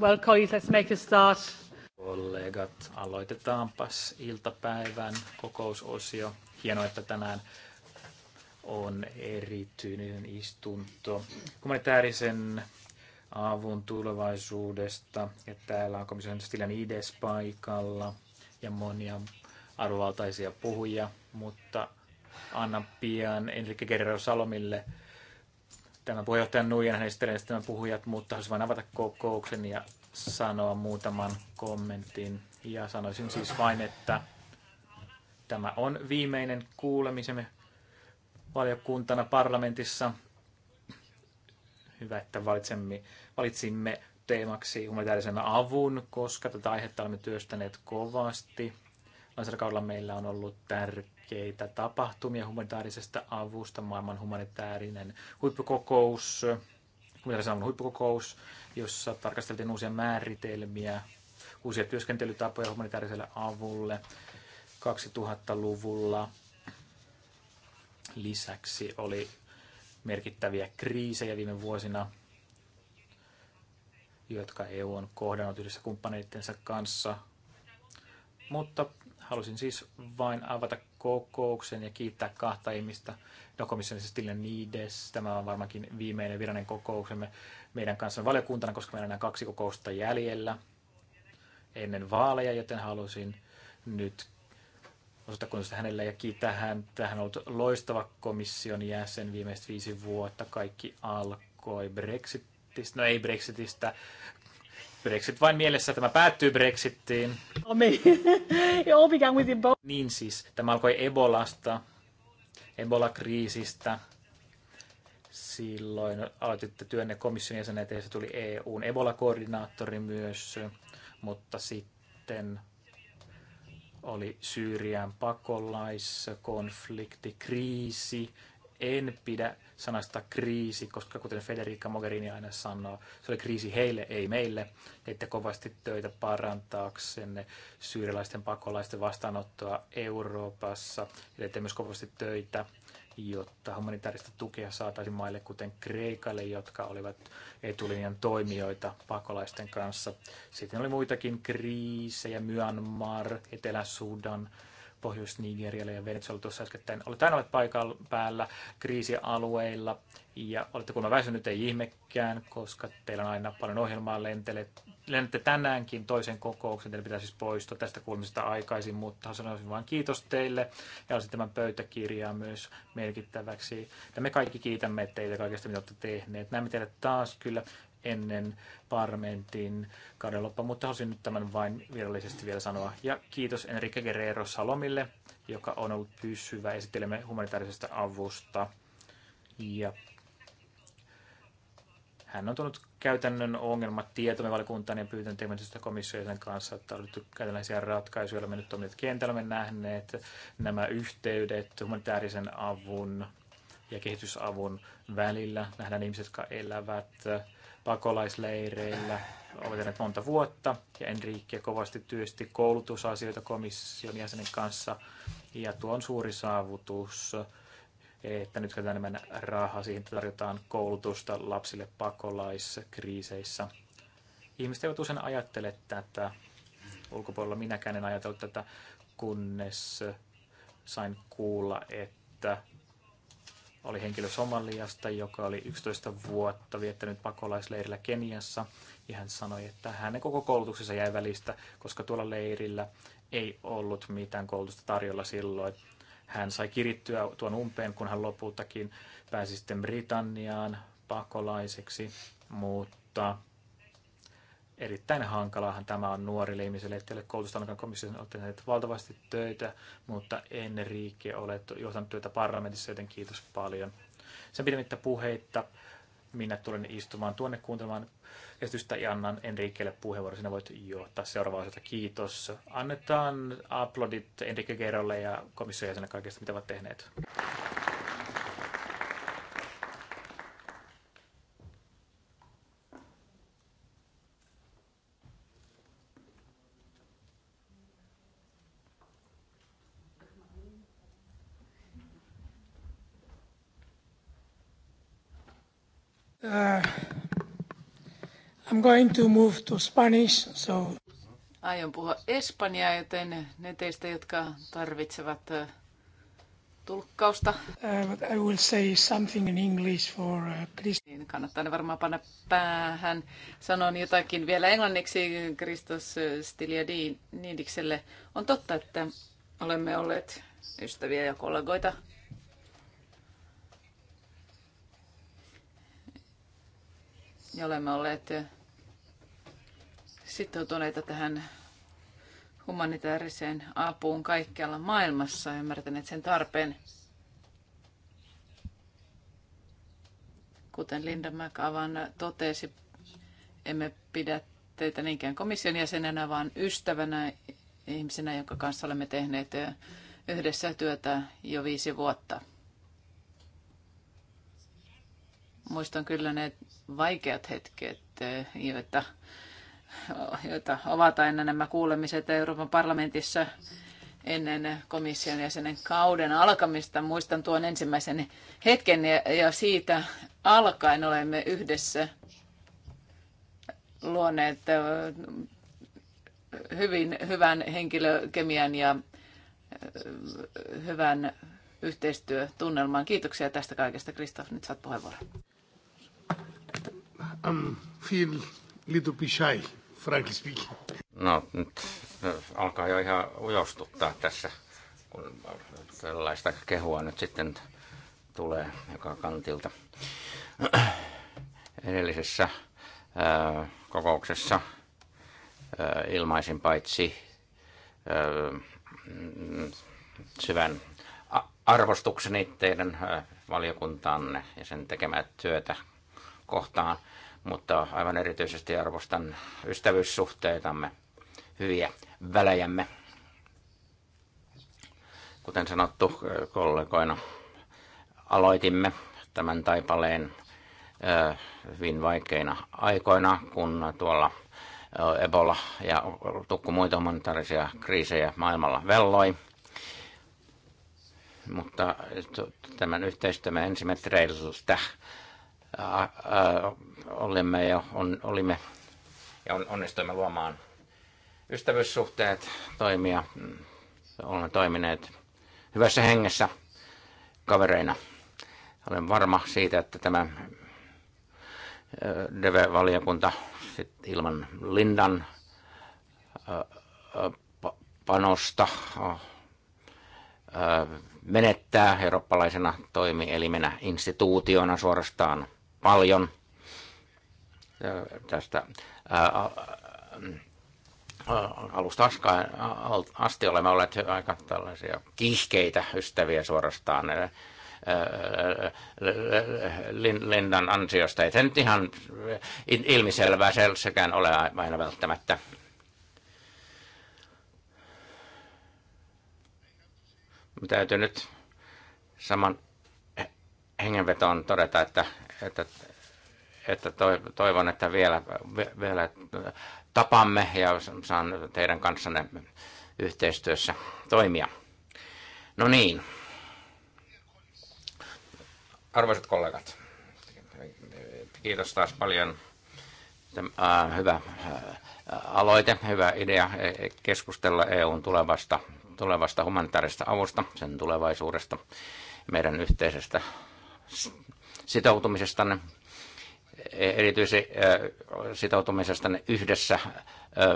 Well, colleagues, let's make a start. Kollegat, aloitetaanpas iltapäivän kokousosio. Hienoa, että tänään on erityinen istunto humanitaarisen avun tulevaisuudesta. Ja täällä on komission Stilan IDES paikalla ja monia arvovaltaisia puhujia, mutta annan pian Enrique Guerrero Salomille tämän puheenjohtajan Nuijan hänen tämän puhujat, mutta haluaisin vain avata kokouksen ja sanoa muutaman kommentin. Ja sanoisin siis vain, että tämä on viimeinen kuulemisemme valiokuntana parlamentissa. Hyvä, että valitsemme, valitsimme teemaksi humanitaarisen avun, koska tätä aihetta olemme työstäneet kovasti kaudella meillä on ollut tärkeitä tapahtumia humanitaarisesta avusta, maailman humanitaarinen huippukokous, humanitaarisen huippukokous, jossa tarkasteltiin uusia määritelmiä, uusia työskentelytapoja humanitaariselle avulle 2000-luvulla. Lisäksi oli merkittäviä kriisejä viime vuosina, jotka EU on kohdannut yhdessä kumppaneittensa kanssa. Mutta Halusin siis vain avata kokouksen ja kiittää kahta ihmistä, no komissionissa siis Stille Niides. Tämä on varmaankin viimeinen virallinen kokouksemme meidän kanssa valiokuntana, koska meillä on enää kaksi kokousta jäljellä ennen vaaleja, joten halusin nyt osoittaa kunnosta hänelle ja kiittää häntä. Hän on ollut loistava komission jäsen viimeiset viisi vuotta. Kaikki alkoi Brexitistä, no ei Brexitistä, Brexit vain mielessä, tämä päättyy Brexittiin. Oh, niin siis, tämä alkoi Ebolasta, Ebola-kriisistä. Silloin aloititte työnne komission jäsenet ja se tuli EUn Ebola-koordinaattori myös, mutta sitten oli Syyrian pakolaiskonflikti, kriisi, en pidä sanasta kriisi, koska kuten Federica Mogherini aina sanoo, se oli kriisi heille, ei meille. Teitte kovasti töitä parantaaksenne syyrialaisten pakolaisten vastaanottoa Euroopassa. teitte myös kovasti töitä, jotta humanitaarista tukea saataisiin maille, kuten Kreikalle, jotka olivat etulinjan toimijoita pakolaisten kanssa. Sitten oli muitakin kriisejä, Myanmar, Etelä-Sudan, Pohjois-Nigerialle ja Venezuela tuossa äskettäin. Oletaan olet paikalla päällä kriisialueilla ja olette kuulemma väsynyt, ei ihmekään, koska teillä on aina paljon ohjelmaa lentele. Lennätte tänäänkin toisen kokouksen, teidän pitää siis poistua tästä kuulemisesta aikaisin, mutta sanoisin vain kiitos teille ja olisin tämän pöytäkirjaa myös merkittäväksi. Ja me kaikki kiitämme teitä kaikesta, mitä olette tehneet. Näemme teille taas kyllä ennen parlamentin kadeloppa, mutta halusin nyt tämän vain virallisesti vielä sanoa. Ja kiitos Enrique Guerrero Salomille, joka on ollut pysyvä esittelemme humanitaarisesta avusta. Ja hän on tuonut käytännön ongelmat tietomme valikuntaan ja pyytänyt tekemisestä komissioiden kanssa, että on käytännöllisiä ratkaisuja, joilla me nyt olemme kentällä me nähneet nämä yhteydet humanitaarisen avun ja kehitysavun välillä. Nähdään ihmiset, jotka elävät pakolaisleireillä, ovat monta vuotta, ja Enrique kovasti työsti koulutusasioita komission jäsenen kanssa, ja tuo on suuri saavutus, että nyt käytetään enemmän rahaa siihen, että tarjotaan koulutusta lapsille pakolaiskriiseissä. Ihmiset eivät usein ajattele tätä, ulkopuolella minäkään en ajatellut tätä, kunnes sain kuulla, että oli henkilö Somaliasta, joka oli 11 vuotta viettänyt pakolaisleirillä Keniassa. Ja hän sanoi, että hänen koko koulutuksensa jäi välistä, koska tuolla leirillä ei ollut mitään koulutusta tarjolla silloin. Hän sai kirittyä tuon umpeen, kun hän lopultakin pääsi sitten Britanniaan pakolaiseksi, mutta erittäin hankalaahan tämä on nuorille ihmisille, että teille koulutusta ainakaan on tehnyt valtavasti töitä, mutta Enrique olet johtanut työtä parlamentissa, joten kiitos paljon. Sen pidemmittä puheitta minä tulen istumaan tuonne kuuntelemaan esitystä ja annan Enriquelle puheenvuoron. Sinä voit johtaa seuraavaa osalta. Kiitos. Annetaan aplodit Enrique Gerolle ja komission jäsenen kaikesta, mitä ovat tehneet. I'm going to move to Spanish, so... Aion puhua espanjaa, joten ne teistä, jotka tarvitsevat tulkkausta. Uh, I will say something in English for uh, Christ- niin, kannattaa ne varmaan panna päähän. Sanon jotakin vielä englanniksi Kristos Stiliadidikselle. On totta, että olemme olleet ystäviä ja kollegoita ja olemme olleet sitoutuneita tähän humanitaariseen apuun kaikkialla maailmassa ja ymmärtäneet sen tarpeen. Kuten Linda McAvan totesi, emme pidä teitä niinkään komission jäsenenä, vaan ystävänä ihmisenä, jonka kanssa olemme tehneet yhdessä työtä jo viisi vuotta. Muistan kyllä ne vaikeat hetket, joita joita ovat aina nämä kuulemiset Euroopan parlamentissa ennen komission jäsenen kauden alkamista. Muistan tuon ensimmäisen hetken ja siitä alkaen olemme yhdessä luoneet hyvin hyvän henkilökemian ja hyvän yhteistyötunnelman. Kiitoksia tästä kaikesta. Kristoff, nyt saat puheenvuoron. Um, feel little bit shy, frankly speaking. No, nyt äh, alkaa jo ihan ujostuttaa tässä, kun tällaista kehua nyt sitten tulee joka kantilta. Edellisessä ää, äh, kokouksessa ää, äh, ilmaisin paitsi ää, syvän arvostukseni teidän valiokuntaanne ja sen tekemää työtä kohtaan – mutta aivan erityisesti arvostan ystävyyssuhteitamme, hyviä välejämme. Kuten sanottu, kollegoina aloitimme tämän taipaleen hyvin vaikeina aikoina, kun tuolla Ebola ja tukku muita humanitaarisia kriisejä maailmalla velloi. Mutta tämän yhteistyömme ensimetreiltä olimme ja on, olimme ja on, onnistuimme luomaan ystävyyssuhteet, toimia. Mm, olemme toimineet hyvässä hengessä kavereina. Olen varma siitä, että tämä DEVE-valiokunta ilman Lindan panosta menettää eurooppalaisena toimielimenä instituutiona suorastaan paljon – tästä alusta asti olemme olleet aika tällaisia kiihkeitä ystäviä suorastaan Lindan ansiosta. Ei se nyt ihan ilmiselvää selsekään ole aina välttämättä. Täytyy nyt saman hengenvetoon todeta, että, että että toivon, että vielä, vielä tapamme ja saan teidän kanssanne yhteistyössä toimia. No niin. Arvoisat kollegat, kiitos taas paljon. Hyvä aloite, hyvä idea e, e, keskustella EUn tulevasta, tulevasta humanitaarista avusta, sen tulevaisuudesta, meidän yhteisestä sitoutumisestanne erityisesti sitoutumisesta yhdessä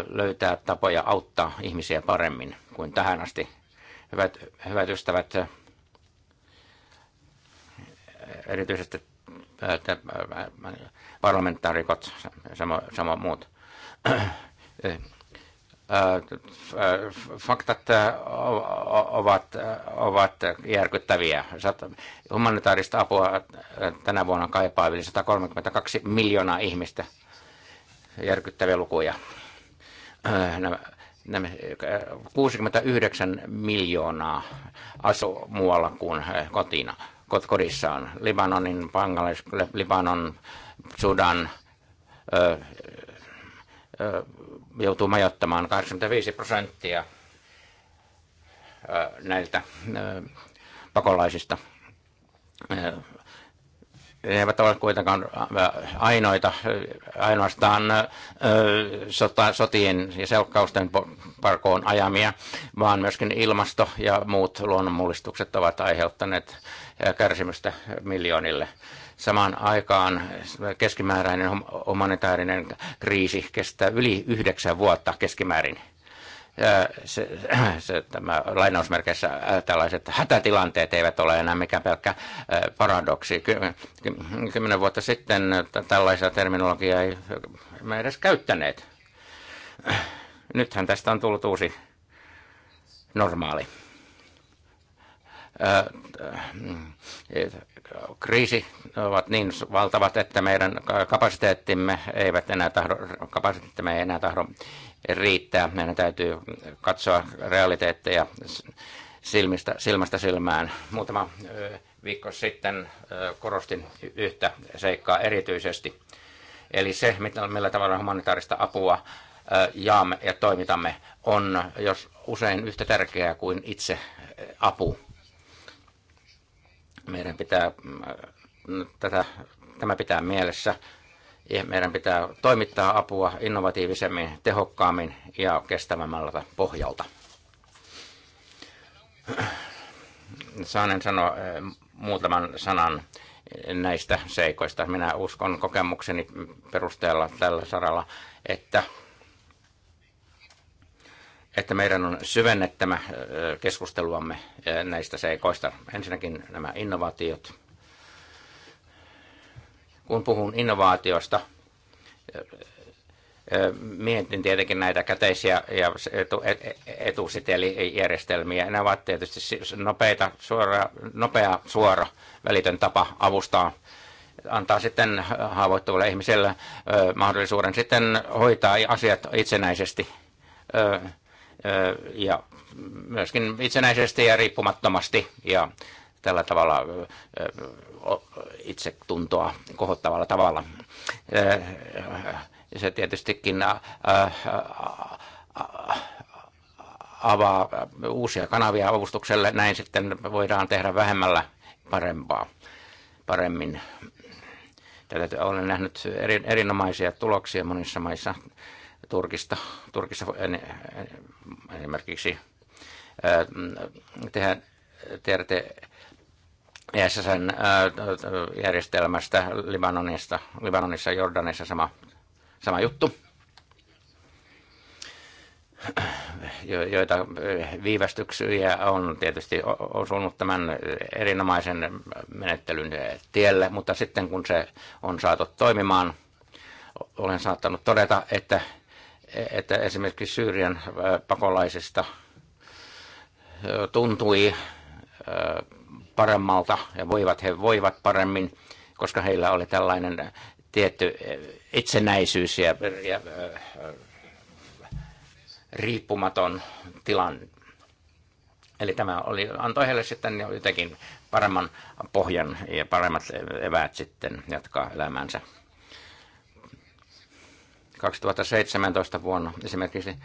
löytää tapoja auttaa ihmisiä paremmin kuin tähän asti. Hyvät, hyvät ystävät, erityisesti parlamentaarikot, samoin samo muut faktat ovat, ovat järkyttäviä. Humanitaarista apua tänä vuonna kaipaa yli 132 miljoonaa ihmistä. Järkyttäviä lukuja. 69 miljoonaa asuu muualla kuin kotina, kodissaan. Libanonin, Bangladesh, Libanon, Sudan, joutuu majoittamaan 85 prosenttia näiltä pakolaisista. He eivät ole kuitenkaan ainoita, ainoastaan sota, sotien ja selkkausten parkoon ajamia, vaan myöskin ilmasto ja muut luonnonmullistukset ovat aiheuttaneet kärsimystä miljoonille Samaan aikaan keskimääräinen humanitaarinen kriisi kestää yli yhdeksän vuotta keskimäärin. Se, se, tämä lainausmerkeissä tällaiset hätätilanteet eivät ole enää mikään pelkkä paradoksi. Ky, kymmenen vuotta sitten tällaisia terminologiaa ei me edes käyttäneet. Nythän tästä on tullut uusi normaali mm, kriisi ovat niin valtavat, että meidän kapasiteettimme eivät enää tahdo, kapasiteettimme ei enää tahdo riittää. Meidän täytyy katsoa realiteetteja silmistä, silmästä silmään. Muutama viikko sitten korostin yhtä seikkaa erityisesti. Eli se, millä tavalla humanitaarista apua jaamme ja toimitamme, on jos usein yhtä tärkeää kuin itse apu meidän pitää mm, äh, tätä, tämä pitää mielessä. Meidän pitää toimittaa apua innovatiivisemmin, tehokkaammin ja kestävämmältä pohjalta. Saanen sanoa äh, muutaman sanan näistä seikoista. Minä uskon kokemukseni perusteella tällä saralla, että että meidän on syvennettämä keskusteluamme näistä seikoista. Ensinnäkin nämä innovaatiot. Kun puhun innovaatiosta, mietin tietenkin näitä käteisiä ja etu, e, e, etusitelijärjestelmiä. Nämä ovat tietysti nopeita, suora, nopea, suora, välitön tapa avustaa antaa sitten haavoittuvalle ihmiselle mahdollisuuden sitten hoitaa asiat itsenäisesti ja myöskin itsenäisesti ja riippumattomasti ja tällä tavalla itse tuntoa kohottavalla tavalla. Se tietystikin avaa uusia kanavia avustukselle, näin sitten voidaan tehdä vähemmällä parempaa, paremmin. Tätä olen nähnyt erinomaisia tuloksia monissa maissa Turkista, Turkissa esimerkiksi tehän tiedätte ESSn järjestelmästä Libanonista, Libanonissa ja Jordanissa sama, sama juttu joita viivästyksiä on tietysti osunut tämän erinomaisen menettelyn tielle, mutta sitten kun se on saatu toimimaan, olen saattanut todeta, että että esimerkiksi Syyrian äh, pakolaisista äh, tuntui äh, paremmalta ja voivat he voivat paremmin, koska heillä oli tällainen tietty itsenäisyys ja, ja riippumaton tilanne. Eli tämä oli, antoi heille sitten jotenkin paremman pohjan ja paremmat eväät sitten jatkaa elämäänsä. 2017 vuonna esimerkiksi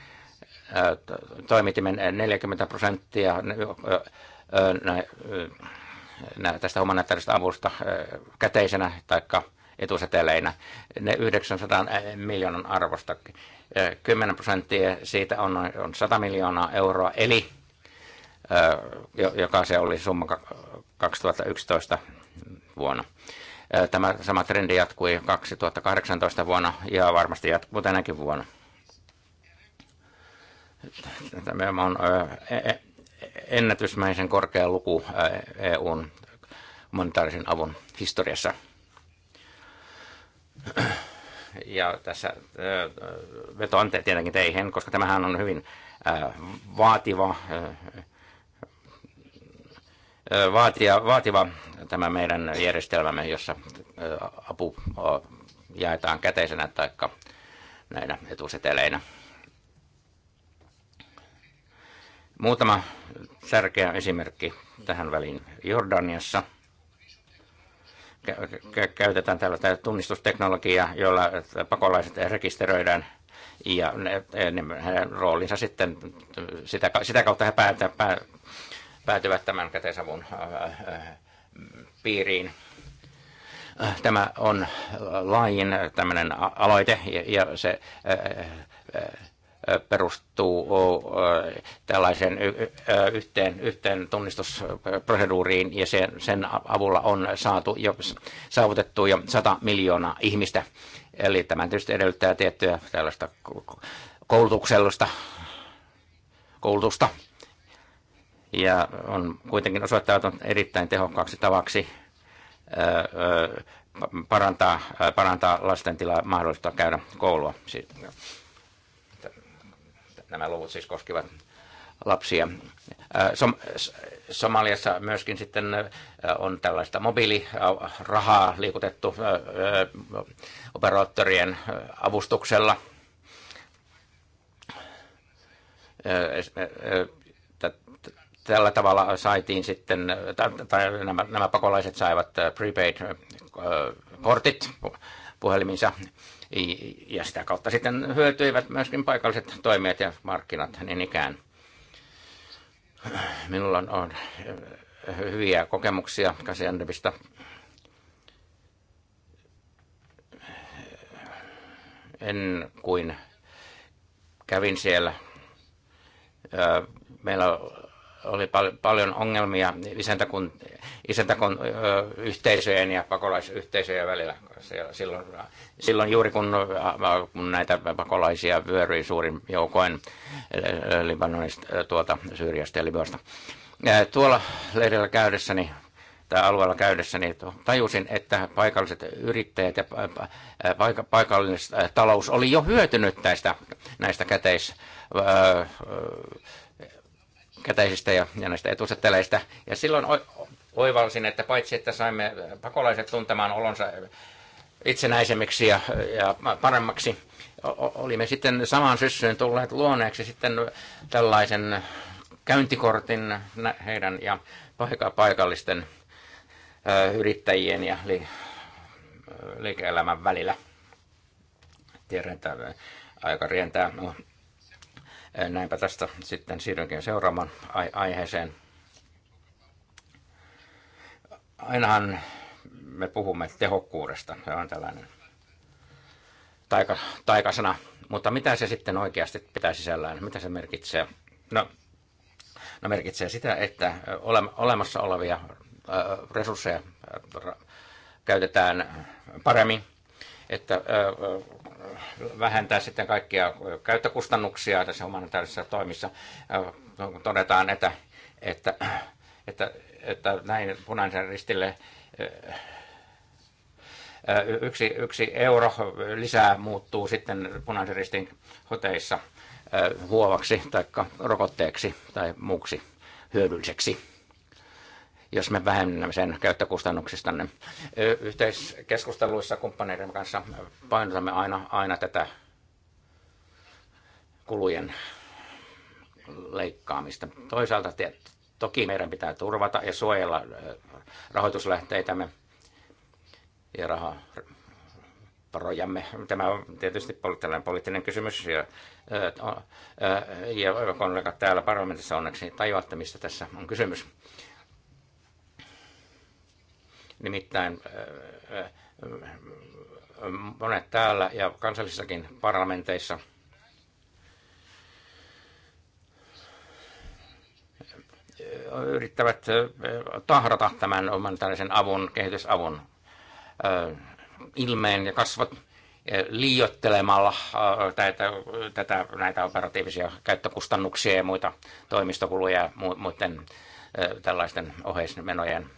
toimitimen 40 prosenttia tästä humanitaarista avusta käteisenä tai etuseteleinä, ne 900 miljoonan arvosta. 10 prosenttia siitä on noin 100 miljoonaa euroa, eli joka se oli summa 2011 vuonna. Tämä sama trendi jatkui 2018 vuonna ja varmasti jatkuu tänäkin vuonna. Tämä on e, e, ennätysmäisen korkea luku EUn monetaarisen avun historiassa. Ja tässä vetoan tietenkin teihin, koska tämähän on hyvin vaativa vaatia, vaativa tämä meidän järjestelmämme, jossa apu jaetaan käteisenä tai näinä etuseteleinä. Muutama tärkeä esimerkki tähän väliin. Jordaniassa käytetään tällaista tunnistusteknologiaa, jolla pakolaiset rekisteröidään ja ne, ne, heidän roolinsa sitten, sitä, sitä kautta he päätä, pää, päätyvät tämän käteisavun äh, äh, piiriin. Äh, tämä on lain tämmöinen aloite ja se perustuu tällaisen yhteen, yhteen tunnistusproseduuriin ja sen, sen avulla on saatu jo, saavutettu jo 100 miljoonaa ihmistä. Eli tämä tietysti edellyttää tiettyä tällaista koulutuksellista koulutusta ja on kuitenkin osoittautunut erittäin tehokkaaksi tavaksi parantaa, parantaa lasten tilaa mahdollista käydä koulua. Nämä luvut siis koskivat lapsia. Som Somaliassa myöskin sitten on tällaista mobiilirahaa liikutettu operaattorien avustuksella tällä tavalla saitiin sitten, tai nämä, nämä pakolaiset saivat äh, prepaid-kortit äh, puhelimissa ja sitä kautta sitten hyötyivät myöskin paikalliset toimijat ja markkinat niin ikään. Minulla on, on äh, hyviä kokemuksia Kasiandevista. En kuin kävin siellä. Meillä oli pal- paljon ongelmia isäntäkun, isäntäkun ö, yhteisöjen ja pakolaisyhteisöjen välillä. Silloin, silloin juuri kun, kun näitä pakolaisia vyöryi suurin joukoin Libanonista, tuota Syyriasta ja Libyasta. Tuolla leirillä käydessäni tai alueella käydessäni tajusin, että paikalliset yrittäjät ja paikallinen talous oli jo hyötynyt näistä, näistä käteis käteisistä ja, ja näistä etuseteleistä. Ja silloin oivalsin, että paitsi että saimme pakolaiset tuntemaan olonsa itsenäisemmiksi ja, ja paremmaksi, olimme sitten samaan syssyyn tulleet luoneeksi sitten tällaisen käyntikortin heidän ja paikallisten yrittäjien ja li, liike-elämän välillä. Tiedän, että aika rientää Eh, näinpä tästä sitten siirrynkin seuraamaan aiheeseen. Ainahan me puhumme tehokkuudesta, se on tällainen taika, taikasana, mutta mitä se sitten oikeasti pitää sisällään, mitä se merkitsee? No, no merkitsee sitä, että ole, olemassa olevia resursseja käytetään paremmin, että vähentää sitten kaikkia käyttökustannuksia tässä humanitaarisissa toimissa. Äh, todetaan, että, että, että, että näin punaisen ristille äh, äh, yksi, yksi euro lisää muuttuu sitten punaisen ristin hoteissa huovaksi tai rokotteeksi tai muuksi hyödylliseksi jos me vähennämme sen käyttökustannuksista. Niin yhteiskeskusteluissa kumppaneiden kanssa painotamme aina, aina tätä kulujen leikkaamista. Toisaalta toki meidän pitää turvata ja suojella rahoituslähteitämme ja rahaa varojamme. Tämä on tietysti tällainen poliittinen kysymys ja, ja kollegat täällä parlamentissa onneksi tajuatte, mistä tässä on kysymys. Nimittäin äh, äh, monet täällä ja kansallisissakin parlamenteissa äh, yrittävät tahrata tämän oman tällaisen avun, kehitysavun ilmeen ja kasvot liiottelemalla tätä, tätä, näitä operatiivisia käyttökustannuksia ja muita toimistokuluja ja muiden tällaisten oheismenojen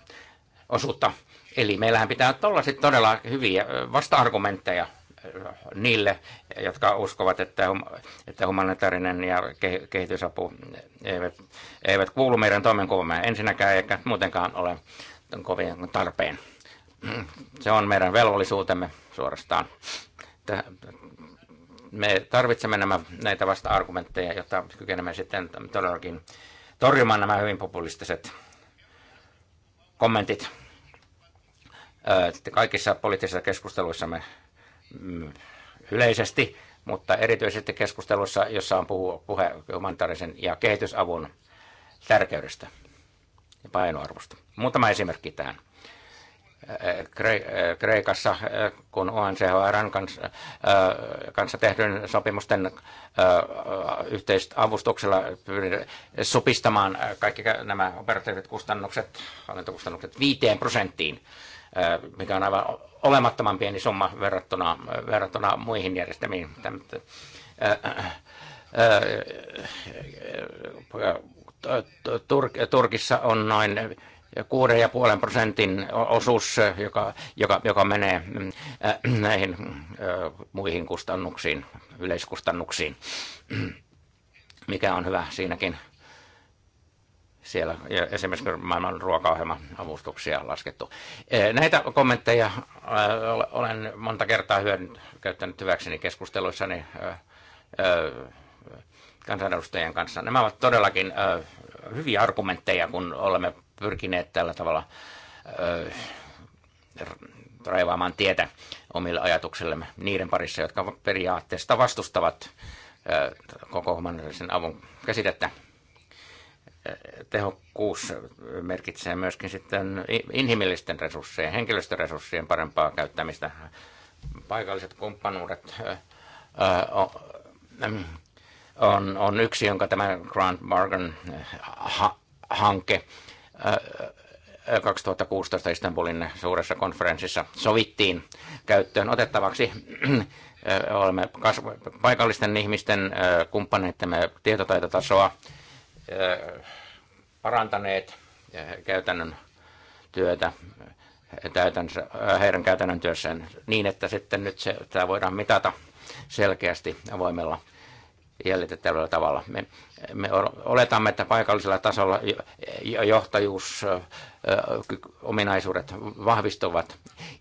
osuutta Eli meillähän pitää olla sitten todella hyviä vasta-argumentteja niille, jotka uskovat, että, että humanitaarinen ja kehitysapu eivät, eivät kuulu meidän toimenkuvamme ensinnäkään eikä muutenkaan ole kovin tarpeen. Se on meidän velvollisuutemme suorastaan. Me tarvitsemme nämä, näitä vasta-argumentteja, jotta kykenemme sitten todellakin torjumaan nämä hyvin populistiset kommentit kaikissa poliittisissa keskusteluissa me mm, yleisesti, mutta erityisesti keskusteluissa, jossa on puhu, puhe humanitaarisen ja kehitysavun tärkeydestä ja painoarvosta. Muutama esimerkki tähän. Kreikassa, kun UNCHR kanssa, kanssa tehdyn sopimusten yhteisavustuksella supistamaan kaikki nämä operatiiviset kustannukset, hallintokustannukset viiteen prosenttiin mikä on aivan olemattoman pieni summa verrattuna, verrattuna muihin järjestelmiin. Turkissa on noin 6,5 prosentin osuus, joka, joka, joka menee mm, näihin muihin kustannuksiin, yleiskustannuksiin, mikä on hyvä siinäkin siellä esimerkiksi maailman ruokaohjelman avustuksia laskettu. Eh, näitä kommentteja eh, olen monta kertaa hyödynt, käyttänyt hyväkseni keskusteluissani eh, kansanedustajien kanssa. Nämä ovat todellakin hyviä argumentteja, kun olemme pyrkineet tällä tavalla raivaamaan tietä omille ajatuksillemme niiden parissa, jotka periaatteesta vastustavat koko humanitaarisen avun käsitettä tehokkuus merkitsee myöskin sitten inhimillisten resurssien, henkilöstöresurssien parempaa käyttämistä. Paikalliset kumppanuudet on, on yksi, jonka tämä Grant Morgan äh, hanke 2016 Istanbulin suuressa konferenssissa sovittiin käyttöön otettavaksi. Olemme paikallisten ihmisten kumppaneittemme tietotaitotasoa parantaneet käytännön työtä täytänsä, heidän käytännön työssään niin, että sitten nyt se, tämä voidaan mitata selkeästi avoimella jäljitettävällä tavalla. Me, me oletamme, että paikallisella tasolla johtajuusominaisuudet vahvistuvat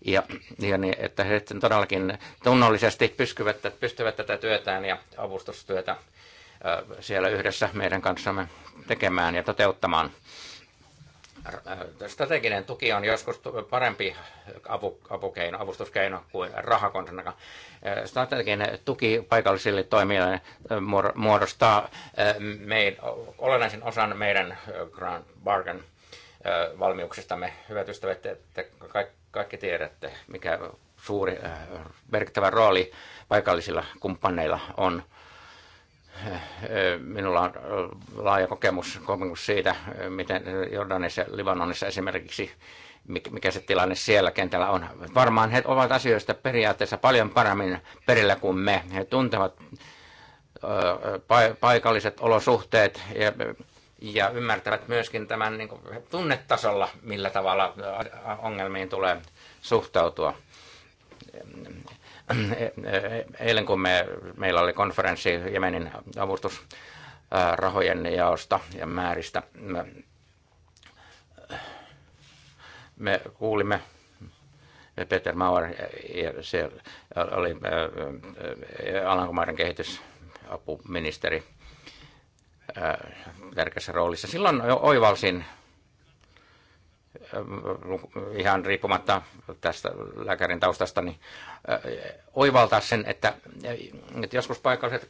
ja, ja niin, että he sitten todellakin tunnollisesti pystyvät, pystyvät tätä työtään ja avustustyötä siellä yhdessä meidän kanssamme tekemään ja toteuttamaan. Strateginen tuki on joskus parempi apukeino, avustuskeino kuin rahakonsana. Strateginen tuki paikallisille toimijoille muodostaa meidän, olennaisen osan meidän Grand Bargain valmiuksistamme. Hyvät ystävät, että kaikki tiedätte, mikä suuri merkittävä rooli paikallisilla kumppaneilla on Minulla on äh, laaja kokemus, kokemus siitä, äh, miten Jordanissa ja Libanonissa esimerkiksi, mikä se tilanne siellä kentällä on. Varmaan he ovat asioista periaatteessa paljon paremmin perillä kuin me. He tuntevat äh, paikalliset olosuhteet ja, ja ymmärtävät myöskin tämän niin kuin, tunnetasolla, millä tavalla ongelmiin tulee suhtautua. Äh, eilen kun me, meillä oli konferenssi Jemenin avustusrahojen jaosta ja määristä, me, me kuulimme Peter Mauer, ja se oli äh, Alankomaiden kehitysapuministeri äh, tärkeässä roolissa. Silloin oivalsin Äh, ihan riippumatta tästä lääkärin taustasta, niin äh, oivaltaa sen, että, äh, että joskus paikalliset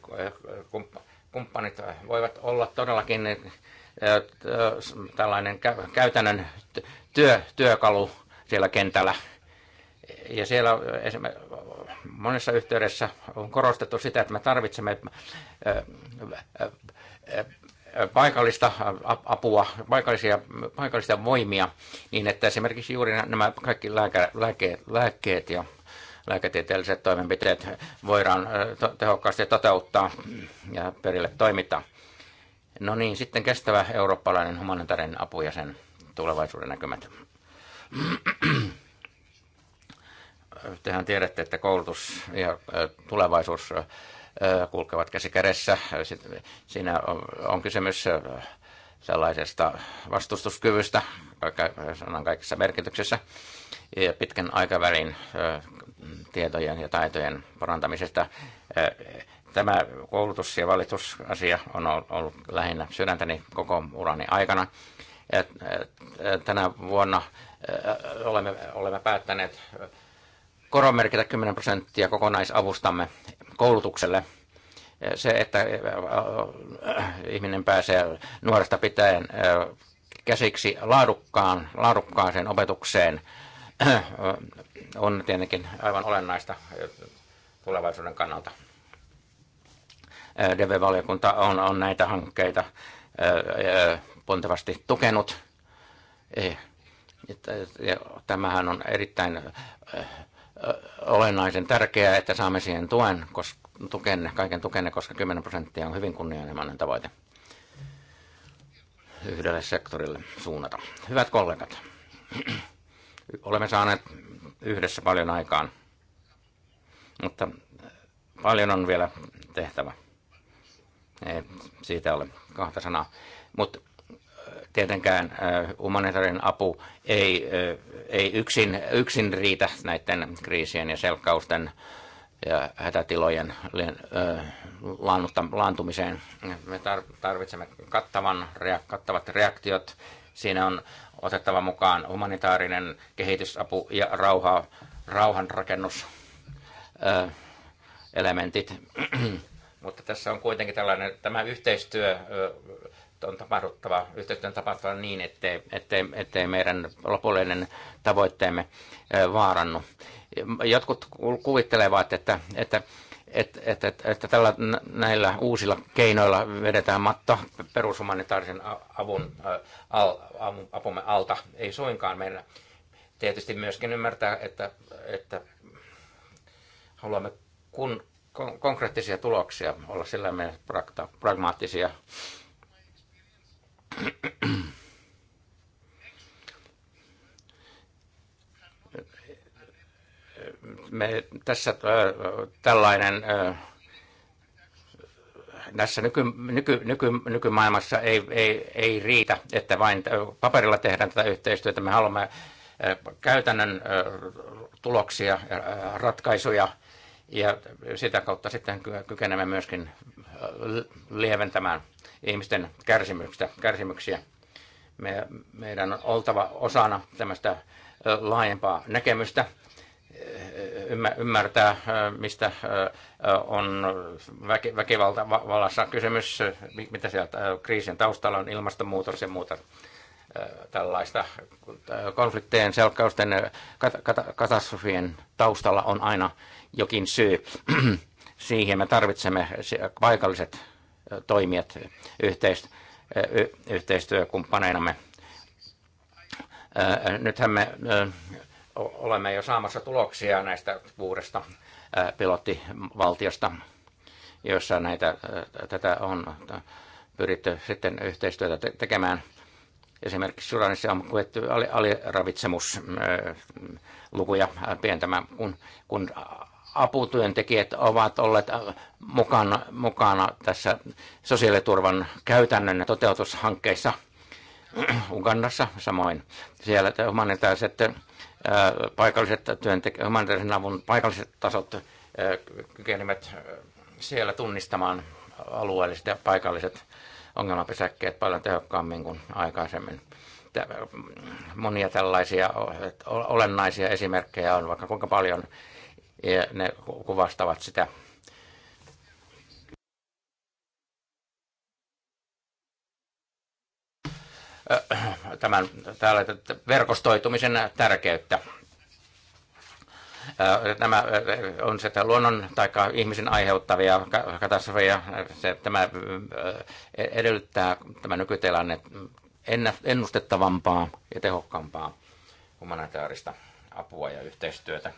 kumppanit voivat olla todellakin tällainen käytännön työ, työkalu siellä kentällä. Ja siellä monessa yhteydessä on korostettu sitä, että me tarvitsemme paikallista apua, paikallisia, paikallisia voimia, niin että esimerkiksi juuri nämä kaikki lääke, lääke, lääkkeet ja lääketieteelliset toimenpiteet voidaan tehokkaasti toteuttaa ja perille toimittaa. No niin, sitten kestävä eurooppalainen humanitaarinen apu ja sen tulevaisuuden näkymät. Tehän tiedätte, että koulutus ja tulevaisuus kulkevat käsi kädessä. Siinä on kysymys sellaisesta vastustuskyvystä sanan kaikissa merkityksessä ja pitkän aikavälin tietojen ja taitojen parantamisesta. Tämä koulutus- ja valitusasia on ollut lähinnä sydäntäni koko urani aikana. Tänä vuonna olemme, olemme päättäneet koronmerkitä 10 prosenttia kokonaisavustamme koulutukselle. Se, että äh, äh, ihminen pääsee nuoresta pitäen äh, käsiksi laadukkaan, laadukkaaseen opetukseen, on tietenkin aivan olennaista tulevaisuuden kannalta. DV-valiokunta on, on näitä hankkeita pontevasti tukenut. Eh, tämähän on erittäin olennaisen tärkeää, että saamme siihen tuen, koska, tukenne, kaiken tukenne, koska 10 prosenttia on hyvin kunnianhimoinen tavoite yhdelle sektorille suunnata. Hyvät kollegat, olemme saaneet yhdessä paljon aikaan, mutta paljon on vielä tehtävä. Ei siitä ole kahta sanaa. Mutta Tietenkään humanitaarinen apu ei, ei yksin, yksin riitä näiden kriisien ja selkkausten ja hätätilojen laantumiseen. Me tarvitsemme kattavan, kattavat reaktiot. Siinä on otettava mukaan humanitaarinen kehitysapu ja rauha, rauhanrakennuselementit. Mutta tässä on kuitenkin tällainen, tämä yhteistyö on tapahduttava, yhteistyön tapahtuva niin, ettei, ettei, ettei meidän lopullinen tavoitteemme vaarannu. Jotkut kuvittelevat, että, että että, että, että, että tällä, näillä uusilla keinoilla vedetään matto perushumanitaarisen avun, al, apumme alta. Ei suinkaan meillä tietysti myöskin ymmärtää, että, että haluamme kun, kon, konkreettisia tuloksia, olla sillä meidän pragmaattisia me tässä äh, tällainen äh, tässä nyky, nyky, nyky, nykymaailmassa ei, ei, ei riitä, että vain paperilla tehdään tätä yhteistyötä. Me haluamme käytännön tuloksia, ratkaisuja ja sitä kautta sitten kykenemme myöskin lieventämään ihmisten kärsimyksiä. kärsimyksiä. Me, meidän on oltava osana tämmöistä laajempaa näkemystä, ymmärtää, mistä on väkivaltavallassa kysymys, mitä sieltä kriisin taustalla on, ilmastonmuutos ja muuta tällaista. Konfliktien, selkkausten, katastrofien taustalla on aina jokin syy. Siihen me tarvitsemme paikalliset toimijat yhteistyökumppaneinamme. Nythän me olemme jo saamassa tuloksia näistä kuudesta pilottivaltiosta, jossa näitä, tätä on pyritty sitten yhteistyötä tekemään. Esimerkiksi Sudanissa on kuvettu aliravitsemuslukuja pientämään, kun, kun aputyöntekijät ovat olleet äh, mukana, mukana tässä sosiaaliturvan käytännön toteutushankkeissa Ugandassa samoin. Siellä humanitaariset äh, paikalliset työntekijät, humanitaarisen avun paikalliset tasot äh, kykenivät siellä tunnistamaan alueelliset ja paikalliset ongelmapesäkkeet paljon tehokkaammin kuin aikaisemmin. Monia tällaisia olennaisia esimerkkejä on vaikka kuinka paljon ja ne kuvastavat sitä. tämän täällä, verkostoitumisen tärkeyttä. Tämä on sitä luonnon tai ihmisen aiheuttavia katastrofeja. Se, tämä e-, edellyttää tämä nykytilanne ennustettavampaa ja tehokkaampaa humanitaarista apua ja yhteistyötä.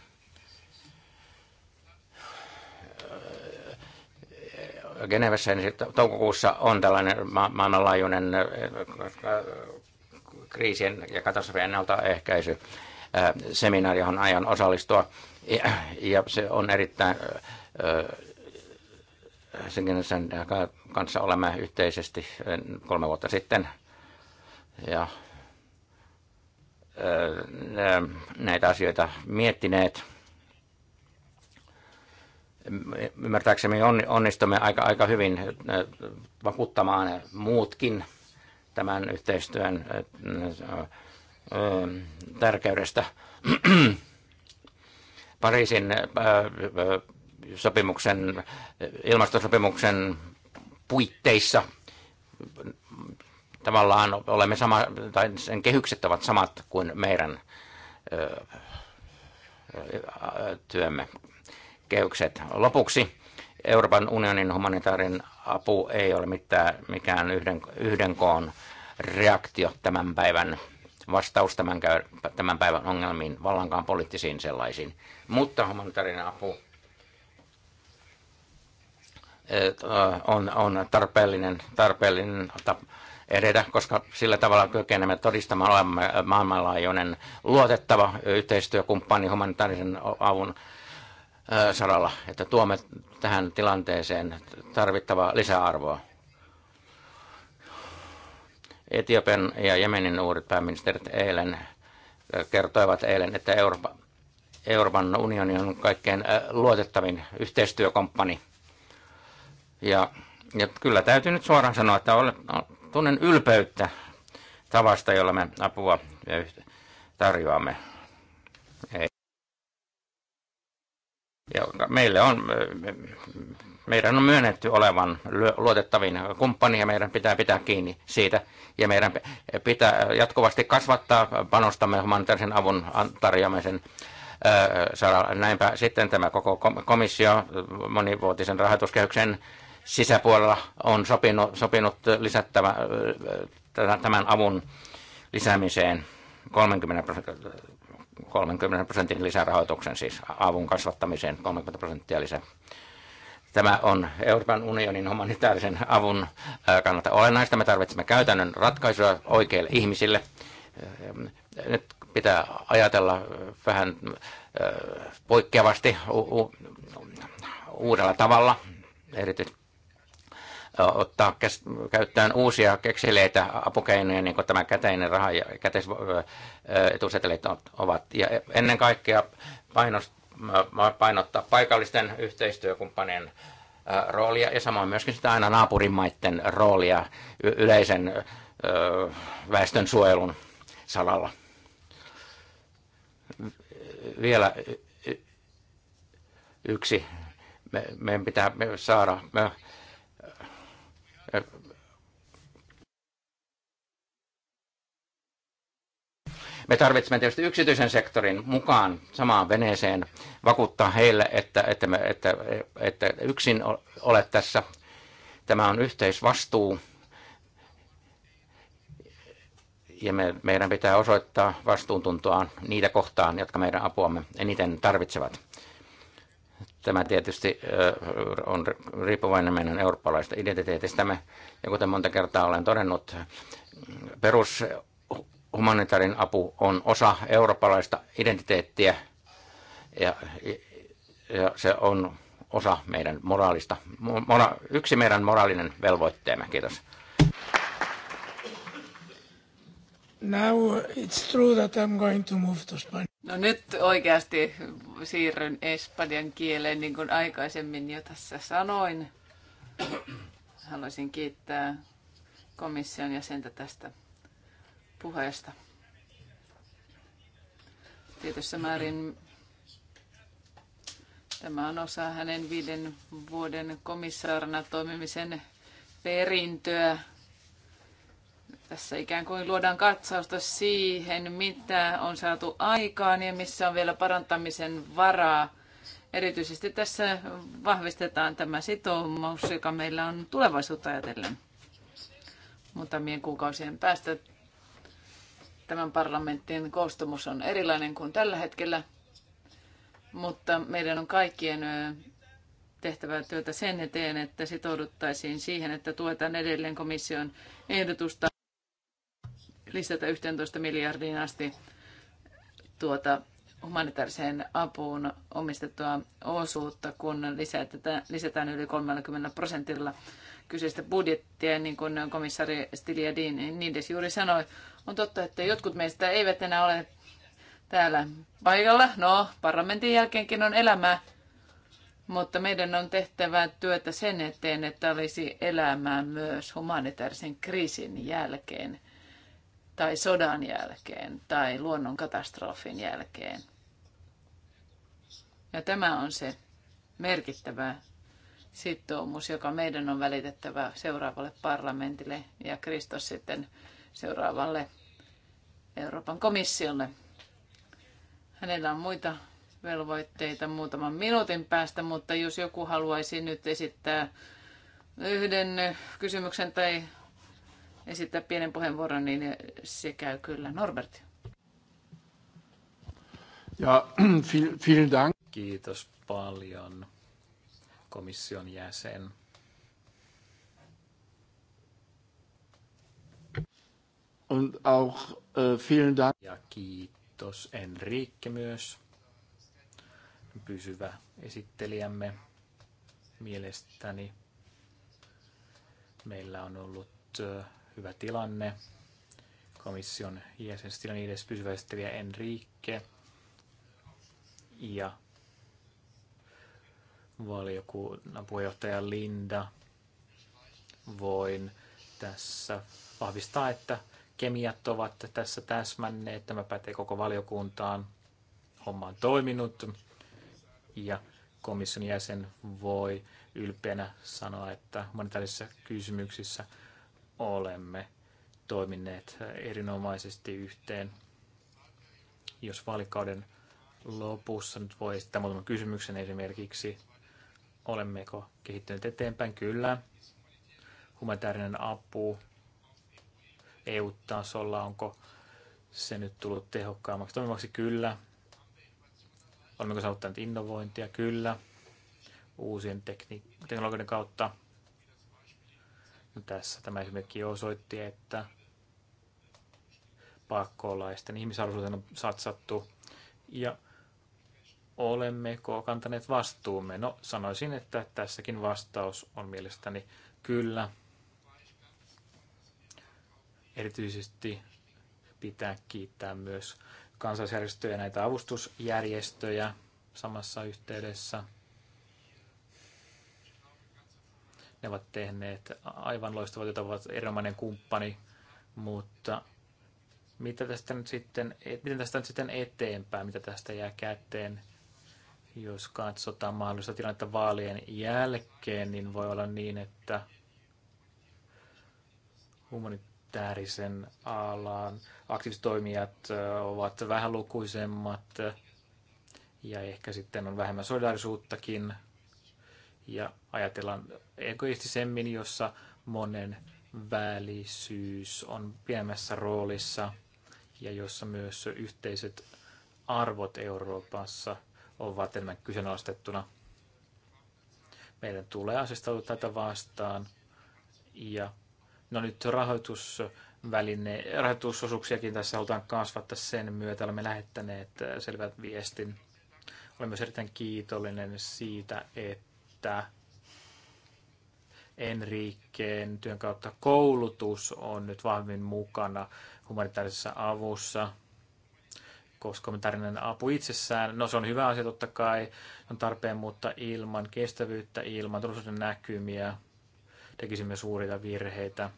Genevessä niin toukokuussa on tällainen ma- maailmanlaajuinen äh, kriisien ja katastrofien ennaltaehkäisy äh, seminaari, johon aion osallistua. Ja, ja se on erittäin, äh, sen, sen kanssa olemme yhteisesti kolme vuotta sitten. Ja näitä asioita miettineet ymmärtääkseni onnistumme aika, aika hyvin äh, vakuuttamaan muutkin tämän yhteistyön äh, äh, tärkeydestä. Pariisin sopimuksen, ilmastosopimuksen puitteissa tavallaan olemme sama, tai sen kehykset ovat samat kuin meidän työmme kehykset. Lopuksi Euroopan unionin humanitaarinen apu ei ole mitään, mikään yhden, yhden koon reaktio tämän päivän vastaus tämän, tämän päivän ongelmiin, vallankaan poliittisiin sellaisiin. Mutta humanitaarinen apu eh, on, on tarpeellinen, tarpeellinen edetä, koska sillä tavalla kykenemme todistamaan olemme maailmanlaajuinen luotettava yhteistyökumppani humanitaarisen avun saralla, että tuomme tähän tilanteeseen tarvittavaa lisäarvoa. Etiopian ja Jemenin uudet pääministerit eilen kertoivat eilen, että Eurooppa, Euroopan unioni on kaikkein luotettavin yhteistyökomppani. Ja, ja kyllä täytyy nyt suoraan sanoa, että olen, tunnen ylpeyttä tavasta, jolla me apua tarjoamme. Ja meille on, meidän on myönnetty olevan luotettavin kumppani ja meidän pitää pitää kiinni siitä. Ja meidän pitää jatkuvasti kasvattaa panostamme humanitaarisen avun tarjoamisen saralla. Näinpä sitten tämä koko komissio monivuotisen rahoituskehyksen sisäpuolella on sopinut, sopinut lisättävä, tämän avun lisäämiseen 30 prosenttia. 30 prosentin lisärahoituksen, siis avun kasvattamiseen 30 prosenttia lisää. Tämä on Euroopan unionin humanitaarisen avun kannalta olennaista. Me tarvitsemme käytännön ratkaisuja oikeille ihmisille. Nyt pitää ajatella vähän poikkeavasti uudella tavalla, erityisesti ottaa käyttöön uusia kekseleitä apukeinoja, niin kuin tämä käteinen raha ja käteisetusetelit ovat. Ja ennen kaikkea painottaa paikallisten yhteistyökumppanien roolia ja samoin myöskin sitä aina naapurimaiden roolia yleisen väestön suojelun salalla. Vielä yksi. meidän pitää saada me tarvitsemme tietysti yksityisen sektorin mukaan samaan veneeseen, vakuuttaa heille, että, että, me, että, että yksin olet tässä. Tämä on yhteisvastuu. Ja me, meidän pitää osoittaa vastuuntuntoa niitä kohtaan, jotka meidän apuamme eniten tarvitsevat. Tämä tietysti on riippuvainen meidän eurooppalaista identiteetistämme. Ja kuten monta kertaa olen todennut, perus humanitaarinen apu on osa eurooppalaista identiteettiä ja, ja se on osa meidän moraalista, mora, yksi meidän moraalinen velvoitteemme. Kiitos. Now it's true that I'm going to move to No nyt oikeasti siirryn espanjan kieleen, niin kuin aikaisemmin jo tässä sanoin. Haluaisin kiittää komission jäsentä tästä puheesta. Tietyssä määrin tämä on osa hänen viiden vuoden komissaarina toimimisen perintöä tässä ikään kuin luodaan katsausta siihen, mitä on saatu aikaan ja missä on vielä parantamisen varaa. Erityisesti tässä vahvistetaan tämä sitoumus, joka meillä on tulevaisuutta ajatellen muutamien kuukausien päästä. Tämän parlamentin koostumus on erilainen kuin tällä hetkellä, mutta meidän on kaikkien tehtävää työtä sen eteen, että sitouduttaisiin siihen, että tuetaan edelleen komission ehdotusta lisätä 11 miljardiin asti tuota humanitaariseen apuun omistettua osuutta, kun lisätään, lisätään yli 30 prosentilla kyseistä budjettia, niin kuin komissaari Stilia Nides juuri sanoi. On totta, että jotkut meistä eivät enää ole täällä paikalla. No, parlamentin jälkeenkin on elämää, mutta meidän on tehtävä työtä sen eteen, että olisi elämää myös humanitaarisen kriisin jälkeen tai sodan jälkeen tai luonnonkatastrofin jälkeen. Ja tämä on se merkittävä sitoumus, joka meidän on välitettävä seuraavalle parlamentille ja Kristus sitten seuraavalle Euroopan komissiolle. Hänellä on muita velvoitteita muutaman minuutin päästä, mutta jos joku haluaisi nyt esittää yhden kysymyksen tai esittää pienen puheenvuoron, niin se käy kyllä. Norbert. Ja, vielen dank. Kiitos paljon, komission jäsen. Und auch äh, vielen Dank. Ja kiitos Enrique myös, pysyvä esittelijämme. Mielestäni meillä on ollut äh, hyvä tilanne. Komission jäsen Stilanides pysyväistelijä Enrique ja valiokunnan puheenjohtaja Linda. Voin tässä vahvistaa, että kemiat ovat tässä täsmänneet. Tämä pätee koko valiokuntaan. Homma on toiminut ja komission jäsen voi ylpeänä sanoa, että monetaalisissa kysymyksissä – olemme toimineet erinomaisesti yhteen. Jos valikauden lopussa nyt voi esittää muutaman kysymyksen esimerkiksi, olemmeko kehittyneet eteenpäin? Kyllä. Humanitaarinen apu EU-tasolla, onko se nyt tullut tehokkaammaksi toimivaksi? Kyllä. Olemmeko saavuttaneet innovointia? Kyllä. Uusien tekni- teknologioiden kautta tässä tämä esimerkki osoitti, että pakkolaisten ihmisarvoisuuteen on satsattu ja olemmeko kantaneet vastuumme? No sanoisin, että tässäkin vastaus on mielestäni kyllä. Erityisesti pitää kiittää myös kansalaisjärjestöjä ja näitä avustusjärjestöjä samassa yhteydessä – Ne ovat tehneet aivan loistavat, jota ovat erinomainen kumppani, mutta mitä tästä nyt sitten, e-, miten tästä nyt sitten eteenpäin, mitä tästä jää käteen, jos katsotaan mahdollista tilannetta vaalien jälkeen, niin voi olla niin, että humanitaarisen alan aktiivistoimijat ovat vähän lukuisemmat ja ehkä sitten on vähemmän solidaarisuuttakin ja ajatellaan egoistisemmin, jossa monen välisyys on pienemmässä roolissa ja jossa myös yhteiset arvot Euroopassa ovat enemmän kyseenalaistettuna. Meidän tulee asestautua tätä vastaan ja no nyt rahoitusväline, rahoitusosuuksiakin tässä halutaan kasvattaa sen myötä. Olemme lähettäneet selvät viestin. Olen myös erittäin kiitollinen siitä, että että Enriikkeen työn kautta koulutus on nyt vahvemmin mukana humanitaarisessa avussa, koska humanitaarinen apu itsessään, no se on hyvä asia totta kai, on tarpeen, mutta ilman kestävyyttä, ilman turvallisuuden näkymiä tekisimme suuria virheitä.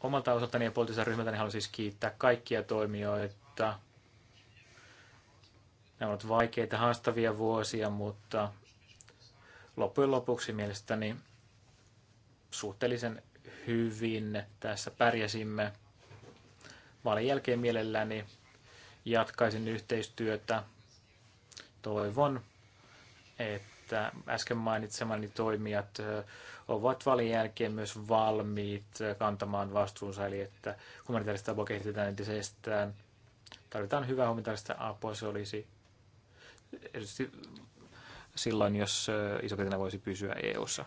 Omalta osaltani ja poliittiselta ryhmältäni haluan siis kiittää kaikkia toimijoita, ne ovat vaikeita, haastavia vuosia, mutta loppujen lopuksi mielestäni suhteellisen hyvin tässä pärjäsimme. Vaalin jälkeen mielelläni jatkaisin yhteistyötä. Toivon, että äsken mainitsemani toimijat ovat valin jälkeen myös valmiit kantamaan vastuunsa, eli että humanitaarista apua kehitetään entisestään. Tarvitaan hyvää humanitaarista apua, se olisi erityisesti silloin, jos iso voisi pysyä EU-ssa.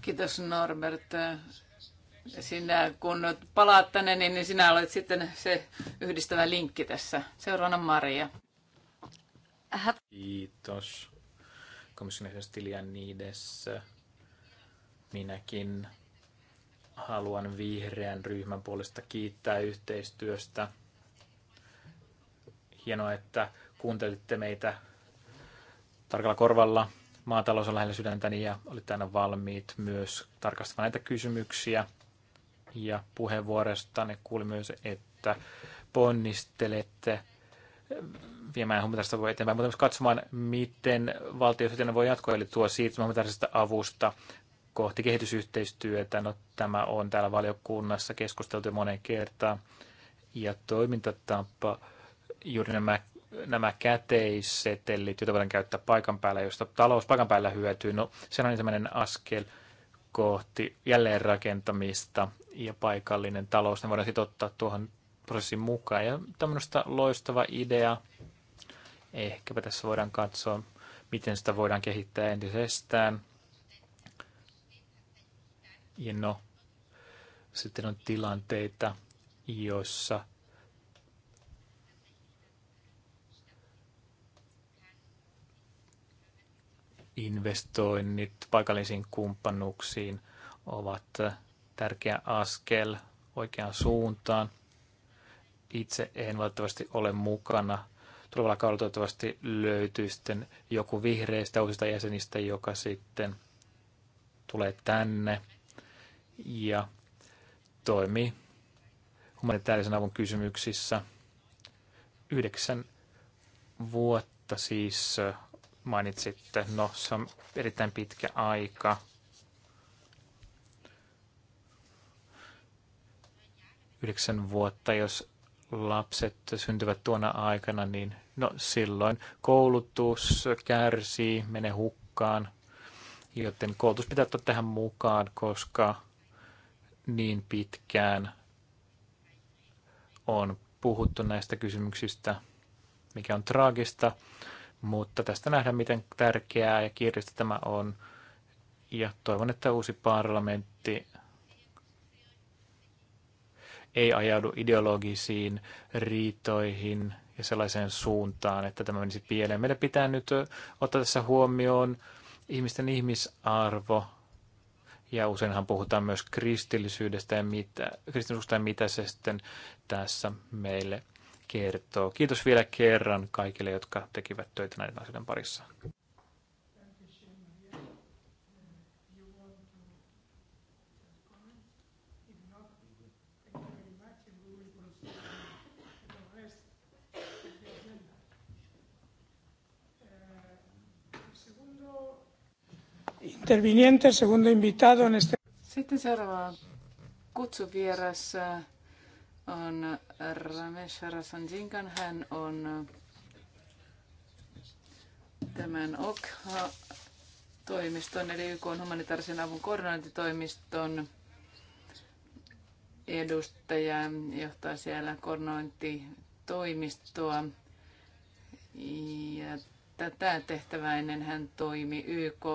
Kiitos Norbert. Sinä, kun palaat tänne, niin sinä olet sitten se yhdistävä linkki tässä. Seuraavana Maria. Kiitos. Komission jäsen niides. Minäkin haluan vihreän ryhmän puolesta kiittää yhteistyöstä. Hienoa, että kuuntelitte meitä tarkalla korvalla. Maatalous on lähellä sydäntäni ja olitte aina valmiit myös tarkastamaan näitä kysymyksiä. Ja ne kuuli myös, että ponnistelette viemään humanitaarista voi eteenpäin, mutta myös katsomaan, miten valtio voi jatkoa, eli tuo siirtymä humanitaarisesta avusta kohti kehitysyhteistyötä. No, tämä on täällä valiokunnassa keskusteltu moneen kertaan. Ja toimintatapa, juuri nämä nämä käteissetellit, joita voidaan käyttää paikan päällä, josta talous paikan päällä hyötyy, no se on ensimmäinen askel kohti jälleenrakentamista ja paikallinen talous. Ne voidaan sitten ottaa tuohon prosessin mukaan. Ja tämmöistä loistava idea. Ehkäpä tässä voidaan katsoa, miten sitä voidaan kehittää entisestään. Ja no, sitten on tilanteita, joissa investoinnit paikallisiin kumppanuuksiin ovat tärkeä askel oikeaan suuntaan. Itse en valitettavasti ole mukana. Tulevalla kaudella toivottavasti löytyy sitten joku vihreistä uusista jäsenistä, joka sitten tulee tänne ja toimii humanitaarisen avun kysymyksissä. Yhdeksän vuotta siis mainitsitte. No, se on erittäin pitkä aika. Yhdeksän vuotta, jos lapset syntyvät tuona aikana, niin no silloin koulutus kärsii, menee hukkaan. Joten koulutus pitää ottaa tähän mukaan, koska niin pitkään on puhuttu näistä kysymyksistä, mikä on traagista. Mutta tästä nähdään, miten tärkeää ja kiireistä tämä on. Ja toivon, että uusi parlamentti ei ajaudu ideologisiin riitoihin ja sellaiseen suuntaan, että tämä menisi pieleen. Meidän pitää nyt ottaa tässä huomioon ihmisten ihmisarvo, ja useinhan puhutaan myös kristillisyydestä ja mitä, kristillisyydestä ja mitä se sitten tässä meille kertoo. Kiitos vielä kerran kaikille, jotka tekivät töitä näiden asioiden parissa. Interviniente, segundo invitado en este... Sitten seuraava kutsuvieras on Ramesh Rasanjinkan. Hän on tämän OK-toimiston, eli YK on humanitaarisen avun koordinointitoimiston edustaja, johtaa siellä koordinointitoimistoa. Ja tätä tehtävää ennen hän toimi YK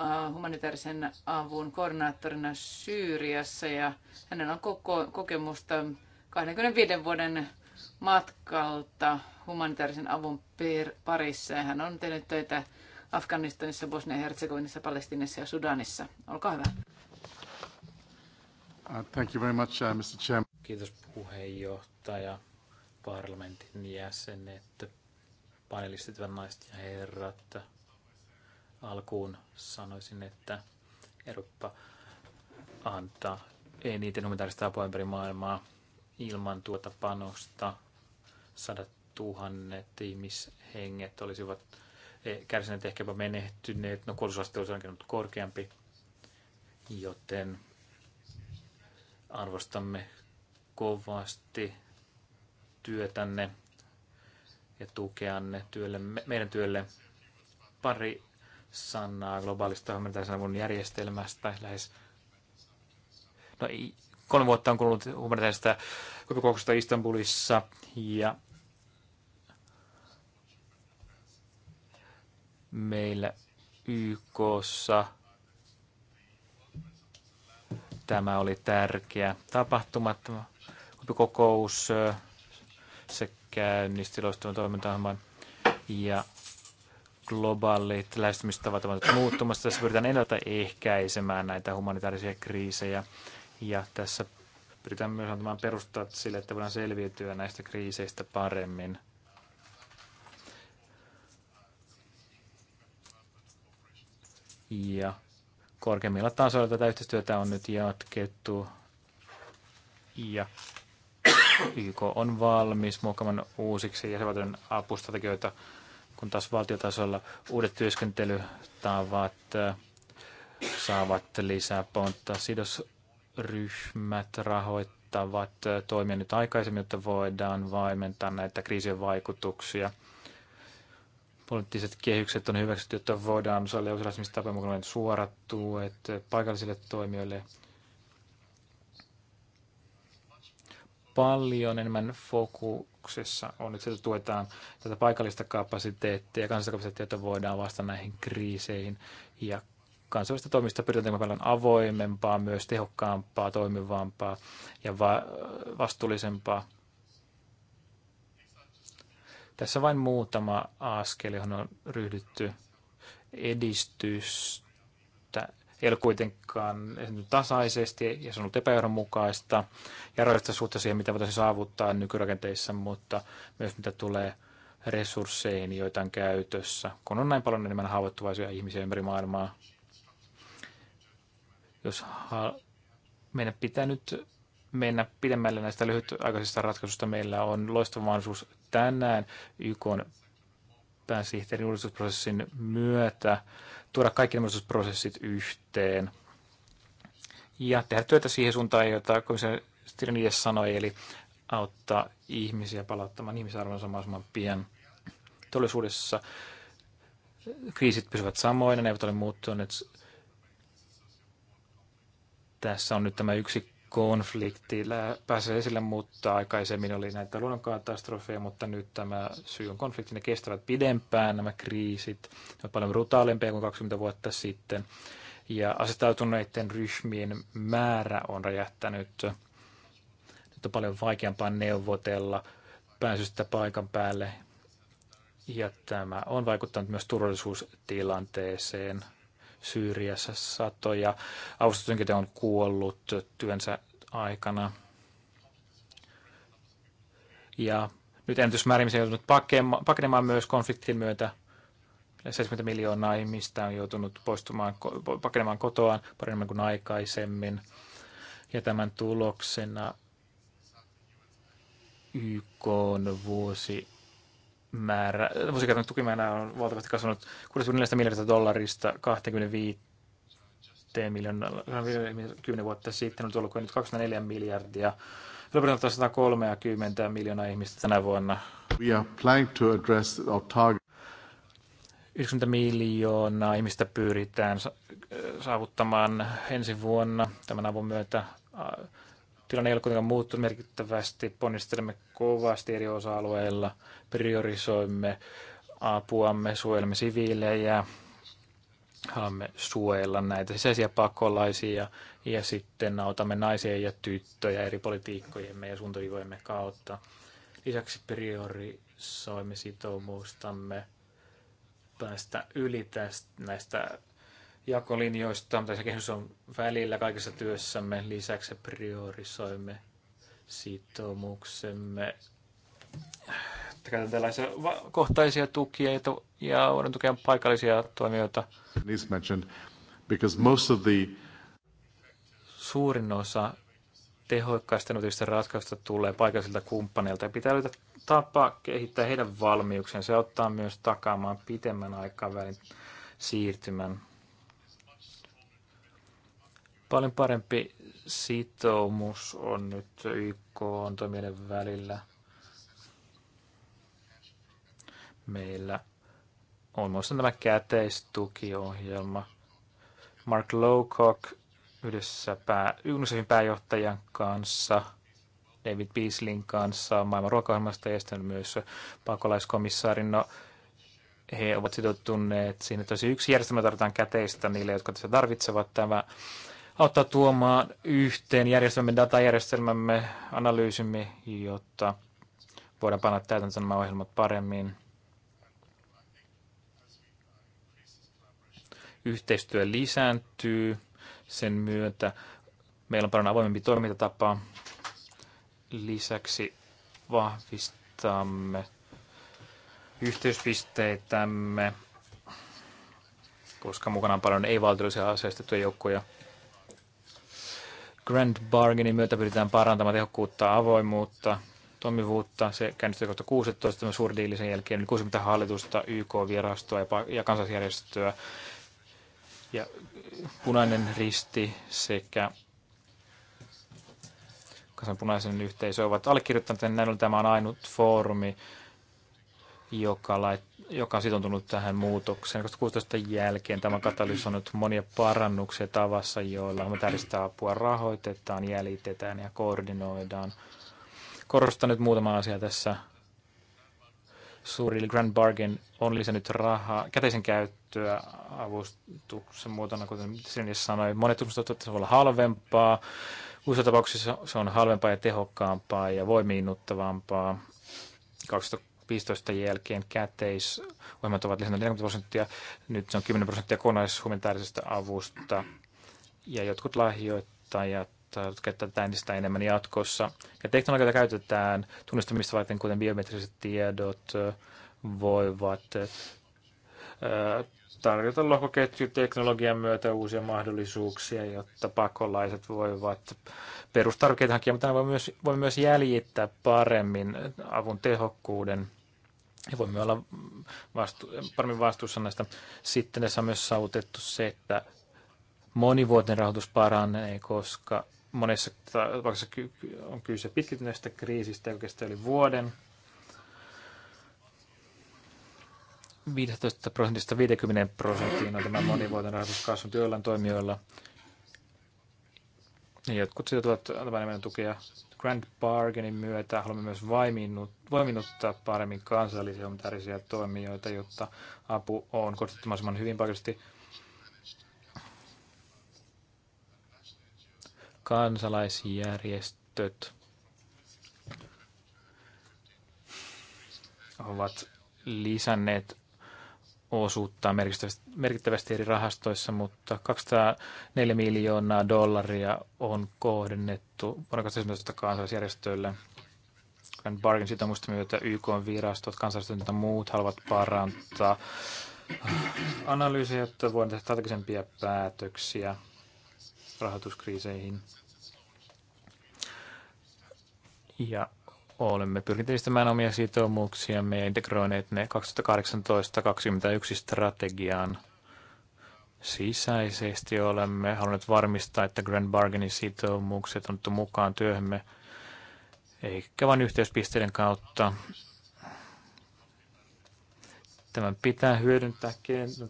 Äh, humanitaarisen avun koordinaattorina Syyriassa ja hänellä on koko, kokemusta 25 vuoden matkalta humanitaarisen avun per, parissa ja hän on tehnyt töitä Afganistanissa, bosnia herzegovinissa Palestinassa ja Sudanissa. Olkaa hyvä. Uh, thank you very much, uh, Mr. Chairman. Kiitos puheenjohtaja, parlamentin jäsenet, panelistit, naiset ja herrat alkuun sanoisin, että Eurooppa antaa eniten humanitaarista apua ympäri maailmaa ilman tuota panosta. Sadat tuhannet ihmishenget olisivat eh, kärsineet ehkä jopa menehtyneet. No kuolisuusaste olisi ainakin ollut korkeampi, joten arvostamme kovasti työtänne ja tukeanne työlle, meidän työlle. Pari sanaa globaalista humanitaarisen järjestelmästä lähes. No, kolme vuotta on kulunut humanitaarisesta kokouksesta Istanbulissa ja meillä YKssa tämä oli tärkeä tapahtuma, tämä kokous, se käynnisti loistavan toimintaohjelman ja globaalit lähestymistavat ovat muuttumassa. Tässä pyritään ennaltaehkäisemään näitä humanitaarisia kriisejä ja tässä pyritään myös antamaan perustat sille, että voidaan selviytyä näistä kriiseistä paremmin. Ja korkeimmilla tasoilla tätä yhteistyötä on nyt jatkettu. Ja YK on valmis muokkaamaan uusiksi jäsenvaltioiden apustrategioita kun taas valtiotasolla uudet työskentelytavat saavat lisää pontta. Sidosryhmät rahoittavat toimia nyt aikaisemmin, jotta voidaan vaimentaa näitä kriisien vaikutuksia. Poliittiset kehykset on hyväksytty, jotta voidaan saada osallistumistapojen mukaan suorat tuet paikallisille toimijoille. Paljon enemmän foku, ehdotuksessa on, että sieltä tuetaan tätä paikallista kapasiteettia, kansallista kapasiteettia, jota voidaan vastata näihin kriiseihin. Ja kansainvälistä toimista pyritään tekemään paljon avoimempaa, myös tehokkaampaa, toimivampaa ja va- vastuullisempaa. Tässä vain muutama askel, johon on ryhdytty edistystä ei ole kuitenkaan tasaisesti ja se on ollut epäjohdonmukaista ja rajoista suhteessa siihen, mitä voitaisiin saavuttaa nykyrakenteissa, mutta myös mitä tulee resursseihin, joita on käytössä, kun on näin paljon enemmän haavoittuvaisia ihmisiä ympäri maailmaa. Jos meidän pitää nyt mennä pidemmälle näistä lyhytaikaisista ratkaisuista. Meillä on loistava mahdollisuus tänään YK pääsihteerin uudistusprosessin myötä tuoda kaikki nämä prosessit yhteen ja tehdä työtä siihen suuntaan, jota komissio Stirnides sanoi, eli auttaa ihmisiä palauttamaan ihmisarvonsa mahdollisimman pian. Todellisuudessa kriisit pysyvät samoina, ne eivät ole muuttuneet. Tässä on nyt tämä yksi konflikti pääsee esille, mutta aikaisemmin oli näitä luonnonkatastrofeja, mutta nyt tämä syy on konflikti. Ne kestävät pidempään nämä kriisit, ne ovat paljon brutaalimpia kuin 20 vuotta sitten. Ja asettautuneiden ryhmien määrä on räjähtänyt. Nyt on paljon vaikeampaa neuvotella pääsystä paikan päälle. Ja tämä on vaikuttanut myös turvallisuustilanteeseen – Syyriassa satoja. Avustustyönkiitä on kuollut työnsä aikana. Ja nyt ennätysmäärin on joutunut pakenemaan myös konfliktin myötä. 70 miljoonaa ihmistä on joutunut poistumaan, pakenemaan kotoaan paremmin kuin aikaisemmin. Ja tämän tuloksena YK on vuosi määrä, vuosikerran tukimäärä on valtavasti kasvanut 64 miljardista dollarista 25 miljoonaa, 10 vuotta sitten on tullut nyt 24 miljardia. Lopulta 130 miljoonaa ihmistä tänä vuonna. We are planning to address our target. 90 miljoonaa ihmistä pyritään saavuttamaan ensi vuonna tämän avun myötä Tilanne ei ole kuitenkaan muuttunut merkittävästi. Ponnistelemme kovasti eri osa-alueilla, priorisoimme apuamme, suojelemme siviilejä, haluamme suojella näitä sisäisiä pakolaisia ja sitten autamme naisia ja tyttöjä eri politiikkojemme ja suuntaviivojemme kautta. Lisäksi priorisoimme sitoumustamme päästä yli tästä, näistä jakolinjoista, se kehys on välillä kaikessa työssämme. Lisäksi priorisoimme sitoumuksemme. Käytän tällaisia kohtaisia tukia ja voidaan tukea paikallisia toimijoita. Suurin osa tehokkaista innovatiivisista ratkaisuista tulee paikallisilta kumppaneilta ja pitää löytää tapa kehittää heidän valmiuksensa ja ottaa myös takaamaan pitemmän aikavälin siirtymän Paljon parempi sitoumus on nyt YK on toimijoiden välillä. Meillä on muassa tämä käteistukiohjelma. Mark Lowcock yhdessä pää, UNICEFin pääjohtajan kanssa, David Beaslin kanssa, maailman ruokaohjelmasta ja sitten myös pakolaiskomissaarin. No, he ovat sitoutuneet siihen, että yksi järjestelmä tarvitaan käteistä niille, jotka tässä tarvitsevat. Tämä auttaa tuomaan yhteen järjestelmämme, datajärjestelmämme, analyysimme, jotta voidaan panna täytäntöön nämä ohjelmat paremmin. Yhteistyö lisääntyy sen myötä. Meillä on paljon avoimempi toimintatapa. Lisäksi vahvistamme yhteyspisteitämme, koska mukana on paljon ei-valtiollisia aseistettuja joukkoja – Grand Bargainin myötä pyritään parantamaan tehokkuutta, avoimuutta, toimivuutta. Se käynnistyi kohta 16 tämä suuri diili sen jälkeen, yli 60 hallitusta, YK-virastoa ja, ja kansallisjärjestöä ja punainen risti sekä kansanpunaisen yhteisö ovat allekirjoittaneet, näin ollen tämä on ainut foorumi, joka laittaa joka on sitoutunut tähän muutokseen. 2016 jälkeen tämä katalysoinut monia parannuksia tavassa, joilla humanitaarista apua rahoitetaan, jäljitetään ja koordinoidaan. Korostan nyt muutama asia tässä. Suuri Grand Bargain on lisännyt rahaa, käteisen käyttöä avustuksen muotona, kuten Sinne sanoi. Monet tutkimukset että se voi olla halvempaa. Uusissa tapauksissa se on halvempaa ja tehokkaampaa ja voimiinnuttavampaa. 2000 2015 jälkeen käteisohjelmat ovat lisänneet 40 prosenttia, nyt se on 10 prosenttia kokonaishumanitaarisesta avusta, ja jotkut lahjoittajat käyttää tätä entistä enemmän jatkossa. Ja teknologioita käytetään tunnistamista varten, kuten biometriset tiedot voivat tarjota lohkoketjuteknologian myötä uusia mahdollisuuksia, jotta pakolaiset voivat perustarvikkeita hankkia, mutta voi myös, voi myös jäljittää paremmin avun tehokkuuden ja voimme olla vastu- paremmin vastuussa näistä. Sitten tässä on myös saavutettu se, että monivuotinen rahoitus paranee, koska monessa tapauksessa on kyse pitkittyneestä kriisistä, joka kestää yli vuoden. 15 prosentista 50 prosenttiin on tämä monivuotinen rahoitus kasvanut joillain toimijoilla niin, jotkut sitoutuvat antamaan enemmän tukea Grand Bargainin myötä. Haluamme myös voiminnuttaa paremmin kansallisia humanitaarisia toimijoita, jotta apu on kohdistettu mahdollisimman hyvin paikallisesti kansalaisjärjestöt ovat lisänneet osuutta merkittävästi, merkittävästi eri rahastoissa, mutta 204 miljoonaa dollaria on kohdennettu vuonna 2017 kansalaisjärjestöille. Grand Bargain sitoumusta myötä YK-virastot, kansalaiset ja muut haluavat parantaa analyysiä, jotta voidaan tehdä strategisempia päätöksiä rahoituskriiseihin. Ja olemme pyrkineet edistämään omia sitoumuksiamme ja integroineet ne 2018-2021 strategiaan. Sisäisesti olemme halunneet varmistaa, että Grand Bargainin sitoumukset on otettu mukaan työhömme, eikä vain yhteyspisteiden kautta. Tämän pitää hyödyntää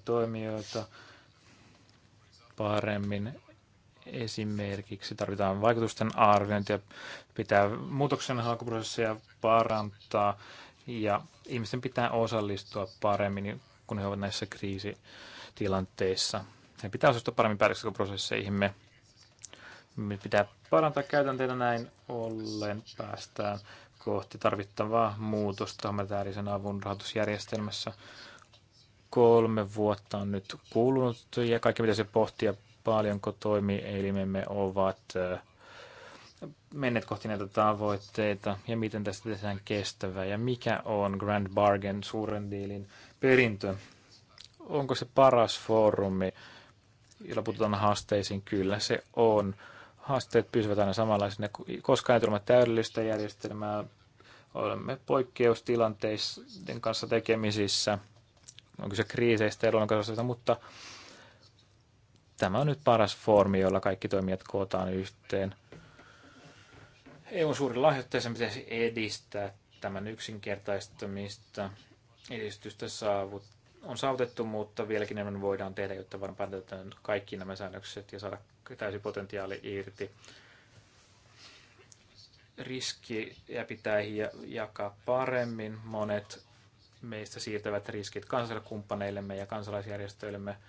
toimijoita paremmin Esimerkiksi tarvitaan vaikutusten arviointia, pitää muutoksen hakuprosesseja parantaa ja ihmisten pitää osallistua paremmin, kun he ovat näissä kriisitilanteissa. He pitää osallistua paremmin päätöksentekoprosesseihimme. Me pitää parantaa käytänteitä näin ollen päästään kohti tarvittavaa muutosta humanitaarisen avun rahoitusjärjestelmässä. Kolme vuotta on nyt kulunut ja kaikki pitäisi pohtia paljonko toimielimemme ovat eh, menneet kohti näitä tavoitteita ja miten tästä tehdään kestävää ja mikä on Grand Bargain suuren diilin perintö. Onko se paras foorumi, jolla puututaan haasteisiin? Kyllä se on. Haasteet pysyvät aina samanlaisina. koska ei tule täydellistä järjestelmää. Olemme poikkeustilanteiden kanssa tekemisissä. Onko se kriiseistä ja luonnonkasvatusta, mutta Tämä on nyt paras formi, jolla kaikki toimijat kootaan yhteen. EUn suurin lahjoitteeseen pitäisi edistää tämän yksinkertaistamista. Edistystä saavut, on saavutettu, mutta vieläkin enemmän voidaan tehdä, jotta varmaan päätetään kaikki nämä säännökset ja saada täysi potentiaali irti. Riski ja pitää jakaa paremmin. Monet meistä siirtävät riskit kansalaiskumppaneillemme ja kansalaisjärjestöillemme –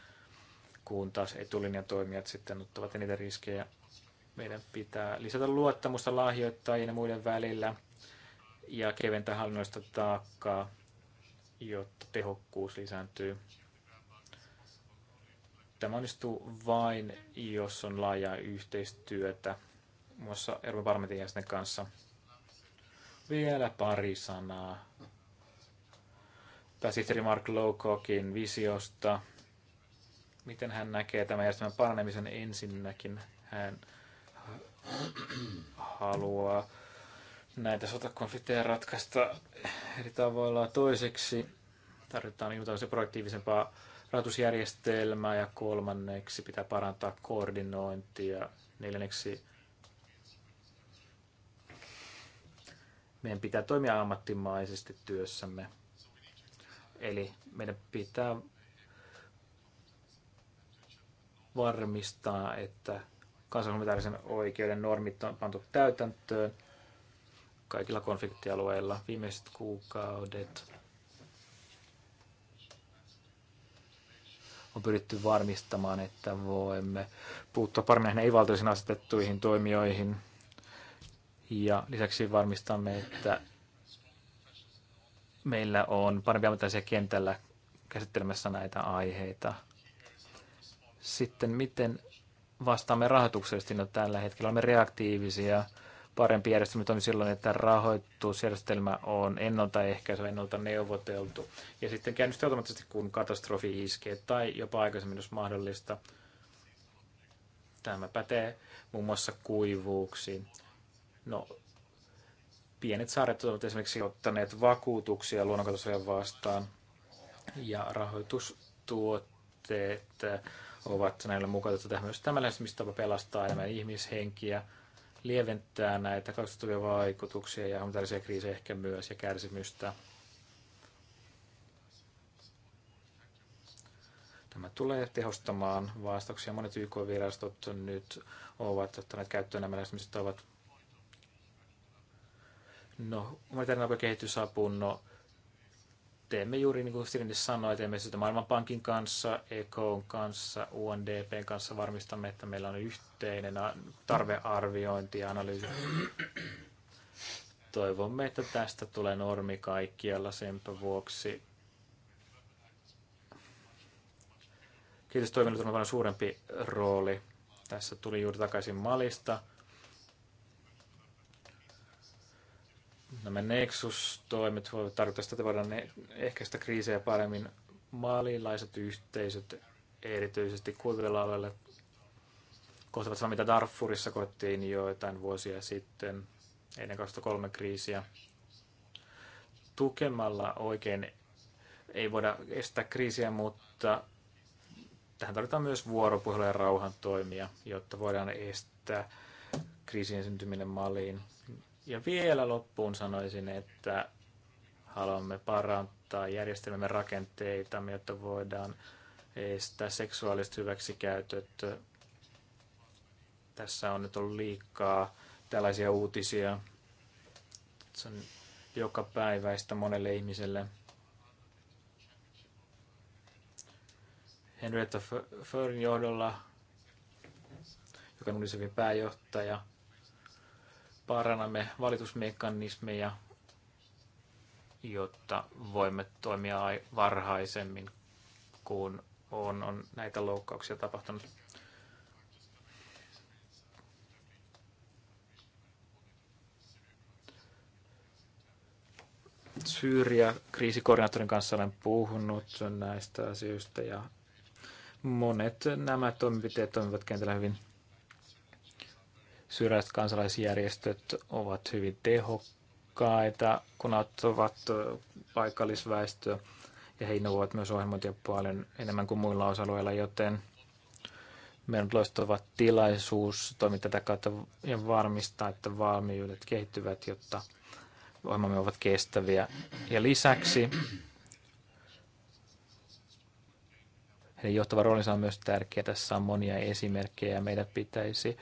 kun taas etulinjan toimijat sitten ottavat eniten riskejä. Meidän pitää lisätä luottamusta lahjoittajien ja muiden välillä ja keventää hallinnoista taakkaa, jotta tehokkuus lisääntyy. Tämä onnistuu vain, jos on laajaa yhteistyötä muun muassa Euroopan parlamentin kanssa. Vielä pari sanaa pääsihteeri Mark Lowcockin visiosta Miten hän näkee tämän järjestelmän paranemisen ensinnäkin? Hän haluaa näitä sotakonflikteja ratkaista eri tavoilla. Toiseksi tarvitaan ilmoituksia niin proaktiivisempaa rahoitusjärjestelmää ja kolmanneksi pitää parantaa koordinointia. Neljänneksi meidän pitää toimia ammattimaisesti työssämme. Eli meidän pitää varmistaa, että kansainvälisen oikeuden normit on pantu täytäntöön kaikilla konfliktialueilla viimeiset kuukaudet. On pyritty varmistamaan, että voimme puuttua paremmin näihin ei-valtioisiin asetettuihin toimijoihin. Ja lisäksi varmistamme, että meillä on parempi ammattilaisia kentällä käsittelemässä näitä aiheita – sitten miten vastaamme rahoituksellisesti? No, tällä hetkellä olemme reaktiivisia. Parempi järjestelmä on silloin, että rahoitusjärjestelmä on ennaltaehkäisevä, ennalta neuvoteltu. Ja sitten käynnistyy automaattisesti, kun katastrofi iskee tai jopa aikaisemmin, jos mahdollista. Tämä pätee muun muassa kuivuuksiin. No, pienet saaret ovat esimerkiksi ottaneet vakuutuksia luonnonkatastrofeja vastaan ja rahoitustuotteet ovat näillä että tähän myös tämä lähestymistapa pelastaa enemmän ihmishenkiä, lieventää näitä kaksistuvia vaikutuksia ja humanitaarisia kriisejä ehkä myös ja kärsimystä. Tämä tulee tehostamaan vastauksia. Monet YK-virastot nyt ovat ottaneet käyttöön nämä lähestymiset No, humanitaarinen apu ja kehitysapu, no teemme juuri niin kuin Sirindi sanoi, teemme sitä Maailmanpankin kanssa, EKOn kanssa, UNDPn kanssa varmistamme, että meillä on yhteinen tarvearviointi ja analyysi. Toivomme, että tästä tulee normi kaikkialla sen vuoksi. Kiitos toiminnot on suurempi rooli. Tässä tuli juuri takaisin Malista. nämä Nexus-toimet voivat tarkoittaa sitä, että voidaan ehkäistä kriisejä paremmin. Maalilaiset yhteisöt, erityisesti kuivilla alueilla, kohtavat samaa, mitä Darfurissa koettiin joitain vuosia sitten, ennen 2003 kriisiä. Tukemalla oikein ei voida estää kriisiä, mutta tähän tarvitaan myös vuoropuhelu ja rauhan toimia, jotta voidaan estää kriisien syntyminen maliin. Ja vielä loppuun sanoisin, että haluamme parantaa järjestelmämme rakenteita, jotta voidaan estää seksuaaliset hyväksikäytöt. Tässä on nyt ollut liikaa tällaisia uutisia. Se on joka päiväistä monelle ihmiselle. Henrietta Förin johdolla, joka on Unicefin pääjohtaja, parannamme valitusmekanismeja, jotta voimme toimia varhaisemmin, kun on, on näitä loukkauksia tapahtunut. Syyria-kriisikoordinaattorin kanssa olen puhunut näistä asioista ja monet nämä toimenpiteet toimivat kentällä hyvin syrjäiset kansalaisjärjestöt ovat hyvin tehokkaita, kun auttavat paikallisväestöä ja he innovoivat myös ohjelmointia paljon enemmän kuin muilla osa-alueilla, joten meillä on loistava tilaisuus toimia tätä kautta ja varmistaa, että valmiudet kehittyvät, jotta ohjelmamme ovat kestäviä. Ja lisäksi heidän johtava roolinsa on myös tärkeä. Tässä on monia esimerkkejä ja meidän pitäisi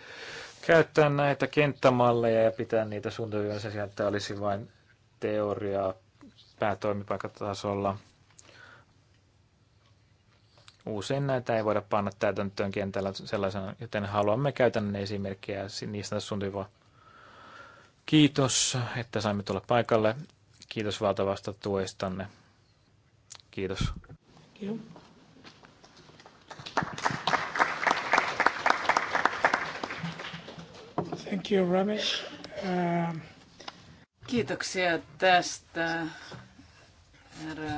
käyttää näitä kenttämalleja ja pitää niitä suunnitelmia sen sijaan, että olisi vain teoriaa päätoimipaikatasolla. Usein näitä ei voida panna täytäntöön kentällä sellaisena, joten haluamme käytännön esimerkkejä niistä suunnitelmia. Kiitos, että saimme tulla paikalle. Kiitos valtavasta tuestanne. Kiitos. Kiitos. Thank you, Uh... Kiitoksia tästä, herra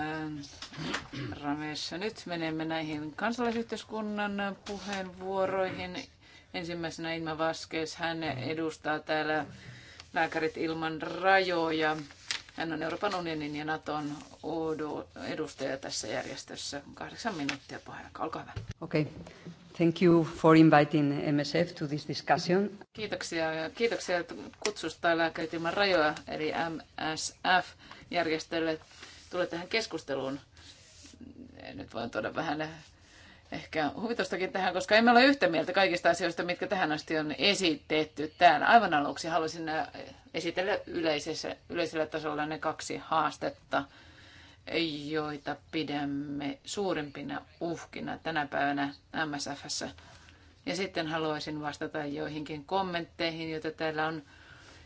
Ramesh. Nyt menemme näihin kansalaisyhteiskunnan puheenvuoroihin. Ensimmäisenä Ilma Vaskes, hän edustaa täällä Lääkärit ilman rajoja. Hän on Euroopan unionin ja Naton edustaja tässä järjestössä. Kahdeksan minuuttia puheenjohtaja. Olkaa hyvä. Okei. Okay. Thank you for inviting MSF to this discussion. Kiitoksia, kiitoksia kutsusta Lääkärit rajoja, eli MSF järjestölle. Tulee tähän keskusteluun. Nyt voin tuoda vähän ehkä huvitustakin tähän, koska emme ole yhtä mieltä kaikista asioista, mitkä tähän asti on esitetty täällä. Aivan aluksi haluaisin esitellä yleisessä, yleisellä tasolla ne kaksi haastetta – joita pidämme suurimpina uhkina tänä päivänä MSFssä. Ja sitten haluaisin vastata joihinkin kommentteihin, joita täällä on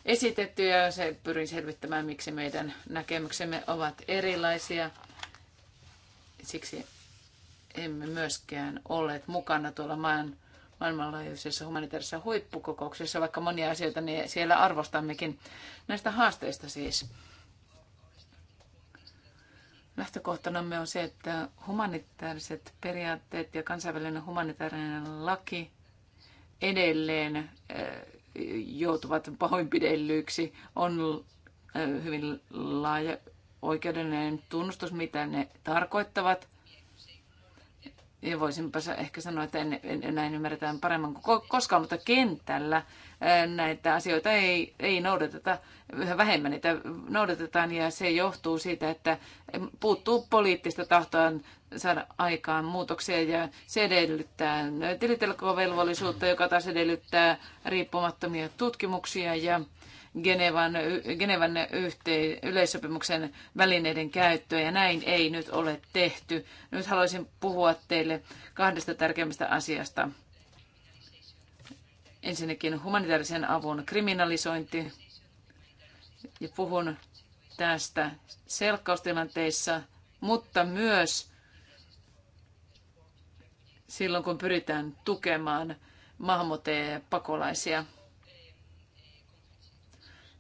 esitetty ja se pyrin selvittämään, miksi meidän näkemyksemme ovat erilaisia. Siksi emme myöskään olleet mukana tuolla maan, maailmanlaajuisessa humanitaarisessa huippukokouksessa, vaikka monia asioita niin siellä arvostammekin näistä haasteista siis. Lähtökohtanamme on se, että humanitaariset periaatteet ja kansainvälinen humanitaarinen laki edelleen eh, joutuvat pahoinpidellyiksi. On eh, hyvin laaja oikeudellinen tunnustus, mitä ne tarkoittavat. Ja voisinpa ehkä sanoa, että en, en, näin ymmärretään paremmin kuin koskaan, mutta kentällä näitä asioita ei, ei noudateta, yhä vähemmän niitä noudatetaan ja se johtuu siitä, että puuttuu poliittista tahtoa saada aikaan muutoksia ja se edellyttää tilitelkovelvollisuutta, joka taas edellyttää riippumattomia tutkimuksia ja Genevan, Genevan yhteen, yleissopimuksen välineiden käyttöä ja näin ei nyt ole tehty. Nyt haluaisin puhua teille kahdesta tärkeimmästä asiasta. Ensinnäkin humanitaarisen avun kriminalisointi. Ja puhun tästä selkkaustilanteissa, mutta myös silloin, kun pyritään tukemaan maahanmuuttajia ja pakolaisia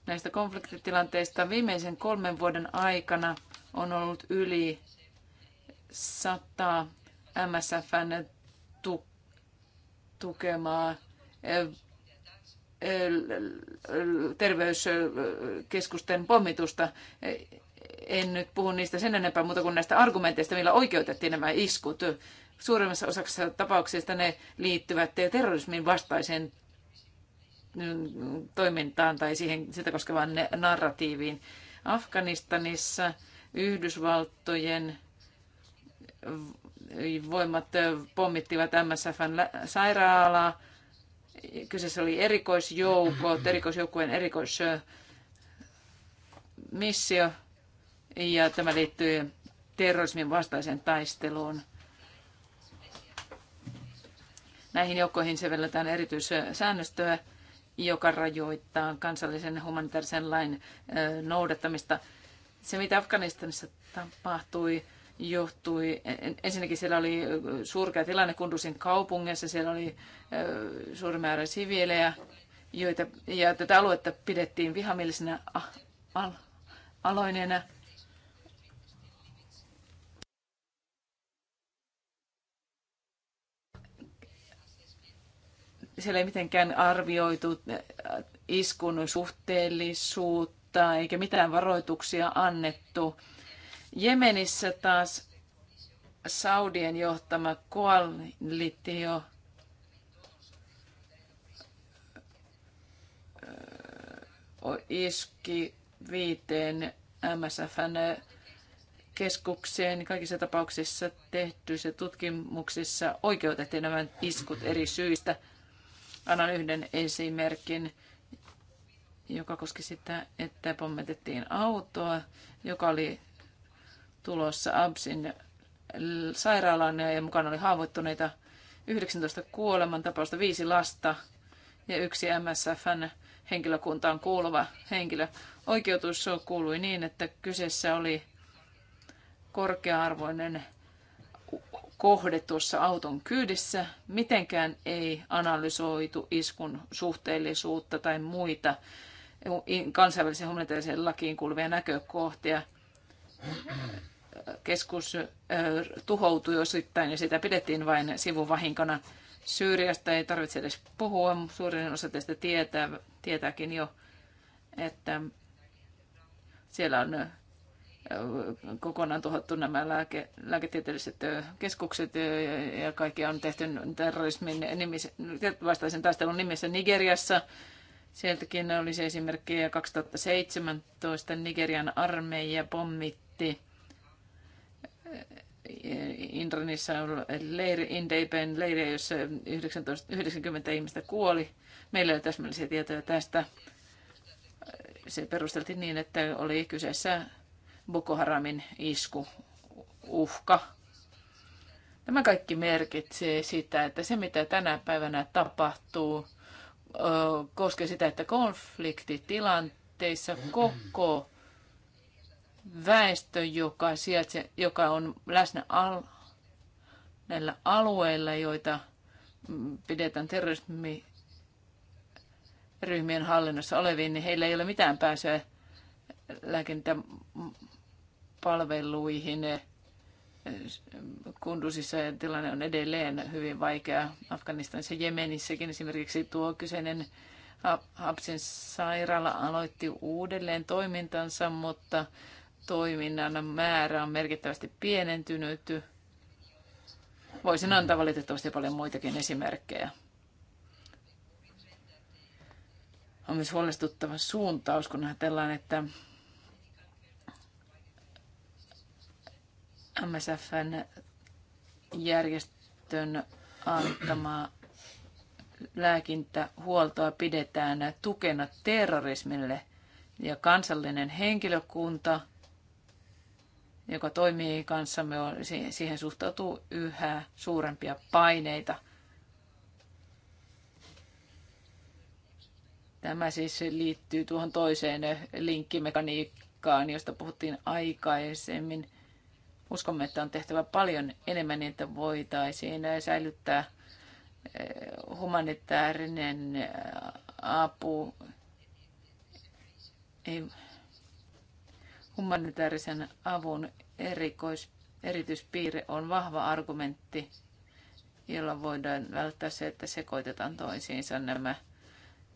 näistä konfliktitilanteista viimeisen kolmen vuoden aikana on ollut yli 100 MSFn tukemaa terveyskeskusten pommitusta. En nyt puhu niistä sen enempää muuta kuin näistä argumenteista, millä oikeutettiin nämä iskut. Suurimmassa osassa tapauksista ne liittyvät terrorismin vastaiseen mm, toimintaan tai siihen, sitä koskevaan narratiiviin. Afganistanissa Yhdysvaltojen voimat pommittivat MSFn sairaalaa Kyseessä oli erikoisjoukot, erikoisjoukkueen erikoismissio ja tämä liittyy terrorismin vastaiseen taisteluun. Näihin joukkoihin sevelletään erityissäännöstöä, joka rajoittaa kansallisen humanitaarisen lain noudattamista. Se, mitä Afganistanissa tapahtui, johtui, ensinnäkin siellä oli surkea tilanne Kundusin kaupungissa, siellä oli suuri määrä siviilejä, joita, ja tätä aluetta pidettiin vihamielisenä al- aloineena. Siellä ei mitenkään arvioitu iskun suhteellisuutta eikä mitään varoituksia annettu Jemenissä taas Saudien johtama koalitio iski viiteen MSFn keskukseen. Kaikissa tapauksissa tehtyissä tutkimuksissa oikeutettiin nämä iskut eri syistä. Annan yhden esimerkin, joka koski sitä, että pommitettiin autoa, joka oli tulossa Absin sairaalaan ja mukana oli haavoittuneita 19 tapausta viisi lasta ja yksi MSFn henkilökuntaan kuuluva henkilö. Oikeutus kuului niin, että kyseessä oli korkea-arvoinen kohde tuossa auton kyydissä. Mitenkään ei analysoitu iskun suhteellisuutta tai muita kansainvälisen humanitaariseen lakiin kuuluvia näkökohtia keskus tuhoutui osittain ja sitä pidettiin vain sivuvahinkona. Syyriasta ei tarvitse edes puhua, suurin osa teistä tietää, tietääkin jo, että siellä on kokonaan tuhottu nämä lääke, lääketieteelliset keskukset ja kaikki on tehty terrorismin nimissä, vastaisen taistelun nimissä Nigeriassa. Sieltäkin oli se esimerkki 2017 Nigerian armeija pommitti Indranissa on leiri, Indeipen leiri, jossa 19, 90 ihmistä kuoli. Meillä ei ole täsmällisiä tietoja tästä. Se perusteltiin niin, että oli kyseessä Boko Haramin isku, uhka. Tämä kaikki merkitsee sitä, että se mitä tänä päivänä tapahtuu, koskee sitä, että konfliktitilanteissa koko väestö, joka, sijaitse, joka on läsnä al, näillä alueilla, joita mm, pidetään terrorismiryhmien hallinnossa hallinnassa oleviin, niin heillä ei ole mitään pääsyä lääkintäpalveluihin. Kundusissa tilanne on edelleen hyvin vaikea. Afganistanissa ja Jemenissäkin esimerkiksi tuo kyseinen Hapsin sairaala aloitti uudelleen toimintansa, mutta toiminnan määrä on merkittävästi pienentynyt. Voisin antaa valitettavasti paljon muitakin esimerkkejä. On myös huolestuttava suuntaus, kun ajatellaan, että MSFn järjestön antamaa lääkintähuoltoa pidetään tukena terrorismille ja kansallinen henkilökunta – joka toimii kanssamme, siihen suhtautuu yhä suurempia paineita. Tämä siis liittyy tuohon toiseen linkkimekaniikkaan, josta puhuttiin aikaisemmin. Uskomme, että on tehtävä paljon enemmän, niin että voitaisiin säilyttää eh, humanitaarinen eh, apu. Ei, Humanitaarisen avun erikois, erityispiirre on vahva argumentti, jolla voidaan välttää se, että sekoitetaan toisiinsa nämä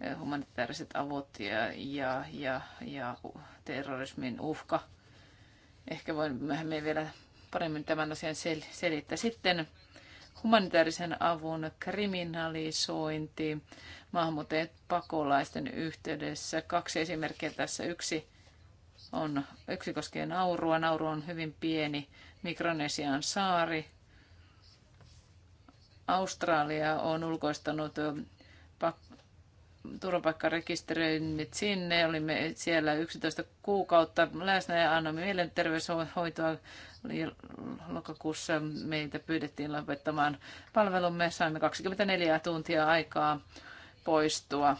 eh, humanitaariset avut ja, ja, ja, ja terrorismin uhka. Ehkä voin myöhemmin vielä paremmin tämän asian sel- selittää. Sitten humanitaarisen avun kriminalisointi maahanmuuttajien pakolaisten yhteydessä. Kaksi esimerkkiä tässä. Yksi on, yksi koskee naurua. Nauru on hyvin pieni Mikronesian saari. Australia on ulkoistanut turvapaikkarekisteröinnit sinne. Olimme siellä 11 kuukautta läsnä ja annamme mielenterveyshoitoa. Lokakuussa meitä pyydettiin lopettamaan palvelumme. Saimme 24 tuntia aikaa poistua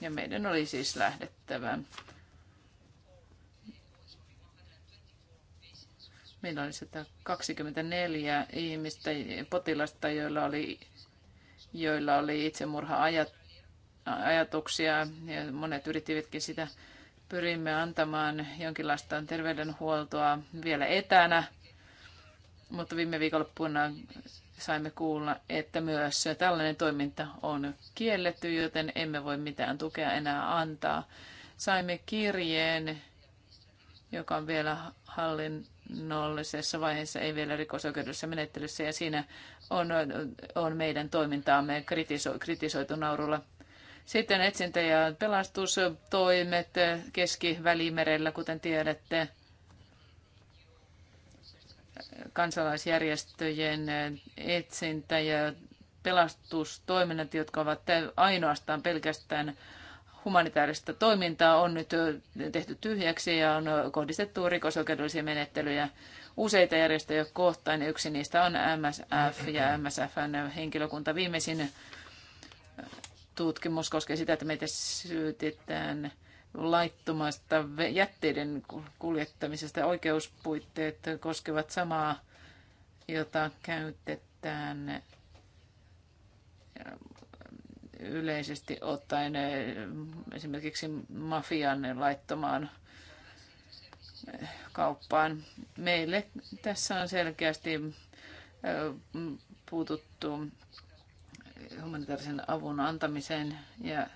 Ja meidän oli siis lähdettävä. Meillä oli 124 ihmistä, potilasta, joilla oli, joilla oli itsemurha-ajatuksia ja monet yrittivätkin sitä. Pyrimme antamaan jonkinlaista terveydenhuoltoa vielä etänä, mutta viime viikonloppuna saimme kuulla, että myös tällainen toiminta on kielletty, joten emme voi mitään tukea enää antaa. Saimme kirjeen, joka on vielä hallinnollisessa vaiheessa, ei vielä rikosoikeudessa menettelyssä, ja siinä on, on meidän toimintaamme kritiso, kritisoitu naurulla. Sitten etsintä- ja pelastustoimet Keski-Välimerellä, kuten tiedätte kansalaisjärjestöjen etsintä ja pelastustoiminnat, jotka ovat ainoastaan pelkästään humanitaarista toimintaa, on nyt tehty tyhjäksi ja on kohdistettu rikosoikeudellisia menettelyjä useita järjestöjä kohtaan. Yksi niistä on MSF ja MSFn henkilökunta. Viimeisin tutkimus koskee sitä, että meitä syytetään laittomasta jätteiden kuljettamisesta. Oikeuspuitteet koskevat samaa, jota käytetään eh, yleisesti ottaen eh, esimerkiksi mafian laittomaan eh, kauppaan. Meille tässä on selkeästi puututtu humanitaarisen avun antamiseen ja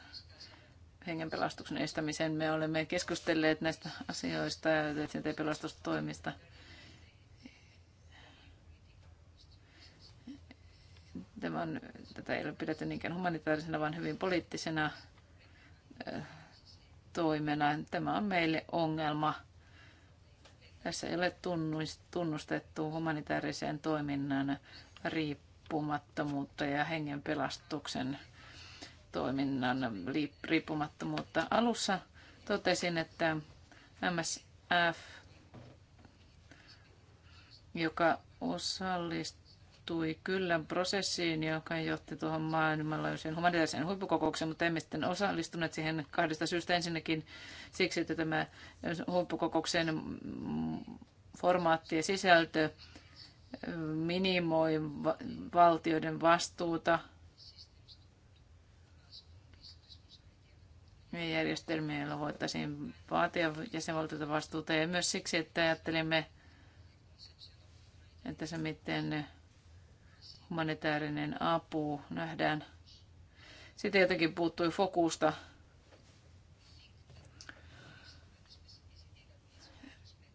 hengenpelastuksen estämisen. Me olemme keskustelleet näistä asioista ja pelastustoimista. Tämä on, tätä ei ole pidetty niinkään humanitaarisena, vaan hyvin poliittisena toimena. Tämä on meille ongelma. Tässä ei ole tunnustettu humanitaarisen toiminnan riippumattomuutta ja hengenpelastuksen. pelastuksen toiminnan riippumattomuutta. Alussa totesin, että MSF, joka osallistui kyllä prosessiin, joka johti tuohon maailmanlaajuiseen humanitaariseen huippukokoukseen, mutta emme sitten osallistuneet siihen kahdesta syystä. Ensinnäkin siksi, että tämä huippukokouksen formaatti ja sisältö minimoi valtioiden vastuuta järjestelmiä, joilla voitaisiin vaatia jäsenvaltiota vastuuta. Ja myös siksi, että ajattelimme, että se miten humanitaarinen apu nähdään. Sitten jotenkin puuttui fokusta.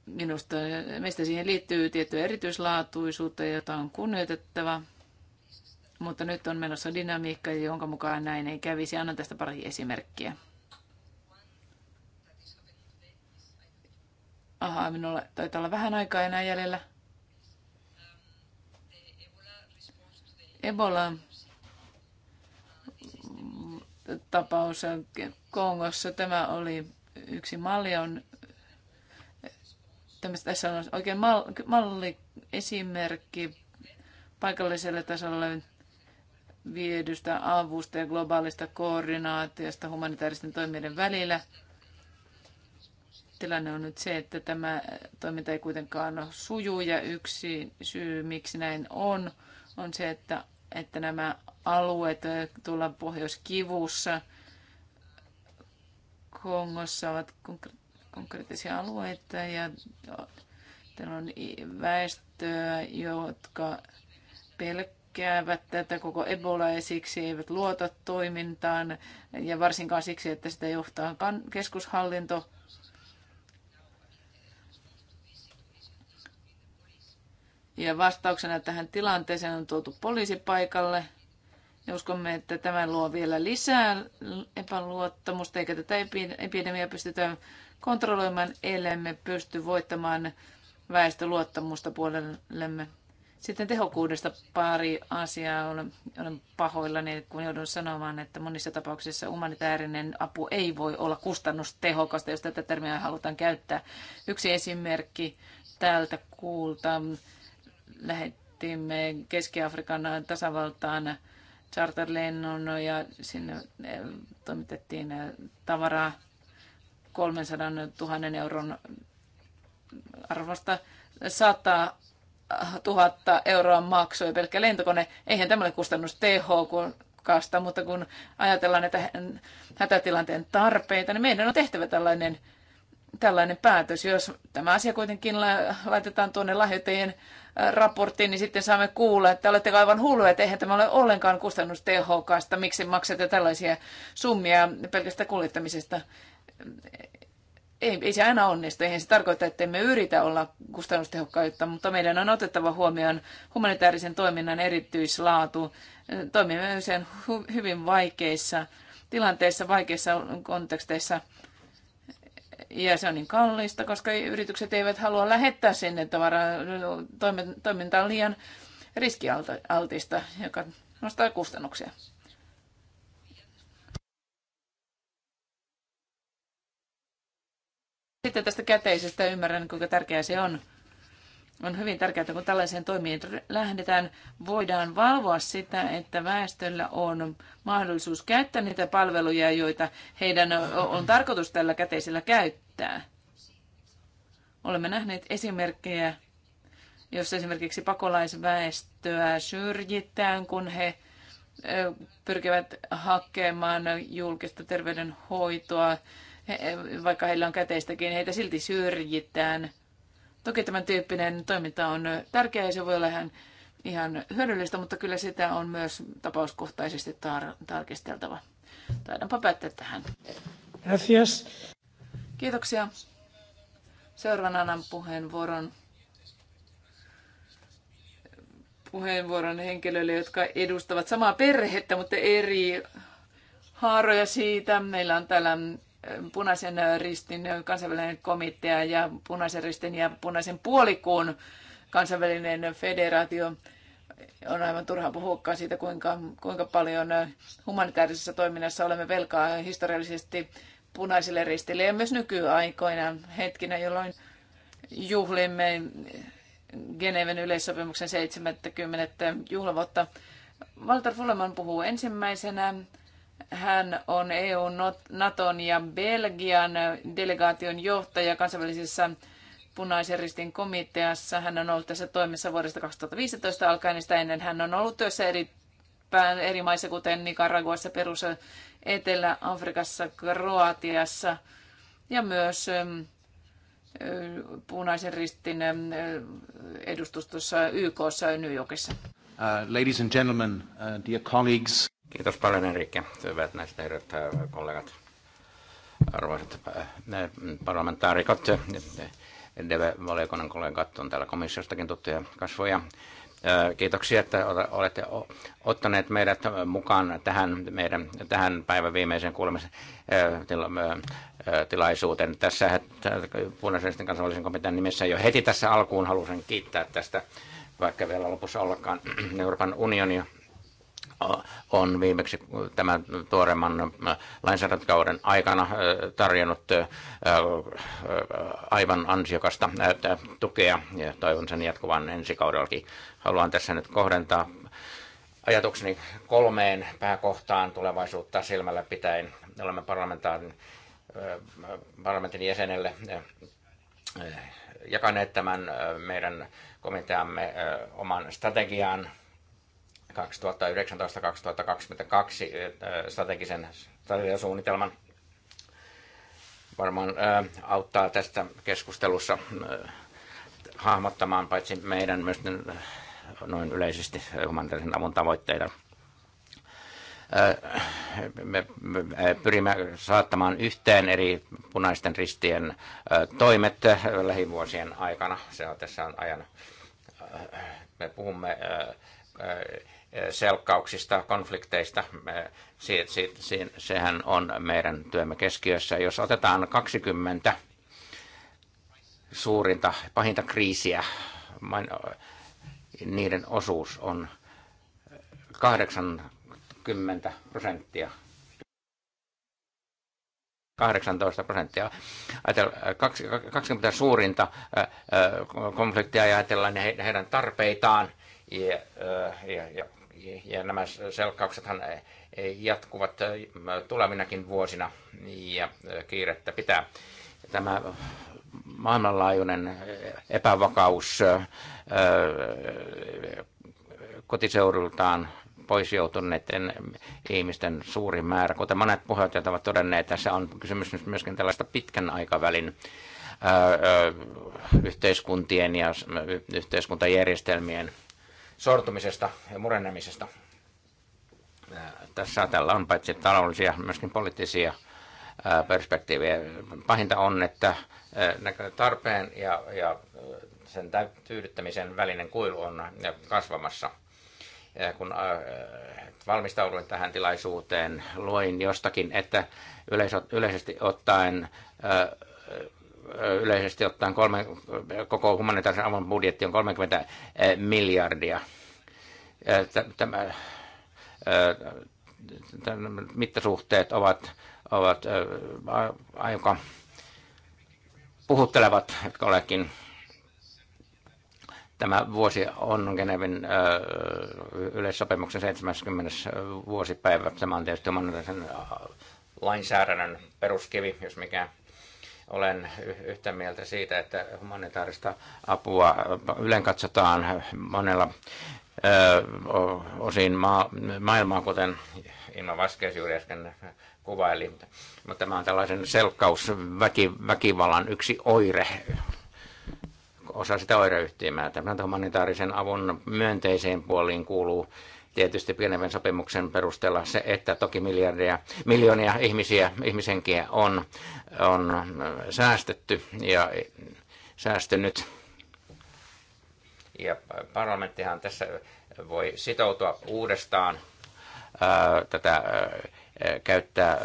Minusta meistä siihen liittyy tiettyä erityislaatuisuutta, jota on kunnioitettava. Mutta nyt on menossa dynamiikka, jonka mukaan näin ei kävisi. Annan tästä pari esimerkkiä. Ahaa, minulla taitaa olla vähän aikaa enää jäljellä. Ebola tapaus Kongossa. Tämä oli yksi malli on tämmöistä, tässä on oikein malli esimerkki paikalliselle tasolle viedystä avusta ja globaalista koordinaatiosta humanitaaristen toimijoiden välillä – tilanne on nyt se, että tämä toiminta ei kuitenkaan suju ja yksi syy, miksi näin on, on se, että, että nämä alueet tullaan Pohjois-Kivussa, Kongossa ovat konkreettisia alueita ja täällä on väestöä, jotka pelkäävät tätä koko Ebola ja siksi eivät luota toimintaan ja varsinkaan siksi, että sitä johtaa keskushallinto Ja vastauksena tähän tilanteeseen on tuotu poliisi paikalle. Ja uskomme, että tämä luo vielä lisää epäluottamusta, eikä tätä epidemiaa pystytä kontrolloimaan, me pysty voittamaan väestöluottamusta puolellemme. Sitten tehokkuudesta pari asiaa. Olen, olen pahoillani, kun joudun sanomaan, että monissa tapauksissa humanitaarinen apu ei voi olla kustannustehokasta, jos tätä termiä halutaan käyttää. Yksi esimerkki täältä kuulta lähetimme Keski-Afrikan tasavaltaan charterlennon ja sinne eh, toimitettiin tavaraa 300 000 euron arvosta. 100 000 euroa maksoi pelkkä lentokone. Eihän tämä ole Kasta, mutta kun ajatellaan näitä hätätilanteen tarpeita, niin meidän on tehtävä tällainen tällainen päätös. Jos tämä asia kuitenkin laitetaan tuonne lahjoittajien raporttiin, niin sitten saamme kuulla, että olette aivan hulluja, että eihän tämä ole ollenkaan kustannustehokasta. Miksi maksatte tällaisia summia pelkästä kuljettamisesta? Ei, ei se aina onnistu. Eihän se tarkoita, että emme yritä olla kustannustehokkaita, mutta meidän on otettava huomioon humanitaarisen toiminnan erityislaatu. Toimimme usein hyvin vaikeissa tilanteissa, vaikeissa konteksteissa – ja se on niin kallista, koska yritykset eivät halua lähettää sinne tavaraa. Toiminta on liian riskialtista, joka nostaa kustannuksia. Sitten tästä käteisestä ymmärrän, kuinka tärkeää se on. On hyvin tärkeää, että kun tällaiseen toimiin lähdetään, voidaan valvoa sitä, että väestöllä on mahdollisuus käyttää niitä palveluja, joita heidän on tarkoitus tällä käteisellä käyttää riittää. Olemme nähneet esimerkkejä, jos esimerkiksi pakolaisväestöä syrjitään, kun he pyrkivät hakemaan julkista terveydenhoitoa, vaikka heillä on käteistäkin, heitä silti syrjitään. Toki tämän tyyppinen toiminta on tärkeää ja se voi olla ihan, ihan hyödyllistä, mutta kyllä sitä on myös tapauskohtaisesti tar- tarkisteltava. Taidanpa päättää tähän. Gracias. Kiitoksia. Seuraavan annan puheenvuoron puheenvuoron henkilöille, jotka edustavat samaa perhettä, mutta eri haaroja siitä. Meillä on täällä mm, punaisen ristin kansainvälinen komitea ja punaisen ristin ja punaisen puolikuun kansainvälinen federaatio. On aivan turhaa puhua siitä, kuinka, kuinka paljon humanitaarisessa toiminnassa olemme velkaa historiallisesti punaiselle ristille ja myös nykyaikoina, hetkinä, jolloin juhlimme Geneven yleissopimuksen 70. juhlavuotta. Walter Fuleman puhuu ensimmäisenä. Hän on EU, Naton ja Belgian delegaation johtaja kansainvälisessä punaisen ristin komiteassa. Hän on ollut tässä toimessa vuodesta 2015 alkaen ja sitä ennen hän on ollut työssä eri, pään, eri maissa, kuten Nicaraguassa, Perussa, Etelä-Afrikassa, Kroatiassa ja myös ähm, äh, punaisen ristin ähm, äh, edustustossa YKssa ja New Yorkissa. Uh, ladies and gentlemen, uh, dear colleagues. Kiitos paljon Enrique. Hyvät näistä herrat äh, kollegat, arvoisat parlamentaarikot. Deve-valiokunnan kollegat on täällä komissiostakin tuttuja kasvoja. Kiitoksia, että olette ottaneet meidät mukaan tähän, meidän, tähän päivän viimeiseen kuulemistilaisuuteen. Tässä punaisen kansallisen komitean nimessä jo heti tässä alkuun halusin kiittää tästä, vaikka vielä lopussa ollakaan Euroopan unionia on viimeksi tämän tuoreman äh, lainsäädäntökauden aikana äh, tarjonnut äh, aivan ansiokasta tukea ja toivon sen jatkuvan ensi kaudellakin. Haluan tässä nyt kohdentaa ajatukseni kolmeen pääkohtaan tulevaisuutta silmällä pitäen. Olemme parlamentaarin, parlamentin jäsenelle jakaneet tämän meidän komiteamme oman strategian 2019-2022 äh, strategisen strategiasuunnitelman varmaan äh, auttaa tästä keskustelussa äh, hahmottamaan paitsi meidän myös noin yleisesti humanitaarisen avun tavoitteita. Me pyrimme saattamaan yhteen eri punaisten ristien toimet lähivuosien aikana. Se on tässä on ajan. Me puhumme selkkauksista, konflikteista. Si, si, si, sehän on meidän työmme keskiössä. Jos otetaan 20 suurinta, pahinta kriisiä, niiden osuus on 80 prosenttia 18 prosenttia. 20 suurinta konfliktia ja ajatellaan heidän tarpeitaan ja, ja, ja ja nämä selkkauksethan eh, eh, jatkuvat eh, tulevinakin vuosina ja kiirettä pitää. Tämä maailmanlaajuinen epävakaus kotiseudultaan pois joutuneiden ihmisten suuri määrä. Kuten monet puheenjohtajat ovat todenneet, tässä on kysymys myöskin tällaista pitkän aikavälin yhteiskuntien ja yhteiskuntajärjestelmien sortumisesta ja murennemisesta. Tässä tällä on paitsi taloudellisia, myöskin poliittisia perspektiivejä. Pahinta on, että tarpeen ja, ja sen tyydyttämisen välinen kuilu on kasvamassa. Ja kun valmistauduin tähän tilaisuuteen, luin jostakin, että yleisesti ottaen yleisesti ottaen kolme, koko humanitaarisen avun budjetti on 30 eh, miljardia. Eh, tämä, eh, tämän mittasuhteet ovat, ovat aika puhuttelevat, jotka olekin. Tämä vuosi on Genevin yleissopimuksen 70. vuosipäivä. Tämä on tietysti sen lainsäädännön peruskivi, jos mikään olen yhtä mieltä siitä, että humanitaarista apua äh, ylen katsotaan monella äh, osin maa, maailmaa, kuten Inma Vaskes juuri äsken kuvaili. Mutta tämä on tällaisen selkkaus väki, väkivallan yksi oire, osa sitä oireyhtiömää. Tämä humanitaarisen avun myönteiseen puoliin kuuluu tietysti pienemmän sopimuksen perusteella se, että toki miljardia, miljoonia ihmisiä, ihmisenkiä on, on säästetty ja säästynyt. Ja parlamenttihan tässä voi sitoutua uudestaan ää, tätä ää, käyttää ää,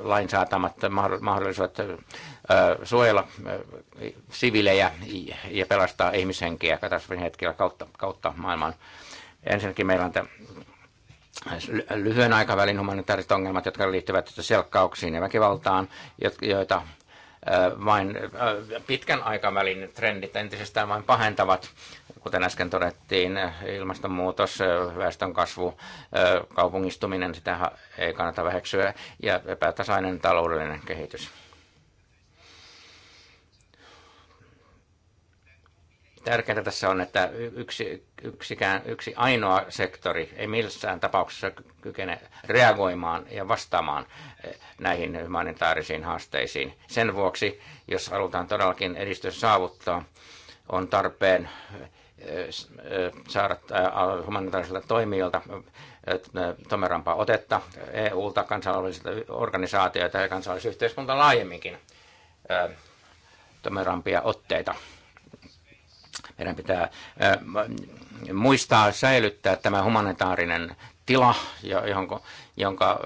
lain saatamat mahdollisuudet suojella sivilejä ja pelastaa ihmishenkiä katastrofin hetkellä kautta, kautta maailman. Ensinnäkin meillä on lyhyen aikavälin humanitaariset ongelmat, jotka liittyvät selkkauksiin ja väkivaltaan, joita vain pitkän aikavälin trendit entisestään vain pahentavat, kuten äsken todettiin, ilmastonmuutos, väestönkasvu, kaupungistuminen, sitä ei kannata väheksyä, ja epätasainen taloudellinen kehitys. Tärkeintä tässä on, että yksi yksikään, yksi ainoa sektori ei missään tapauksessa kykene reagoimaan ja vastaamaan eh, näihin humanitaarisiin haasteisiin. Sen vuoksi, jos halutaan todellakin edistys saavuttaa, on tarpeen eh, eh, saada humanitaarisilta toimijoilta tomerampaa otetta EU-ta, e kansainvälisiltä organisaatioita ja kansallisyhteiskunta laajemminkin tomerampia otteita meidän pitää muistaa säilyttää tämä humanitaarinen tila, jonka, jonka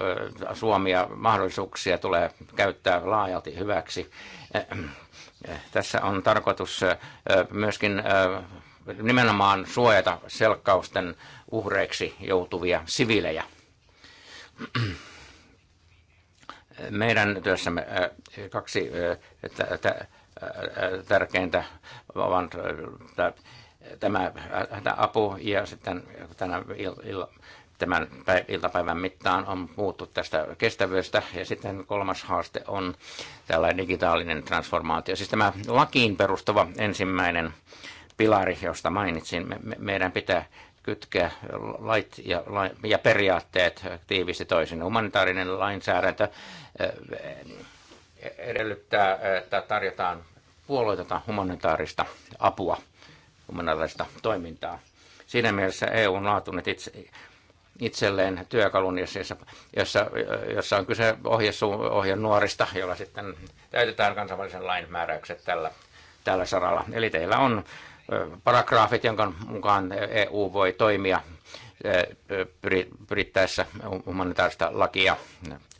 Suomia mahdollisuuksia tulee käyttää laajalti hyväksi. Tässä on tarkoitus myöskin nimenomaan suojata selkkausten uhreiksi joutuvia siviilejä. Meidän työssämme kaksi tärkeintä, vaan äh, tämä apu ja sitten tänä illa, tämän iltapäivän mittaan on puhuttu tästä kestävyydestä Ja sitten kolmas haaste on tällainen digitaalinen transformaatio. Siis tämä lakiin perustuva ensimmäinen pilari, josta mainitsin, me, me, meidän pitää kytkeä lait ja, ja periaatteet tiivisti toisin. Humanitaarinen lainsäädäntö äh, edellyttää, äh, että tarjotaan tätä humanitaarista apua, humanitaarista toimintaa. Siinä mielessä EU on laatunut itse, itselleen työkalun, jossa, jossa, jossa on kyse ohjeen ohje nuorista, jolla sitten täytetään kansainvälisen lain määräykset tällä, tällä saralla. Eli teillä on paragraafit, jonka mukaan EU voi toimia pyrittäessä humanitaarista lakia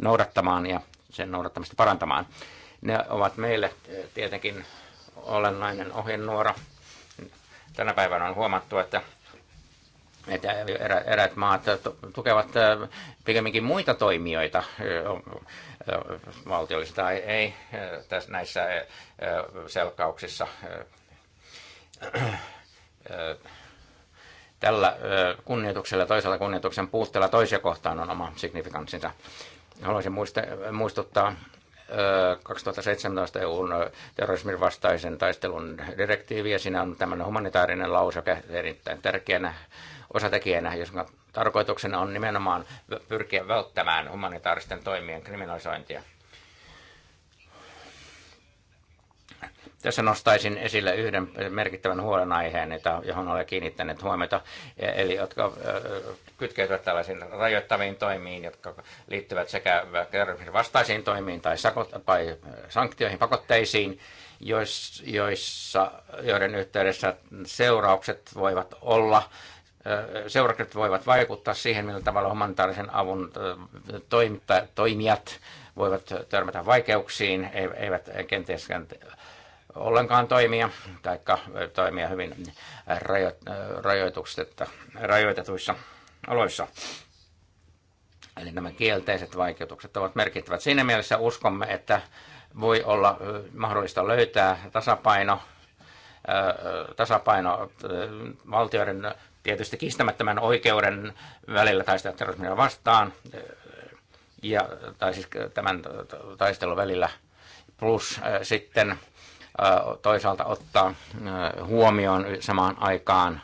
noudattamaan ja sen noudattamista parantamaan. Ne ovat meille eh, tietenkin olennainen ohjenuora. Tänä päivänä on huomattu, että että eräät maat tukevat eh, pikemminkin muita toimijoita, eh, valtiollisesti tai ei, tässä näissä selkauksissa. Tällä kunnioituksella ja toisella kunnioituksen puutteella toisia kohtaan on oma signifikanssinsa. Haluaisin muistuttaa 2017 EUn terrorismin vastaisen taistelun direktiivi, ja siinä on tämmöinen humanitaarinen lause, joka erittäin tärkeänä osatekijänä, jos tarkoituksena on nimenomaan pyrkiä välttämään humanitaaristen toimien kriminalisointia. Tässä nostaisin esille yhden merkittävän huolenaiheen, johon olen kiinnittänyt huomiota, e, eli jotka kytkeytyvät tällaisiin rajoittaviin toimiin, jotka liittyvät sekä vastaisiin toimiin tai, sakot, tai sanktioihin, pakotteisiin, joissa, joiden yhteydessä seuraukset voivat olla seuraukset voivat vaikuttaa siihen, millä tavalla humanitaarisen avun toimijat voivat törmätä vaikeuksiin, eivät kenties ollenkaan toimia, tai toimia hyvin rajoitetuissa oloissa. Eli nämä kielteiset vaikeutukset ovat merkittävät. Siinä mielessä uskomme, että voi olla mahdollista löytää tasapaino, tasapaino valtioiden tietysti kistämättömän oikeuden välillä taistella terrorismia vastaan, ja, tai siis tämän taistelun välillä, plus sitten toisaalta ottaa huomioon samaan aikaan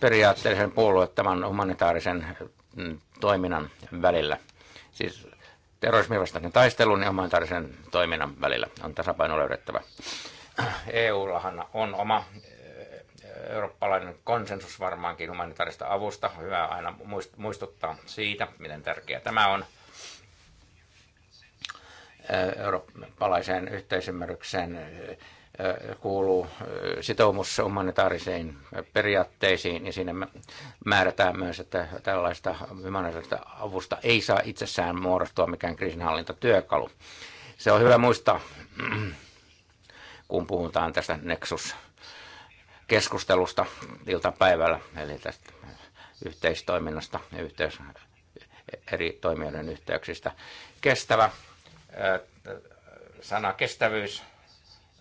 periaatteellisen puolueettavan humanitaarisen mm, toiminnan välillä. Siis terrorismin vastaisen taistelun ja humanitaarisen toiminnan välillä on tasapaino löydettävä. EUllahan on oma eurooppalainen konsensus varmaankin humanitaarista avusta. Hyvä aina muistuttaa siitä, miten tärkeä tämä on eurooppalaiseen yhteisymmärrykseen eh, kuuluu eh, sitoumus humanitaarisiin periaatteisiin ja siinä määrätään myös, että tällaista humanitaarista avusta ei saa itsessään muodostua mikään kriisinhallintatyökalu. Se on hyvä muistaa, kun puhutaan tästä nexus keskustelusta iltapäivällä, eli tästä yhteistoiminnasta ja yhteys, eri toimijoiden yhteyksistä. Kestävä sana kestävyys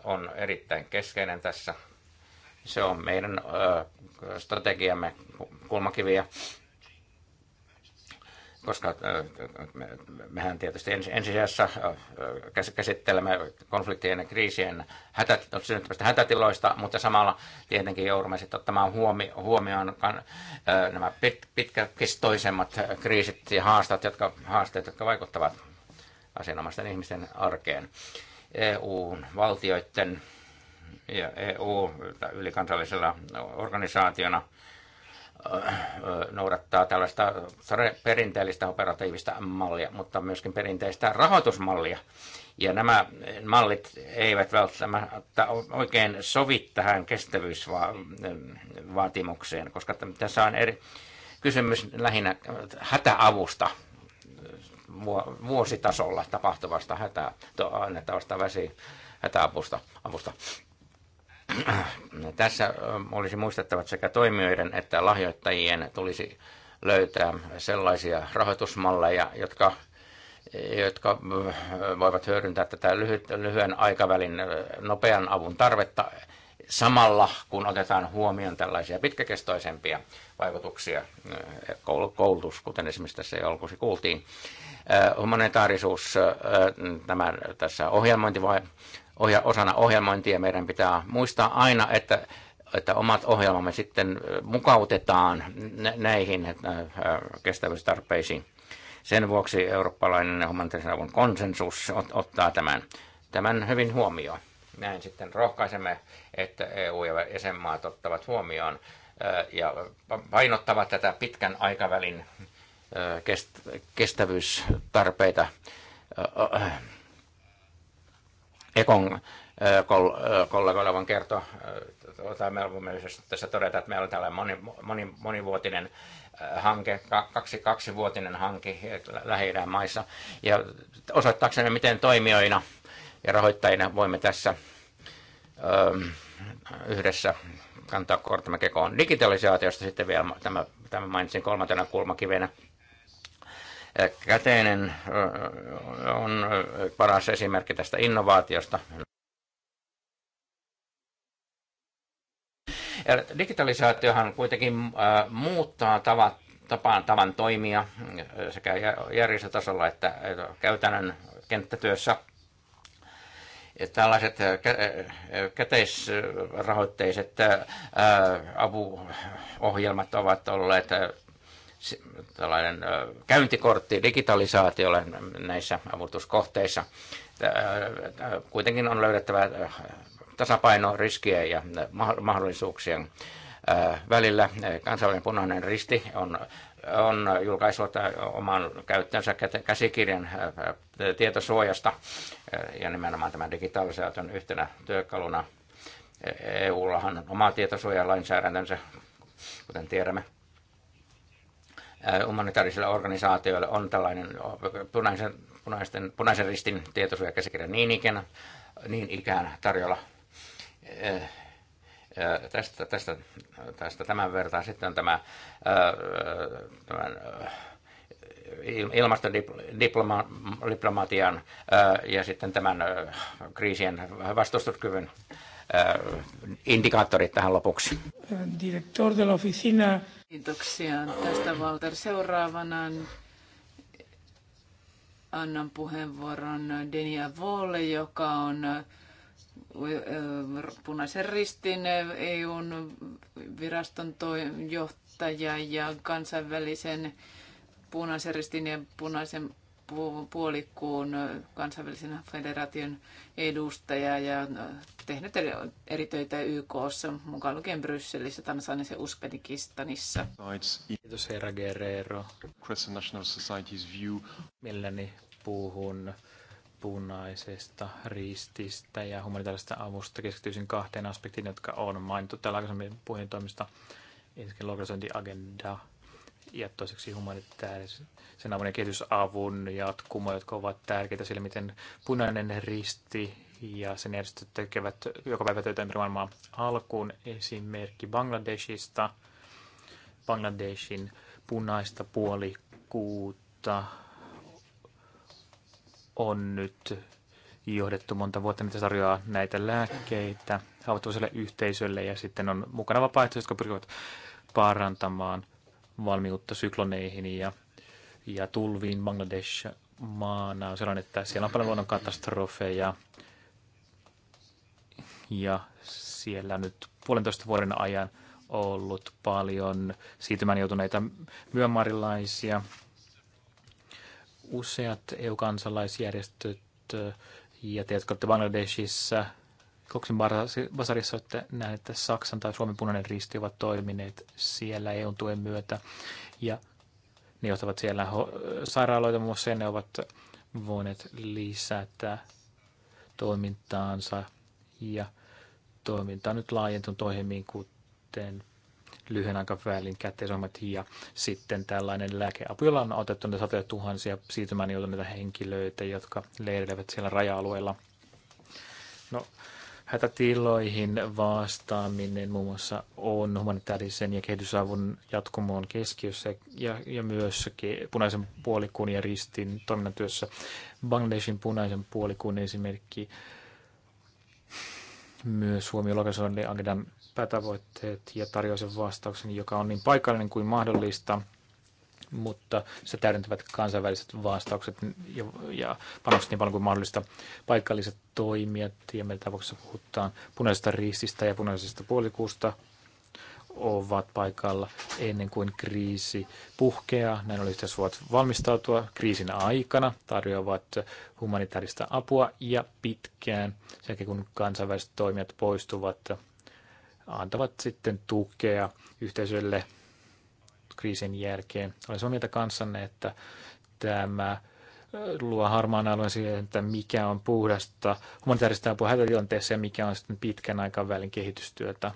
on erittäin keskeinen tässä. Se on meidän strategiamme kulmakiviä koska äh, mehän tietysti ensisijassa äh, käsittelemme konfliktien ja kriisien hätät, hätätiloista, mutta samalla tietenkin joudumme sitten ottamaan huomioon äh, nämä pitkäkestoisemmat kriisit ja haastat, jotka, haasteet, jotka vaikuttavat asianomaisten ihmisten arkeen. EU-valtioiden ja EU ylikansallisella organisaationa – noudattaa tällaista perinteellistä operatiivista mallia, mutta myöskin perinteistä rahoitusmallia. Ja nämä mallit eivät välttämättä oikein sovi tähän kestävyysvaatimukseen, koska tässä on eri kysymys lähinnä hätäavusta, vuositasolla tapahtuvasta hätää, annettavasta väsi hätäavusta. Avusta. No, tässä olisi muistettava, että sekä toimijoiden että lahjoittajien tulisi löytää sellaisia rahoitusmalleja, jotka jotka voivat hyödyntää tätä lyhyen aikavälin nopean avun tarvetta samalla, kun otetaan huomioon tällaisia pitkäkestoisempia vaikutuksia, koulutus, kuten esimerkiksi tässä jo alkuisi kuultiin, humanitaarisuus tämä tässä ohjelmointivaiheessa ohja- osana ohjelmointia meidän pitää muistaa aina, että että omat ohjelmamme sitten mukautetaan näihin äh, kestävyystarpeisiin. Sen vuoksi eurooppalainen humanitaarisen avun konsensus ottaa tämän, tämän hyvin huomioon. Näin sitten rohkaisemme, että EU ja jäsenmaat ottavat huomioon ja painottavat tätä pitkän aikavälin kestävyystarpeita Ekon kollegoille voin kertoa, tai tuota, me voimme tässä todeta, että meillä on tällainen moni, moni, monivuotinen hanke, kaksi, kaksivuotinen hanke lähi maissa. Ja osoittaaksemme, miten toimijoina ja rahoittajina voimme tässä ö, yhdessä kantaa kortamme kekoon digitalisaatiosta sitten vielä tämä, tämä mainitsin kolmantena kulmakivenä Käteinen on paras esimerkki tästä innovaatiosta. Digitalisaatiohan kuitenkin muuttaa tavat, tapaan tavan toimia sekä järjestötasolla että käytännön kenttätyössä. Tällaiset käteisrahoitteiset avuohjelmat ovat olleet tällainen käyntikortti digitalisaatiolle näissä avustuskohteissa. Kuitenkin on löydettävä tasapaino riskien ja mahdollisuuksien välillä. Kansainvälinen punainen risti on, on julkaissut oman käyttönsä käsikirjan tietosuojasta ja nimenomaan tämän digitalisaation yhtenä työkaluna. EUllahan e-, e-, on oma tietosuojalainsäädäntönsä, kuten tiedämme humanitaarisille organisaatioille on tällainen punaisen, punaisten, punaisen ristin tietosuojakäsikirja niin ikään, niin ikään tarjolla. Tästä, tästä, tästä tämän vertaan sitten on tämä tämän, ilmastodiplomatian ja sitten tämän kriisien vastustuskyvyn Äh, indikaattorit tähän lopuksi. Director de la oficina. Kiitoksia tästä Walter. Seuraavana annan puheenvuoron Denia Volle, joka on äh, punaisen ristin äh, EUn viraston johtaja ja kansainvälisen punaisen ristin ja punaisen puolikkuun kansainvälisen federaation edustaja ja äh, tehnyt eri, eri töitä YKssa, mukaan lukien Brysselissä, Tansanissa ja Uzbekistanissa. Kiitos herra Guerrero. Crescent National Society's view. Mielelläni puhun punaisesta rististä ja humanitaarista avusta keskityisin kahteen aspektiin, jotka on mainittu täällä aikaisemmin toimista. Ensinnäkin lokalisointiagenda ja toiseksi humanitaarisen avun ja kehitysavun jatkumo, jotka ovat tärkeitä sille, miten punainen risti ja sen järjestöt tekevät joka päivä töitä ympäri maailmaa alkuun. Esimerkki Bangladeshista, Bangladeshin punaista puolikuuta on nyt johdettu monta vuotta, niitä tarjoaa näitä lääkkeitä haavoittuvaiselle yhteisölle ja sitten on mukana vapaaehtoiset, jotka pyrkivät parantamaan valmiutta sykloneihin ja, ja tulviin Bangladesh maana on sellainen, että siellä on paljon luonnonkatastrofeja ja siellä nyt puolentoista vuoden ajan ollut paljon siirtymään joutuneita myömarilaisia. Useat EU-kansalaisjärjestöt äh, ja te, jotka olette Bangladeshissa, Koksin Basarissa olette nähneet, että Saksan tai Suomen punainen risti ovat toimineet siellä eu tuen myötä. Ja ne johtavat siellä sairaaloita muun muassa ne ovat voineet lisätä toimintaansa ja toiminta on nyt laajentunut toimiin, kuten lyhyen aikavälin käteisohjelmat ja sitten tällainen lääkeapu, jolla on otettu ne satoja tuhansia siirtymään joutuneita henkilöitä, jotka leirilevät siellä raja-alueella. No, hätätiloihin vastaaminen muun muassa on humanitaarisen ja kehitysavun jatkumoon keskiössä ja, ja myös punaisen puolikuun ja ristin toiminnan työssä. Bangladeshin punaisen puolikuun esimerkki myös huomioi lokalisoinnille Agdan päätavoitteet ja tarjoaa sen vastauksen, joka on niin paikallinen kuin mahdollista – mutta se täydentävät kansainväliset vastaukset ja, ja panokset niin paljon kuin mahdollista. Paikalliset toimijat, ja meillä tapauksessa puhutaan punaisesta riisistä ja punaisesta puolikuusta, ovat paikalla ennen kuin kriisi puhkeaa. Näin olisi voivat valmistautua kriisin aikana, tarjoavat humanitaarista apua ja pitkään, sen jälkeen kun kansainväliset toimijat poistuvat, antavat sitten tukea yhteisölle kriisin jälkeen. Olen samaa mieltä kanssanne, että tämä äh, luo harmaan alueen siihen, että mikä on puhdasta humanitaarista apua hätätilanteessa ja mikä on sitten pitkän aikavälin kehitystyötä.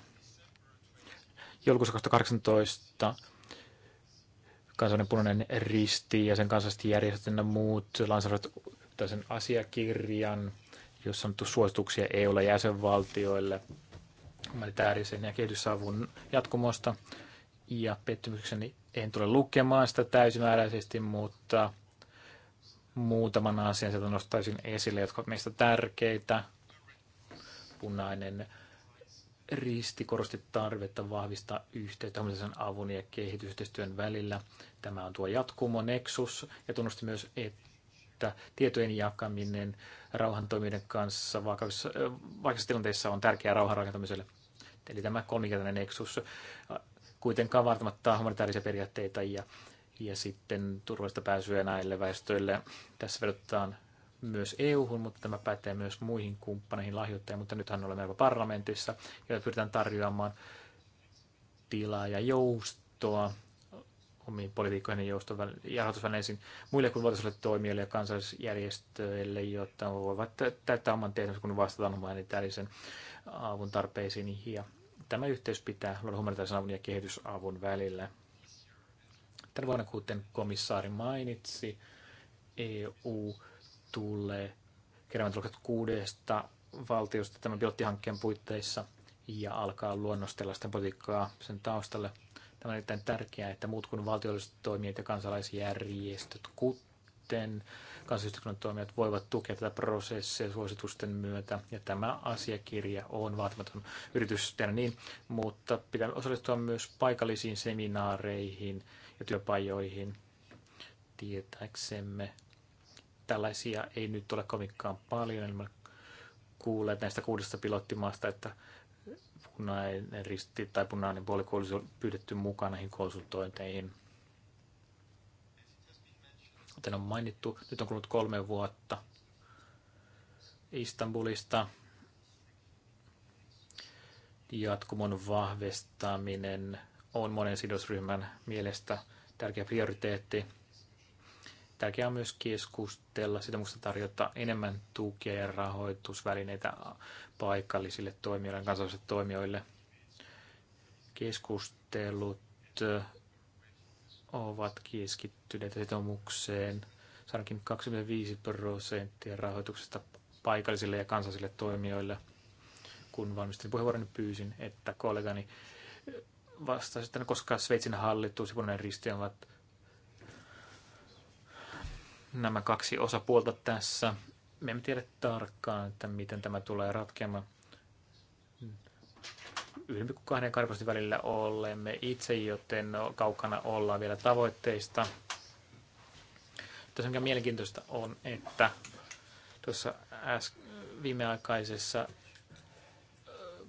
Joulukuussa 2018 kansallinen punainen risti ja sen kansalliset järjestöt ja muut lanseroivat tällaisen asiakirjan, jossa on annettu suosituksia eu jäsenvaltioille humanitaarisen ja kehitysavun jatkumosta. Ja pettymykseni en tule lukemaan sitä täysimääräisesti, mutta muutaman asian sieltä nostaisin esille, jotka ovat meistä tärkeitä. Punainen risti korosti tarvetta vahvistaa yhteyttä humanitaarisen avun ja kehitysyhteistyön välillä. Tämä on tuo jatkumo Nexus ja tunnusti myös, että tietojen jakaminen rauhantoimijoiden kanssa äh, vaikeissa tilanteissa on tärkeää rauhan rakentamiselle. Eli tämä kolmikäinen Nexus kuitenkaan vartamatta humanitaarisia periaatteita ja, ja sitten turvallista pääsyä näille väestöille. Tässä vedotetaan myös EU-hun, mutta tämä pätee myös muihin kumppaneihin lahjoittajiin, mutta nythän olemme jopa parlamentissa, joilla pyritään tarjoamaan tilaa ja joustoa omiin politiikkoihin ja, joustovälineisiin muille kuin valtaisille toimijoille ja kansallisjärjestöille, jotta voivat täyttää oman tehtävänsä, kun vastataan humanitaarisen avun tarpeisiin. Ja Tämä yhteys pitää luoda humanitaarisen avun ja kehitysavun välillä. Tänä vuonna, kuten komissaari mainitsi, EU tulee kerran tulokset kuudesta valtiosta tämän pilottihankkeen puitteissa ja alkaa luonnostella sitä politiikkaa sen taustalle. Tämä on erittäin tärkeää, että muut kuin valtiolliset toimijat ja kansalaisjärjestöt miten kansallisyhteiskunnan toimijat voivat tukea tätä prosessia suositusten myötä. Ja tämä asiakirja on vaatimaton yritys tehdä niin, mutta pitää osallistua myös paikallisiin seminaareihin ja työpajoihin tietääksemme. Tällaisia ei nyt ole kovinkaan paljon, eli kuulleet näistä kuudesta pilottimaasta, että punainen risti tai punainen puoli olisi pyydetty mukaan näihin konsultointeihin – kuten on mainittu. Nyt on kulunut kolme vuotta Istanbulista. Jatkumon vahvistaminen on monen sidosryhmän mielestä tärkeä prioriteetti. Tärkeää on myös keskustella sitä, musta tarjota enemmän tukia ja rahoitusvälineitä paikallisille toimijoille ja kansallisille toimijoille. Keskustelut ovat keskittyneet sitoumukseen. sarkin 25 prosenttia rahoituksesta paikallisille ja kansallisille toimijoille. Kun valmistelin puheenvuoron, niin pyysin, että kollegani vastasi, että no, koska Sveitsin hallitus ja punainen risti ovat nämä kaksi osapuolta tässä. Me emme tiedä tarkkaan, että miten tämä tulee ratkeamaan. 1,2 karposti välillä olemme itse, joten kaukana ollaan vielä tavoitteista. Tässä mikä mielenkiintoista on, että tuossa äs- viimeaikaisessa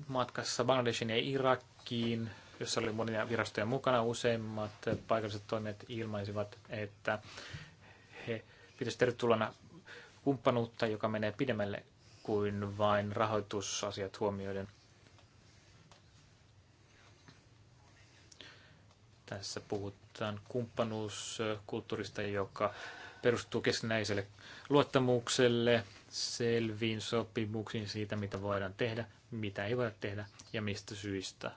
matkassa Bangladeshin ja Irakkiin, jossa oli monia virastoja mukana, useimmat paikalliset toimijat ilmaisivat, että he pitäisi tervetulleena kumppanuutta, joka menee pidemmälle kuin vain rahoitusasiat huomioiden. Tässä puhutaan kumppanuuskulttuurista, joka perustuu keskinäiselle luottamukselle, selviin sopimuksiin siitä, mitä voidaan tehdä, mitä ei voida tehdä ja mistä syistä.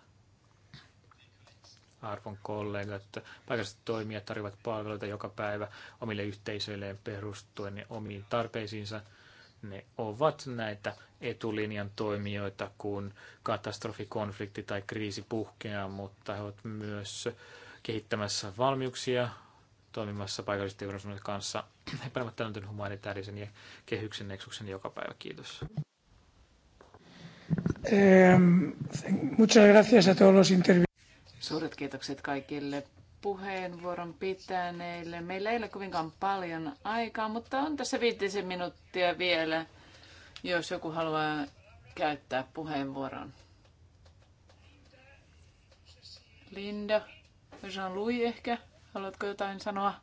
Arvon kollegat, paikalliset toimijat tarjoavat palveluita joka päivä omille yhteisöilleen perustuen ja omiin tarpeisiinsa – ne ovat näitä etulinjan toimijoita, kun katastrofi, konflikti tai kriisi puhkeaa, mutta he ovat myös kehittämässä valmiuksia, toimimassa paikallisesti yhdessä kanssa. He panevat tämän humanitaarisen ja kehyksen neksuksen joka päivä. Kiitos. Suuret kiitokset kaikille puheenvuoron pitäneille. Meillä ei ole kovinkaan paljon aikaa, mutta on tässä viitisen minuuttia vielä, jos joku haluaa käyttää puheenvuoron. Linda, Jean-Louis ehkä, haluatko jotain sanoa?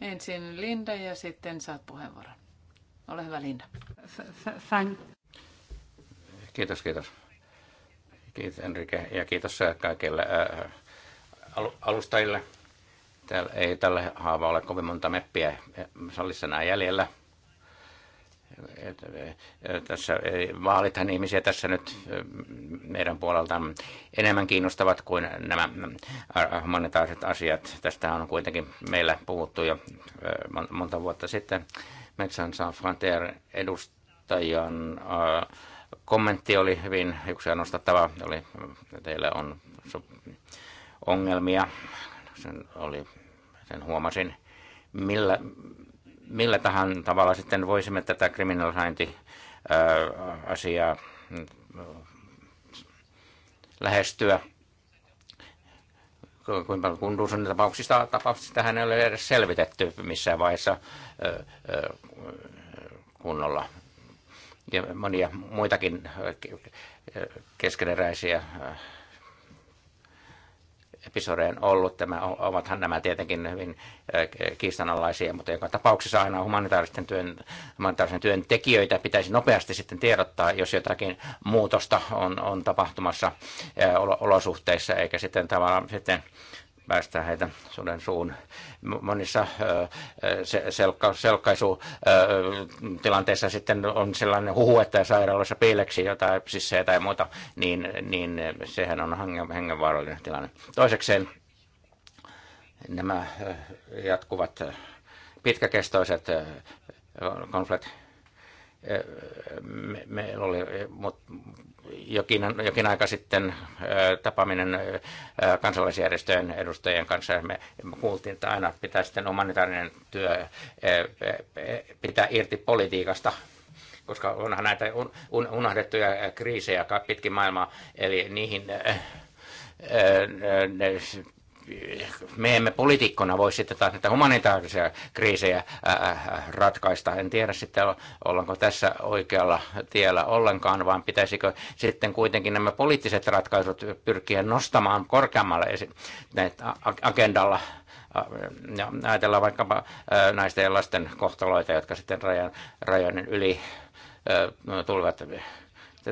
Ensin Linda ja sitten saat puheenvuoron. Ole hyvä Linda. Thank. Kiitos, kiitos. Kiitos Enrique ja kiitos kaikille äh, alustajille. Täällä ei tällä haava ole kovin monta meppiä salissa enää jäljellä. Tässä e, vaalithan ihmisiä tässä nyt e, meidän puolelta enemmän kiinnostavat kuin nämä humanitaariset asiat. Tästä on kuitenkin meillä puhuttu jo e, monta vuotta sitten. Metsän San Frontier edustajan kommentti oli hyvin yksi nostattava. Oli, teille on ongelmia. Sen, oli, sen huomasin. Millä, millä tahan tavalla sitten voisimme tätä kriminalisointiasiaa mm, lähestyä? kuinka Kunduusen tapauksista, tapauksista hän ei ole edes selvitetty missään vaiheessa kunnolla. Ja monia muitakin keskeneräisiä episodeen ollut. Tämä, ovathan nämä tietenkin hyvin kiistanalaisia, mutta joka tapauksessa aina humanitaaristen työn, humanitaarisen työn tekijöitä pitäisi nopeasti sitten tiedottaa, jos jotakin muutosta on, on tapahtumassa olosuhteissa, eikä sitten tavallaan sitten päästää heitä suden suun. Monissa selkkaisutilanteissa sitten on sellainen huhu, että sairaalassa piileksi jotain sissejä tai muuta, niin, niin sehän on hengenvaarallinen tilanne. Toisekseen nämä jatkuvat pitkäkestoiset konfliktit meillä oli mut, jokin, jokin aika sitten tapaaminen kansalaisjärjestöjen edustajien kanssa. Me kuultiin, että aina pitää sitten humanitaarinen työ pitää irti politiikasta koska onhan näitä unohdettuja kriisejä pitkin maailmaa, eli niihin ne me emme poliitikkona voi sitten taas näitä humanitaarisia kriisejä ratkaista. En tiedä sitten, ollaanko tässä oikealla tiellä ollenkaan, vaan pitäisikö sitten kuitenkin nämä poliittiset ratkaisut pyrkiä nostamaan korkeammalle näitä agendalla ja ajatellaan vaikkapa naisten ja lasten kohtaloita, jotka sitten rajan, rajojen yli tulevat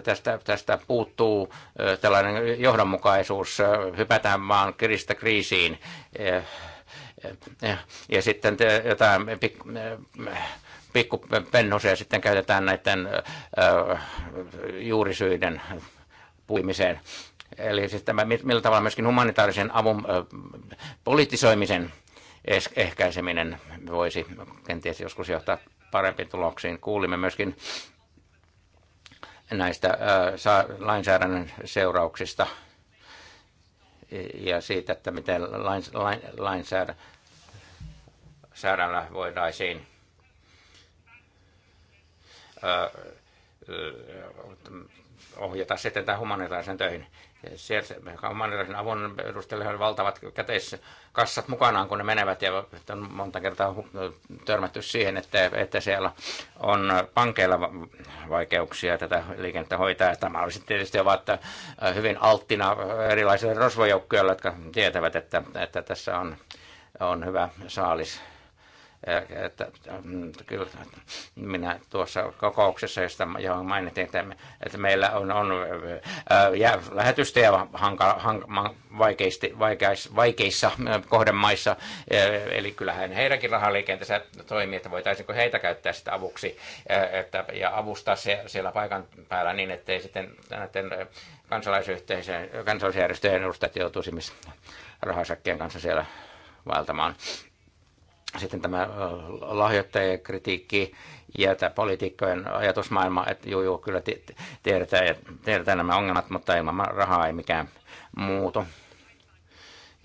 tästä, tästä puuttuu tällainen johdonmukaisuus, hypätään vaan kiristä kriisiin. Ja, ja, ja sitten jotain pikkupennosia sitten käytetään näiden juurisyiden puimiseen. Eli siis tämä, millä tavalla myöskin humanitaarisen avun poliittisoimisen ehkäiseminen voisi kenties joskus johtaa parempiin tuloksiin. Kuulimme myöskin näistä lainsäädännön seurauksista ja siitä, että miten lainsäädännöllä voidaan ohjata sitten tämän humanitaarisen töihin. Siellä avun edustajilla on valtavat käteiskassat mukanaan, kun ne menevät, ja on monta kertaa törmätty siihen, että, että siellä on pankeilla vaikeuksia tätä liikennettä hoitaa. Ja tämä olisi tietysti ovat äh, hyvin alttina erilaisille rosvojoukkoille, jotka tietävät, että, että tässä on, on hyvä saalis että, mm, kyllä minä tuossa kokouksessa, josta johon mainitin, että, että meillä on, on jää lähetystä ja hanka, hanka, vaikeisti, vaikeis, vaikeissa kohdemaissa, eli kyllähän heidänkin rahaliikenteensä toimii, että voitaisiinko heitä käyttää sitä avuksi että, ja avustaa se, siellä paikan päällä niin, ettei sitten näiden kansalaisyhteisöjen, kansalaisjärjestöjen edustajat joutuisi rahasäkkien kanssa siellä valtamaan. Sitten tämä lahjoittajien kritiikki ja tämä poliitikkojen ajatusmaailma, että juu, juu kyllä tiedetään, tiedetään nämä ongelmat, mutta ilman rahaa ei mikään muutu.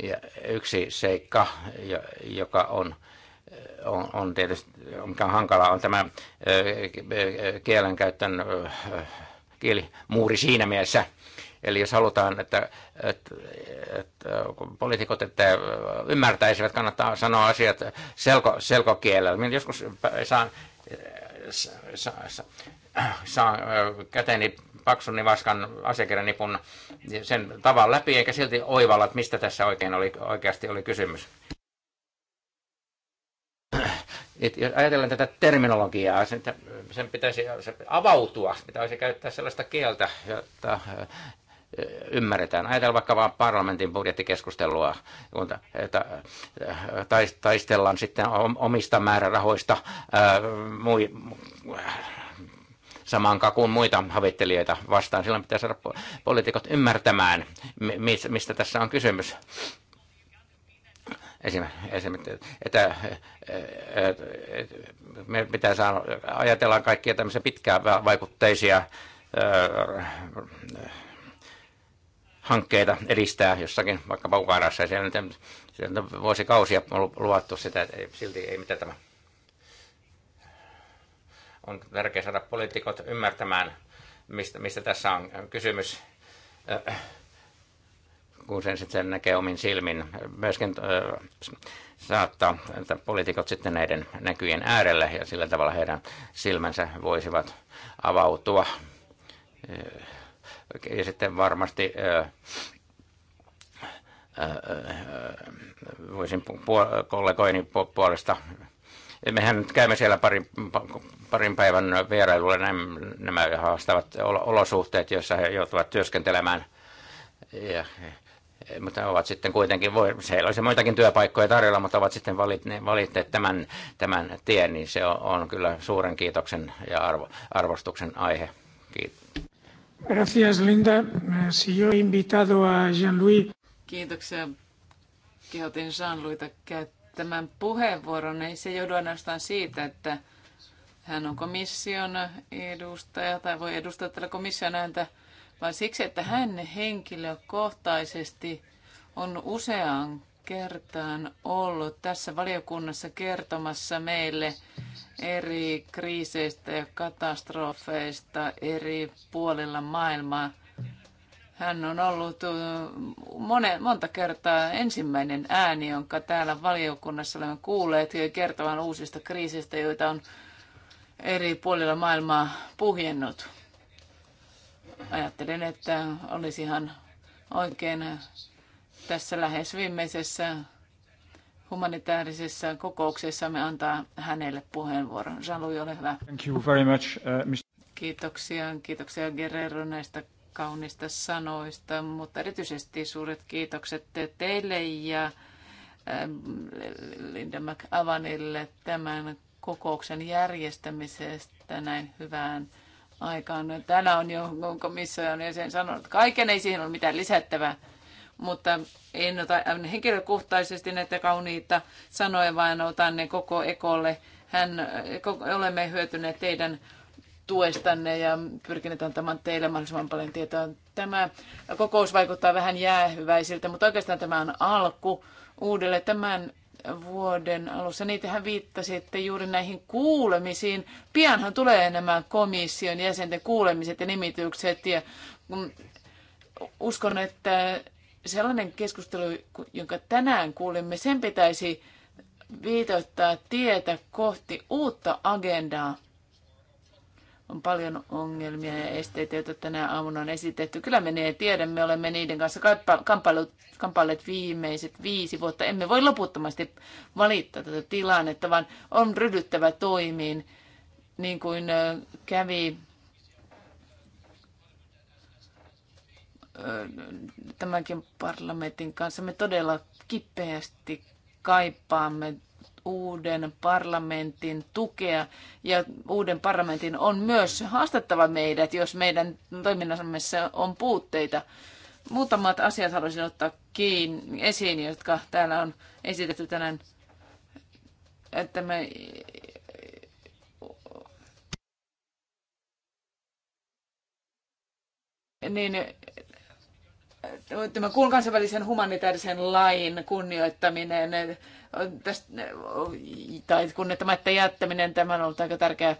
Ja yksi seikka, joka on on, on tietysti, mikä on hankala, on tämä kielenkäyttön kielimuuri siinä mielessä, Eli jos halutaan, että, että, että poliitikot että ymmärtäisivät, kannattaa sanoa asiat selko, selkokielellä. Minä joskus saan, saan, sa, saan äh, käteeni paksun nivaskan asiakirjanipun sen tavan läpi, eikä silti oivalla, että mistä tässä oikein oli, oikeasti oli kysymys. Et jos ajatellaan tätä terminologiaa, sen, sen pitäisi se avautua, pitäisi käyttää sellaista kieltä, jotta ymmärretään. Ajatellaan vaikka vaan parlamentin budjettikeskustelua, kun äh, taistellaan sitten omista määrärahoista äh, samaan kuin muita havittelijoita vastaan. Silloin pitää saada poliitikot ymmärtämään, mistä tässä on kysymys esimerkiksi, että, äh, me pitää saada, ajatellaan kaikkia tämmöisiä pitkää vaikutteisia hankkeita edistää jossakin, vaikkapa Ukarassa. Siellä on, siellä nyt vuosikausia luvattu sitä, että ei, silti ei mitään tämä. On tärkeää saada poliitikot ymmärtämään, mistä, mistä tässä on kysymys, äh, kun sen sitten näkee omin silmin. Myöskin äh, saattaa että poliitikot sitten näiden näkyjen äärelle ja sillä tavalla heidän silmänsä voisivat avautua äh, ja sitten varmasti voisin puol- kollegoini puolesta. Mehän nyt käymme siellä parin, parin päivän vierailulla nämä haastavat olosuhteet, joissa he joutuvat työskentelemään. Ja, mutta ovat sitten kuitenkin, voi, heillä olisi muitakin työpaikkoja tarjolla, mutta ovat sitten valitteet tämän, tämän tien, niin se on, on kyllä suuren kiitoksen ja arvo, arvostuksen aihe. Gracias, Linda. Eh, si yo he invitado a Jean-Louis. Kiitoksia. Kehotin Jean-Louita käyttämään puheenvuoron. Ei se joudu ainoastaan siitä, että hän on komission edustaja tai voi edustaa tällä komission ääntä, vaan siksi, että hän henkilökohtaisesti on usean kertaan ollut tässä valiokunnassa kertomassa meille eri kriiseistä ja katastrofeista eri puolilla maailmaa. Hän on ollut uh, monen, monta kertaa ensimmäinen ääni, jonka täällä valiokunnassa olemme kuulleet kertovan uusista kriiseistä, joita on eri puolilla maailmaa puhjennut. Ajattelen, että olisi ihan oikein tässä lähes viimeisessä humanitaarisessa kokouksessa me antaa hänelle puheenvuoron. Jean-Louis, ole hyvä. Thank you very much, uh, Mr. Kiitoksia, kiitoksia Guerrero näistä kaunista sanoista, mutta erityisesti suuret kiitokset teille ja ähm, Linda McAvanille tämän kokouksen järjestämisestä näin hyvään aikaan. Täällä on jo komissaari sen sanonut, että kaiken ei siihen ole mitään lisättävää mutta en ota henkilökohtaisesti näitä kauniita sanoja, vaan otan ne koko ekolle. Hän, olemme hyötyneet teidän tuestanne ja pyrkineet antamaan teille mahdollisimman paljon tietoa. Tämä kokous vaikuttaa vähän jäähyväisiltä, mutta oikeastaan tämä on alku uudelle tämän vuoden alussa. Niitähän viittasitte juuri näihin kuulemisiin. Pianhan tulee nämä komission jäsenten kuulemiset ja nimitykset ja uskon, että sellainen keskustelu, jonka tänään kuulimme, sen pitäisi viitoittaa tietä kohti uutta agendaa. On paljon ongelmia ja esteitä, joita tänä aamuna on esitetty. Kyllä menee tiedämme, olemme niiden kanssa kamppailleet viimeiset viisi vuotta. Emme voi loputtomasti valittaa tätä tilannetta, vaan on ryhdyttävä toimiin, niin kuin kävi tämänkin parlamentin kanssa. Me todella kipeästi kaipaamme uuden parlamentin tukea ja uuden parlamentin on myös haastattava meidät, jos meidän toiminnassamme on puutteita. Muutamat asiat haluaisin ottaa kiinni, esiin, jotka täällä on esitetty tänään, että me niin tämä kansainvälisen humanitaarisen lain kunnioittaminen tästä, tai kunnioittamatta jättäminen, tämä on ollut aika tärkeä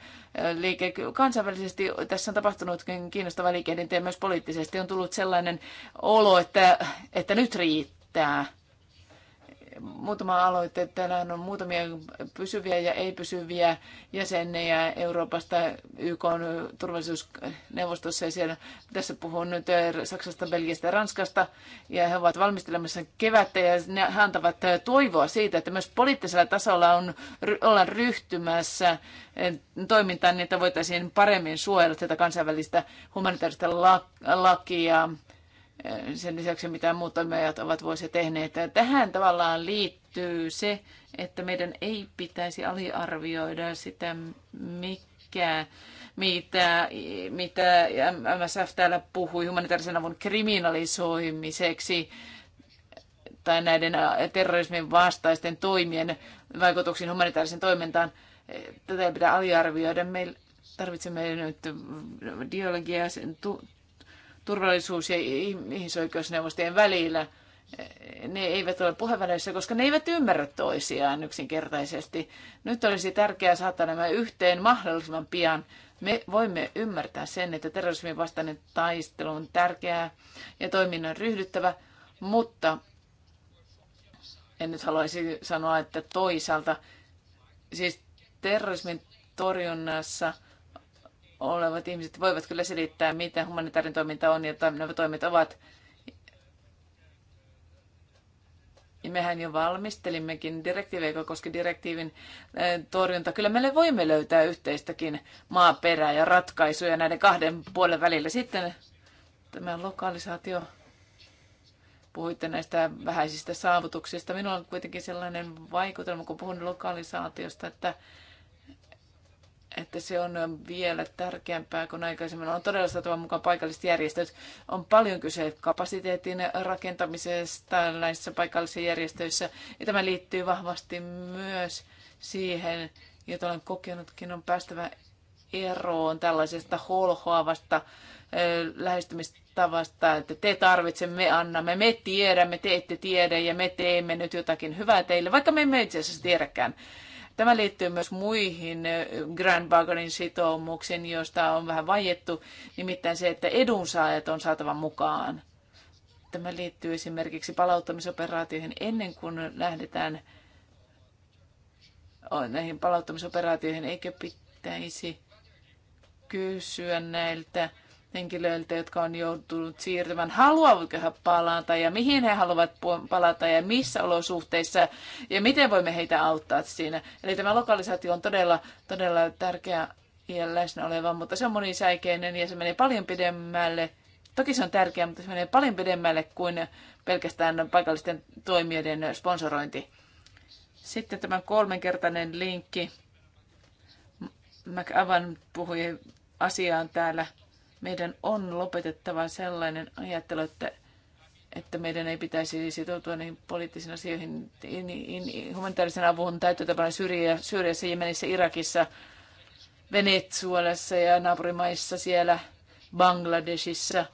liike. Kansainvälisesti tässä on tapahtunutkin kiinnostava liikehdintä ja myös poliittisesti on tullut sellainen olo, että, että nyt riittää muutama aloite. Täällä on muutamia pysyviä ja ei-pysyviä jäseniä Euroopasta YK on turvallisuusneuvostossa ja siellä tässä puhun nyt Saksasta, Belgiasta ja Ranskasta ja he ovat valmistelemassa kevättä ja ne antavat toivoa siitä, että myös poliittisella tasolla on, ollaan ryhtymässä eh, toimintaan, niin että voitaisiin paremmin suojella tätä kansainvälistä humanitaarista lakia sen lisäksi, mitä muut toimijat ovat vuosia tehneet. Tähän tavallaan liittyy se, että meidän ei pitäisi aliarvioida sitä, mikä, mitä, mitä MSF täällä puhui humanitaarisen avun kriminalisoimiseksi tai näiden terrorismin vastaisten toimien vaikutuksiin humanitaarisen toimintaan. Tätä ei pidä aliarvioida. Me tarvitsemme nyt dialogia turvallisuus- ja ihmisoikeusneuvostojen välillä. Ne eivät ole puheväleissä, koska ne eivät ymmärrä toisiaan yksinkertaisesti. Nyt olisi tärkeää saattaa nämä yhteen mahdollisimman pian. Me voimme ymmärtää sen, että terrorismin vastainen taistelu on tärkeää ja toiminnan ryhdyttävä, mutta en nyt haluaisi sanoa, että toisaalta, siis terrorismin torjunnassa – olevat ihmiset voivat kyllä selittää, mitä humanitaarinen toiminta on ja nämä toimet ovat. Ja mehän jo valmistelimmekin direktiivejä, joka koski direktiivin eh, torjunta. Kyllä meille voimme löytää yhteistäkin maaperää ja ratkaisuja näiden kahden puolen välillä. Sitten tämä lokalisaatio. Puhuitte näistä vähäisistä saavutuksista. Minulla on kuitenkin sellainen vaikutelma, kun puhun lokalisaatiosta, että että se on vielä tärkeämpää kuin aikaisemmin. On todella saatava mukaan paikalliset järjestöt. On paljon kyse kapasiteetin rakentamisesta näissä paikallisissa järjestöissä. Ja tämä liittyy vahvasti myös siihen, jota olen kokenutkin, on päästävä eroon tällaisesta holhoavasta lähestymistavasta, että te tarvitsemme, me annamme, me tiedämme, te ette tiedä ja me teemme nyt jotakin hyvää teille, vaikka me emme itse asiassa tiedäkään Tämä liittyy myös muihin Grand Bargainin sitoumuksiin, joista on vähän vaiettu, nimittäin se, että edunsaajat on saatava mukaan. Tämä liittyy esimerkiksi palauttamisoperaatioihin ennen kuin lähdetään näihin palauttamisoperaatioihin, eikö pitäisi kysyä näiltä henkilöiltä, jotka on joutunut siirtymään, haluavatko he palata ja mihin he haluavat palata ja missä olosuhteissa ja miten voimme heitä auttaa siinä. Eli tämä lokalisaatio on todella, todella tärkeä ja läsnä oleva, mutta se on monisäikeinen ja se menee paljon pidemmälle. Toki se on tärkeää, mutta se menee paljon pidemmälle kuin pelkästään paikallisten toimijoiden sponsorointi. Sitten tämä kolmenkertainen linkki. McAvan puhui asiaan täällä meidän on lopetettava sellainen ajattelu, että, että meidän ei pitäisi sitoutua niin poliittisiin asioihin, niin, niin, niin humanitaarisen avun täyttötapana Syrjä, Syyriassa, Jemenissä, Irakissa, Venezuelassa ja naapurimaissa siellä, Bangladesissa –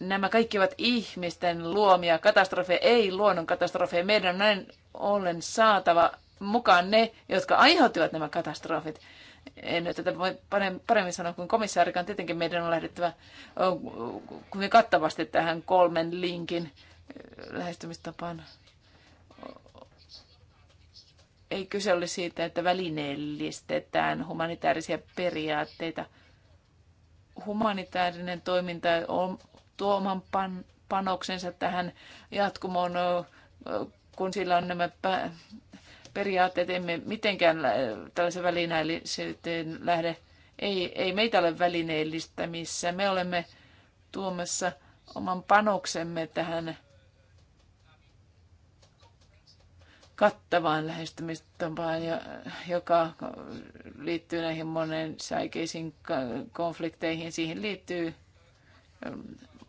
nämä kaikki ovat ihmisten luomia katastrofeja, ei luonnon katastrofeja. Meidän on näin ollen saatava mukaan ne, jotka aiheuttivat nämä katastrofit en nyt tätä voi paremmin sanoa kuin komissaarikaan. Tietenkin meidän on lähdettävä kuin kattavasti tähän kolmen linkin lähestymistapaan. Ei kyse ole siitä, että välineellistetään humanitaarisia periaatteita. Humanitaarinen toiminta on tuoman pan, panoksensa tähän jatkumoon, kun sillä on nämä perusperiaatteet, emme mitenkään tällaisen välineellisyyteen lähde. Ei, ei meitä ole välineellistämissä. Me olemme tuomassa oman panoksemme tähän kattavaan lähestymistapaan, joka liittyy näihin monen säikeisiin konflikteihin. Siihen liittyy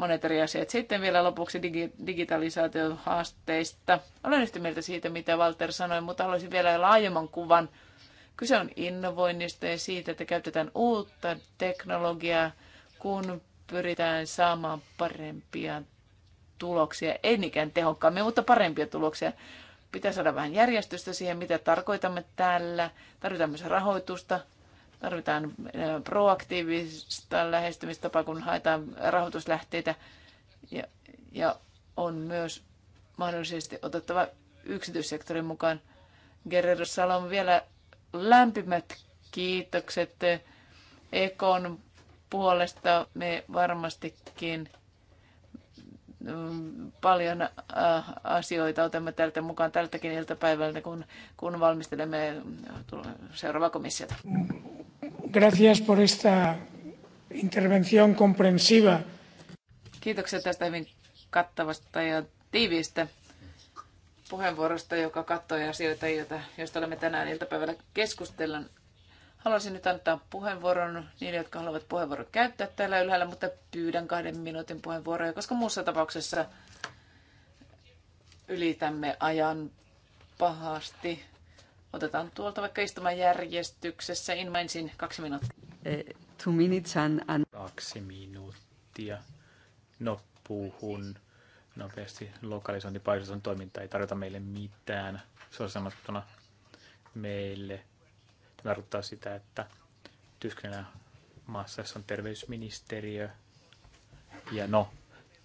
monet eri asiat. Sitten vielä lopuksi digi- digitalisaatiohaasteista. Olen yhtä mieltä siitä, mitä Walter sanoi, mutta haluaisin vielä laajemman kuvan. Kyse on innovoinnista ja siitä, että käytetään uutta teknologiaa, kun pyritään saamaan parempia tuloksia, ei niinkään tehokkaammin, mutta parempia tuloksia. Pitää saada vähän järjestystä siihen, mitä tarkoitamme tällä. Tarvitaan myös rahoitusta, Tarvitaan äh, proaktiivista lähestymistapaa, kun haetaan rahoituslähteitä ja, ja on myös mahdollisesti otettava yksityissektorin mukaan. Guerrero Salom vielä lämpimät kiitokset Ekon puolesta. Me varmastikin paljon äh, asioita otamme tältä mukaan tältäkin iltapäivältä, kun, kun valmistelemme seuraavaa komissiota. Gracias por esta intervención comprensiva. Kiitoksia tästä hyvin kattavasta ja tiiviistä puheenvuorosta, joka kattoi asioita, joita, joista olemme tänään iltapäivällä Haluaisin nyt antaa puheenvuoron niille, jotka haluavat puheenvuoron käyttää täällä ylhäällä, mutta pyydän kahden minuutin puheenvuoroja, koska muussa tapauksessa ylitämme ajan pahasti. Otetaan tuolta vaikka istumajärjestyksessä. In kaksi minuuttia. Eh, two minutes and, and... Kaksi minuuttia. No, puhun nopeasti. on toiminta ei tarjota meille mitään. Se on sanottuna meille tarkoittaa sitä, että Tyskänä maassa jossa on terveysministeriö. Ja no,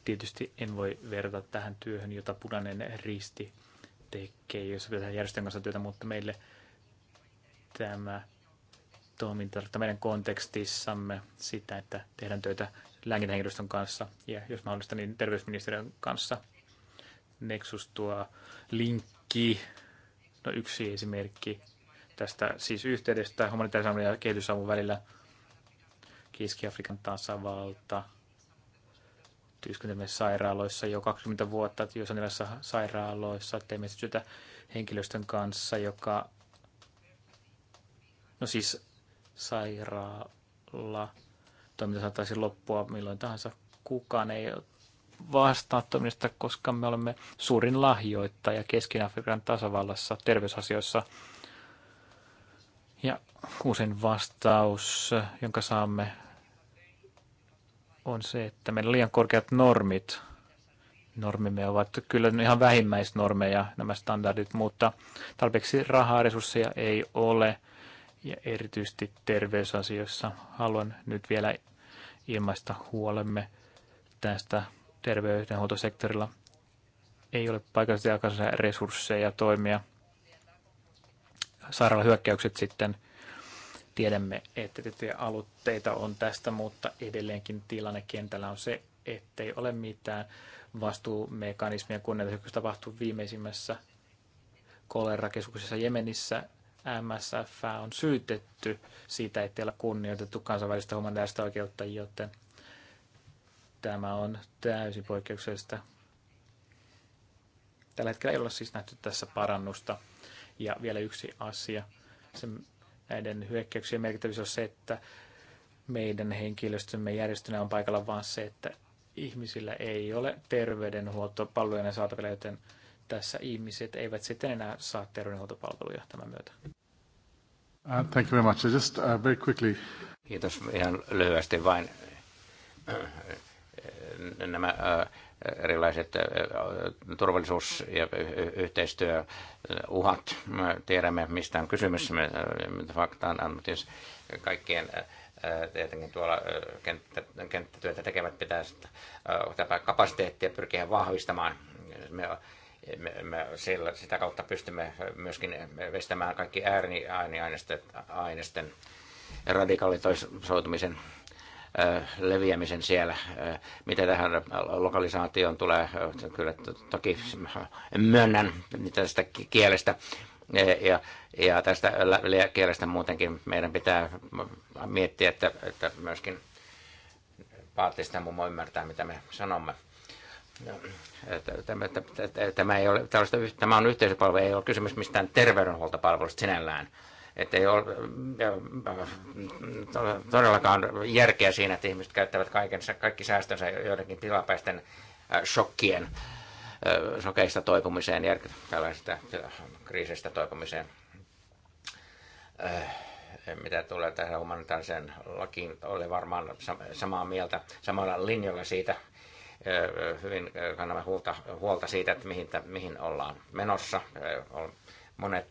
tietysti en voi verrata tähän työhön, jota punainen risti tekee, jos pitää järjestön kanssa työtä, mutta meille tämä toiminta tarkoittaa meidän kontekstissamme sitä, että tehdään töitä lääkintähenkilöstön kanssa ja jos mahdollista, niin terveysministeriön kanssa. Nexus tuo linkki, no yksi esimerkki tästä siis yhteydestä humanitaarisen ja kehitysavun välillä Keski-Afrikan tasavalta työskentelemme sairaaloissa jo 20 vuotta työskentelemässä sairaaloissa, teemme työtä henkilöstön kanssa, joka, no siis sairaala, toiminta saattaisi loppua milloin tahansa. Kukaan ei vastaa toiminnasta, koska me olemme suurin lahjoittaja Keski-Afrikan tasavallassa terveysasioissa – ja usein vastaus, jonka saamme, on se, että meillä on liian korkeat normit. Normimme ovat kyllä ihan vähimmäisnormeja, nämä standardit, mutta tarpeeksi rahaa resursseja ei ole. Ja erityisesti terveysasioissa haluan nyt vielä ilmaista huolemme tästä terveydenhuoltosektorilla. Ei ole paikallisia resursseja toimia – sairaalahyökkäykset sitten tiedämme, että tiettyjä aloitteita on tästä, mutta edelleenkin tilanne kentällä on se, ettei ole mitään vastuumekanismia, kun näitä hyökkäyksiä tapahtuu viimeisimmässä kolerakeskuksessa Jemenissä. MSF on syytetty siitä, ettei ole kunnioitettu kansainvälistä humanitaarista oikeutta, joten tämä on täysin poikkeuksellista. Tällä hetkellä ei ole siis nähty tässä parannusta. Ja vielä yksi asia sen, näiden hyökkäyksien merkittävyys on se, että meidän henkilöstömme järjestönä on paikalla vain se, että ihmisillä ei ole terveydenhuoltopalveluja saatavilla, joten tässä ihmiset eivät sitten enää saa terveydenhuoltopalveluja tämän myötä. Uh, thank you very much. Just uh, very quickly. Kiitos ihan lyhyesti vain nämä uh, erilaiset turvallisuus- ja yhteistyöuhat. Me tiedämme, mistä on kysymys. Me, fakta on jos kaikkien tietenkin tuolla kenttä, kenttätyötä tekevät pitää tätä kapasiteettia pyrkiä vahvistamaan. Me, me, me sillä, sitä kautta pystymme myöskin vestämään kaikki ääriaineisten radikalisoitumisen leviämisen siellä. Mitä tähän lokalisaatioon tulee, kyllä toki myönnän tästä kielestä ja, ja tästä kielestä muutenkin meidän pitää miettiä, että, että myöskin paattista mummo ymmärtää, mitä me sanomme. No, tämä, ei ole, tämä on yhteisöpalvelu, ei ole kysymys mistään terveydenhuoltopalvelusta sinällään että ei ole äh, todellakaan järkeä siinä, että ihmiset käyttävät kaiken, kaikki säästönsä joidenkin tilapäisten äh, shokkien äh, sokeista toipumiseen, tällaisista kriisistä toipumiseen. Mitä tulee tähän humanitaariseen lakiin, oli varmaan samaa mieltä, samalla linjalla siitä, hyvin kannamme huolta, huolta siitä, että mihin, mihin ollaan menossa. Monet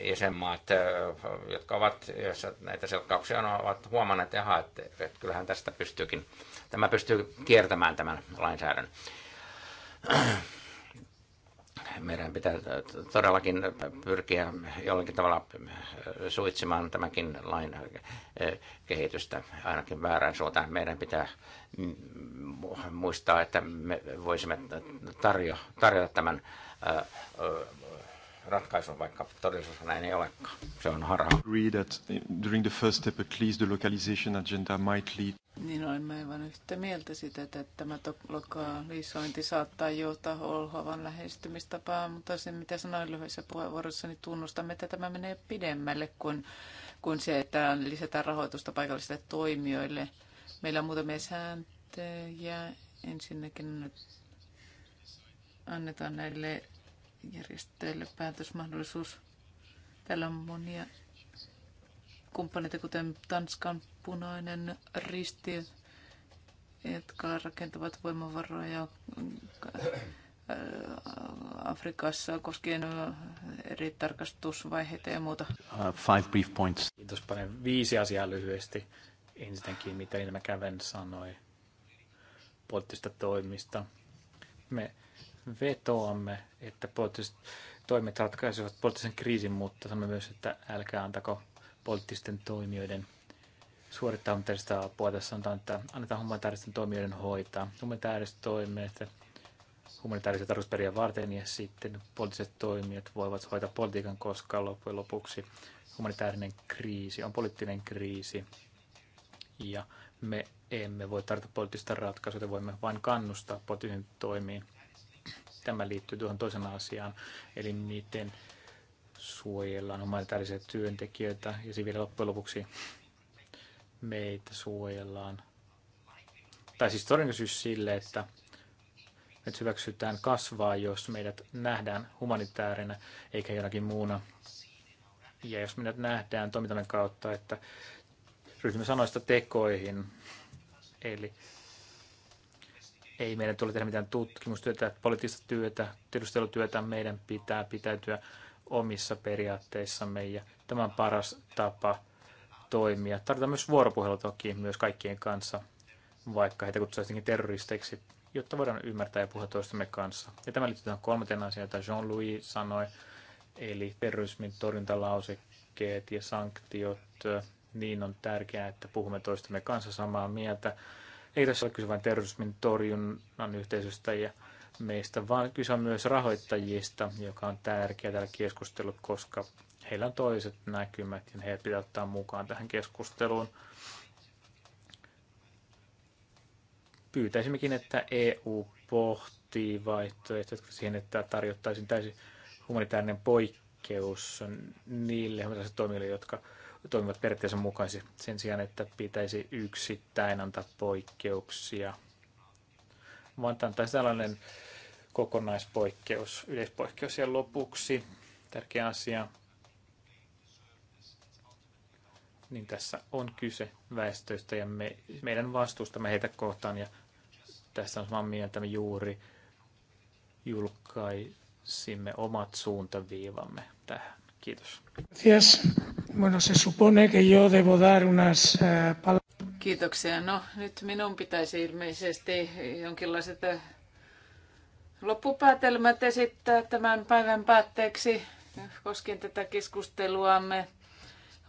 jäsenmaat, jotka ovat, joissa näitä selkkauksia ovat huomanneet, että, että, että kyllähän tästä pystyykin, tämä pystyy kiertämään tämän lainsäädännön. Meidän pitää todellakin pyrkiä jollakin tavalla suitsimaan tämänkin lain kehitystä ainakin väärään suuntaan. Meidän pitää mm, muistaa, että me voisimme tarjo, tarjota tämän ratkaisun, vaikka todellisuudessa näin ei olekaan. Se on harhaa. Agree that during the first step at least the localization agenda might lead niin olemme aivan yhtä mieltä sitä, että tämä lokalisointi saattaa johtaa holhovan lähestymistapaan, mutta se mitä sanoin lyhyessä puheenvuorossa, niin tunnustamme, että tämä menee pidemmälle kuin, kuin se, että lisätään rahoitusta paikallisille toimijoille. Meillä on muutamia sääntöjä. Ensinnäkin annetaan näille järjestöille päätösmahdollisuus. Täällä on monia kumppaneita, kuten Tanskan punainen risti, jotka rakentavat voimavaroja äh, Afrikassa koskien äh, eri tarkastusvaiheita ja muuta. Uh, five brief points. Kiitos paljon. Viisi asiaa lyhyesti. Ensinnäkin, mitä Ilma Käven sanoi poliittista toimista. Me vetoamme, että poliittiset toimet ratkaisivat poliittisen kriisin, mutta sanomme myös, että älkää antako poliittisten toimijoiden suorittaa humanitaarista apua. Tässä sanotaan, että annetaan humanitaaristen toimijoiden hoitaa. Humanitaariset toimet, humanitaarisia tarkoitusperiaan varten ja sitten poliittiset toimijat voivat hoitaa politiikan, koska loppujen lopuksi humanitaarinen kriisi on poliittinen kriisi ja me emme voi tarjota poliittista ratkaisua, voimme vain kannustaa poliittisiin toimiin. Tämä liittyy tuohon toisen asiaan, eli miten suojellaan humanitaarisia työntekijöitä ja siinä vielä loppujen lopuksi meitä suojellaan. Tai siis todennäköisyys sille, että me hyväksytään kasvaa, jos meidät nähdään humanitaarina eikä jonakin muuna. Ja jos meidät nähdään toimintamme kautta, että ryhdymme sanoista tekoihin, eli ei meidän tule tehdä mitään tutkimustyötä, poliittista työtä, tiedustelutyötä. Meidän pitää pitäytyä omissa periaatteissamme ja tämä on paras tapa toimia. Tarvitaan myös vuoropuhelu toki myös kaikkien kanssa, vaikka heitä kutsuisinkin terroristeiksi, jotta voidaan ymmärtää ja puhua toistamme kanssa. Ja tämä liittyy tähän kolmanteen asiaan, jota Jean-Louis sanoi, eli terrorismin torjuntalausekkeet ja sanktiot. Niin on tärkeää, että puhumme toistamme kanssa samaa mieltä ei tässä ole kyse vain terrorismin torjunnan yhteisöstä ja meistä, vaan kyse on myös rahoittajista, joka on tärkeä tällä keskustelut, koska heillä on toiset näkymät ja heidät pitää ottaa mukaan tähän keskusteluun. Pyytäisimmekin, että EU pohtii vaihtoehtoja siihen, että tarjottaisiin täysin humanitaarinen poikkeus niille toimijoille, jotka toimivat periaatteessa mukaisesti sen sijaan, että pitäisi yksittäin antaa poikkeuksia, vaan antaisi tällainen kokonaispoikkeus, yleispoikkeus ja lopuksi tärkeä asia. Niin tässä on kyse väestöistä ja me, meidän vastuustamme heitä kohtaan ja tässä on samaa mieltä me juuri julkaisimme omat suuntaviivamme tähän. Kiitos. Yes. Bueno, se supone que yo debo dar unas eh, palabras. Kiitoksia. No, nyt minun pitäisi ilmeisesti jonkinlaiset eh, loppupäätelmät esittää tämän päivän päätteeksi koskien tätä keskusteluamme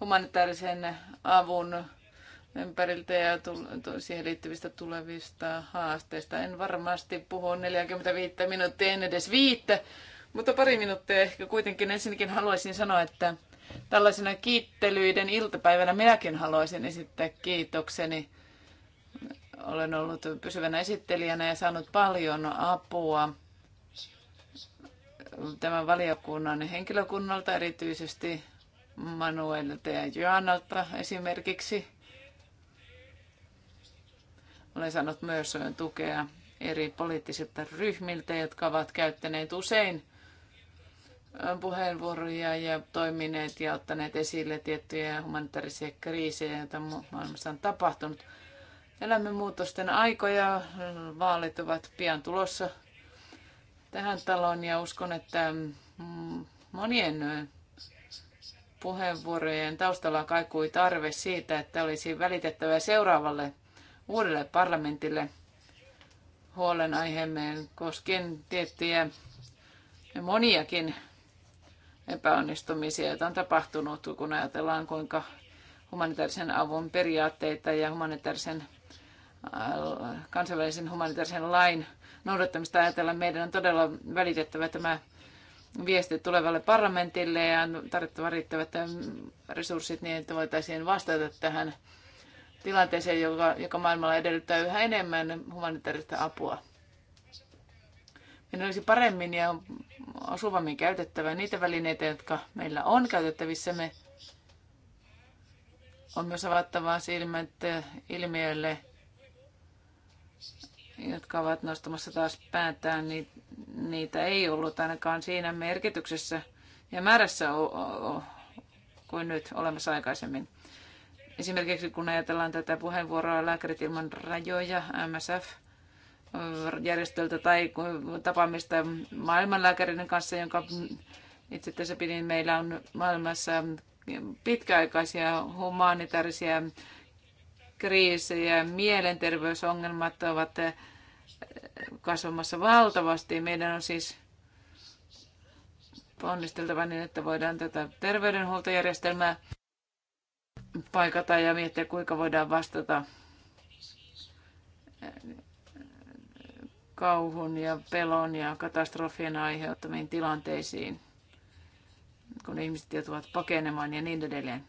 humanitaarisen avun ympäriltä ja siihen liittyvistä tulevista haasteista. En varmasti puhu 45 minuuttia, en edes viittä, mutta pari minuuttia ehkä kuitenkin. Ensinnäkin haluaisin sanoa, että Tällaisena kiittelyiden iltapäivänä minäkin haluaisin esittää kiitokseni. Olen ollut pysyvänä esittelijänä ja saanut paljon apua tämän valiokunnan henkilökunnalta, erityisesti Manuelta ja Joannalta esimerkiksi. Olen saanut myös tukea eri poliittisilta ryhmiltä, jotka ovat käyttäneet usein puheenvuoroja ja toimineet ja ottaneet esille tiettyjä humanitaarisia kriisejä, joita maailmassa on tapahtunut. Elämme muutosten aikoja, vaalit ovat pian tulossa tähän taloon ja uskon, että mm, monien puheenvuorojen taustalla kaikui tarve siitä, että olisi välitettävä seuraavalle uudelle parlamentille huolenaiheemme koskien tiettyjä moniakin epäonnistumisia, joita on tapahtunut, kun ajatellaan kuinka humanitaarisen avun periaatteita ja humanitaarisen, äh, kansainvälisen humanitaarisen lain noudattamista ajatellaan. Meidän on todella välitettävä tämä viesti tulevalle parlamentille ja tarvittava riittävät ähm, resurssit niin, että voitaisiin vastata tähän tilanteeseen, joka, joka maailmalla edellyttää yhä enemmän humanitaarista apua ne olisi paremmin ja osuvammin käytettävä niitä välineitä, jotka meillä on käytettävissämme. On myös avattavaa silmät ilmiöille, jotka ovat nostamassa taas päätään, niin niitä ei ollut ainakaan siinä merkityksessä ja määrässä kuin nyt olemassa aikaisemmin. Esimerkiksi kun ajatellaan tätä puheenvuoroa Lääkärit ilman rajoja, MSF, järjestöltä tai tapaamista maailmanlääkärin kanssa, jonka itse tässä pidin. Meillä on maailmassa pitkäaikaisia humanitaarisia kriisejä, mielenterveysongelmat ovat kasvamassa valtavasti. Meidän on siis onnisteltava niin, että voidaan tätä terveydenhuoltojärjestelmää paikata ja miettiä, kuinka voidaan vastata kauhun ja pelon ja katastrofien aiheuttamiin tilanteisiin, kun ihmiset joutuvat pakenemaan ja niin edelleen.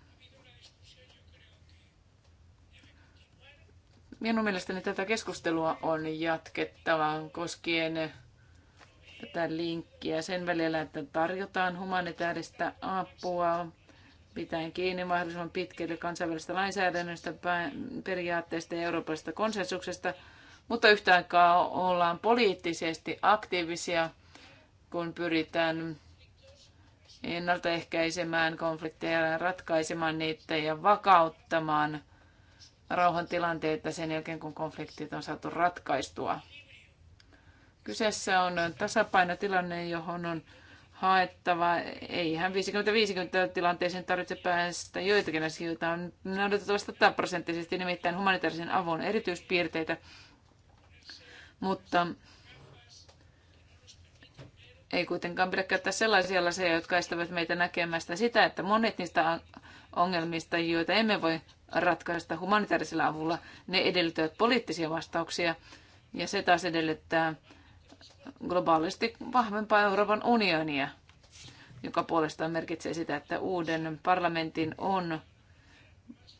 Minun mielestäni tätä keskustelua on jatkettava koskien tätä linkkiä sen välillä, että tarjotaan humanitaarista apua, pitäen kiinni mahdollisimman pitkälle kansainvälisestä lainsäädännöstä, periaatteista ja eurooppalaisesta konsensuksesta – mutta yhtä aikaa ollaan poliittisesti aktiivisia, kun pyritään ennaltaehkäisemään konflikteja, ratkaisemaan niitä ja vakauttamaan rauhantilanteita sen jälkeen, kun konfliktit on saatu ratkaistua. Kyseessä on tasapainotilanne, johon on haettava. Eihän 50-50 tilanteeseen tarvitse päästä joitakin asioita. On noudatettava 100 prosenttisesti, nimittäin humanitaarisen avun erityispiirteitä mutta ei kuitenkaan pidä käyttää sellaisia laseja, jotka estävät meitä näkemästä sitä, että monet niistä ongelmista, joita emme voi ratkaista humanitaarisella avulla, ne edellyttävät poliittisia vastauksia ja se taas edellyttää globaalisti vahvempaa Euroopan unionia, joka puolestaan merkitsee sitä, että uuden parlamentin on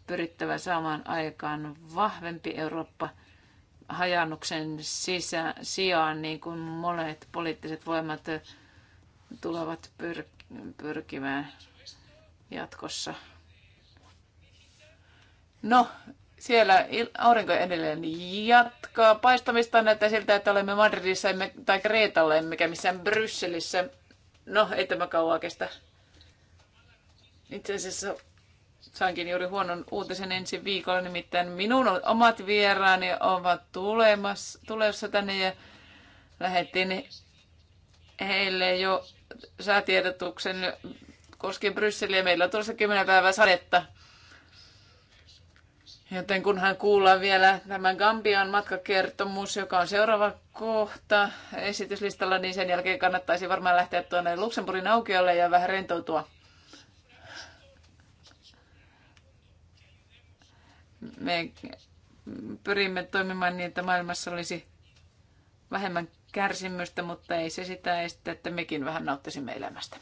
pyrittävä saamaan aikaan vahvempi Eurooppa – hajannuksen sisä, sijaan, niin kuin monet poliittiset voimat tulevat pyr- pyrkimään jatkossa. No, siellä aurinko edelleen jatkaa paistamista. näitä siltä, että olemme Madridissa emme, tai Kreetalla, emmekä missään Brysselissä. No, ei tämä kauaa kestä. Itse asiassa Sainkin juuri huonon uutisen ensi viikolla, nimittäin minun omat vieraani ovat tulemassa, tulossa tänne ja lähettiin heille jo säätiedotuksen koskien Brysseliä. Meillä on tuossa 10 päivää sadetta. Joten kunhan kuullaan vielä tämä Gambian matkakertomus, joka on seuraava kohta esityslistalla, niin sen jälkeen kannattaisi varmaan lähteä tuonne Luxemburgin aukiolle ja vähän rentoutua. me pyrimme toimimaan niin, että maailmassa olisi vähemmän kärsimystä, mutta ei se sitä estä, että mekin vähän nauttisimme elämästä.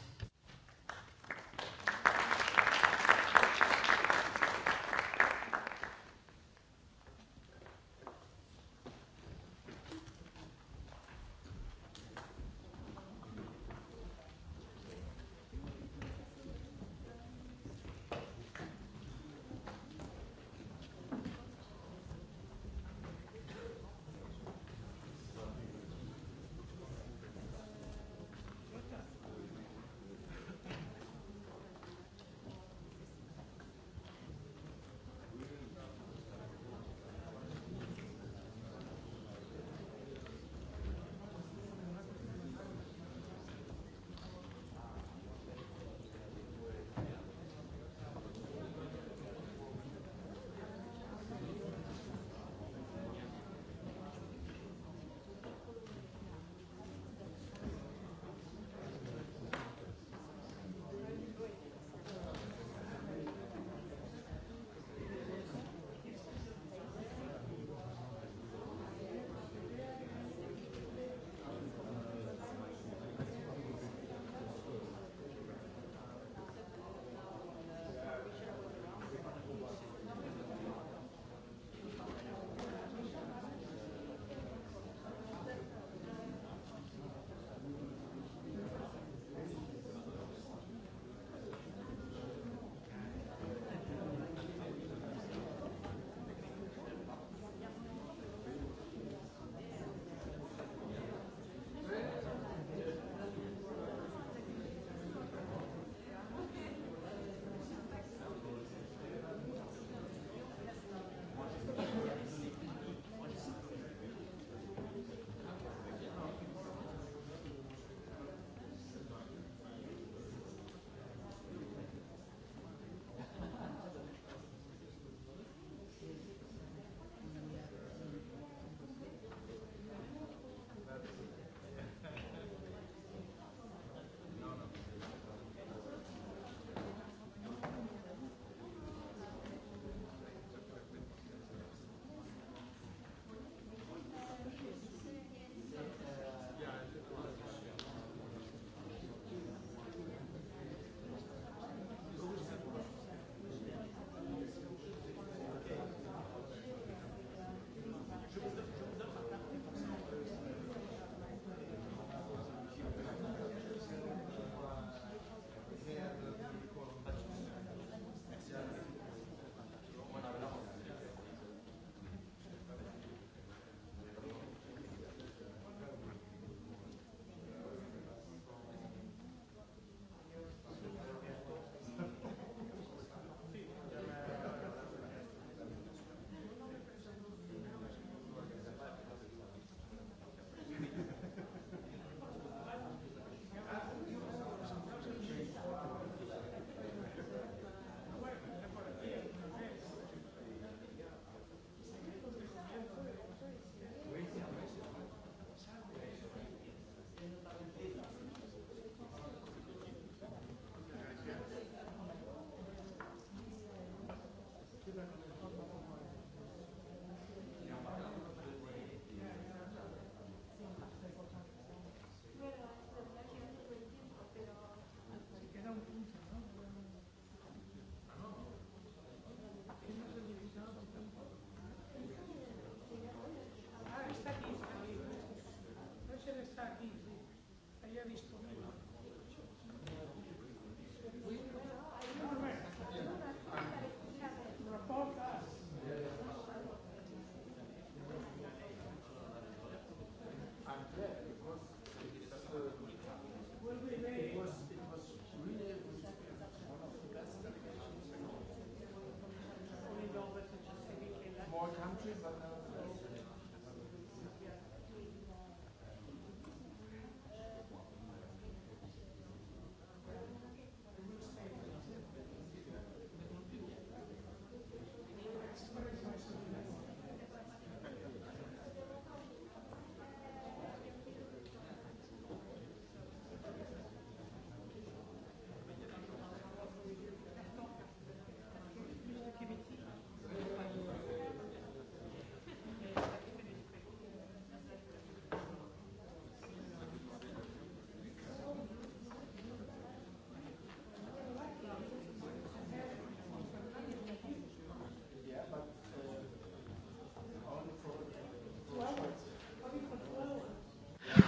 all countries, but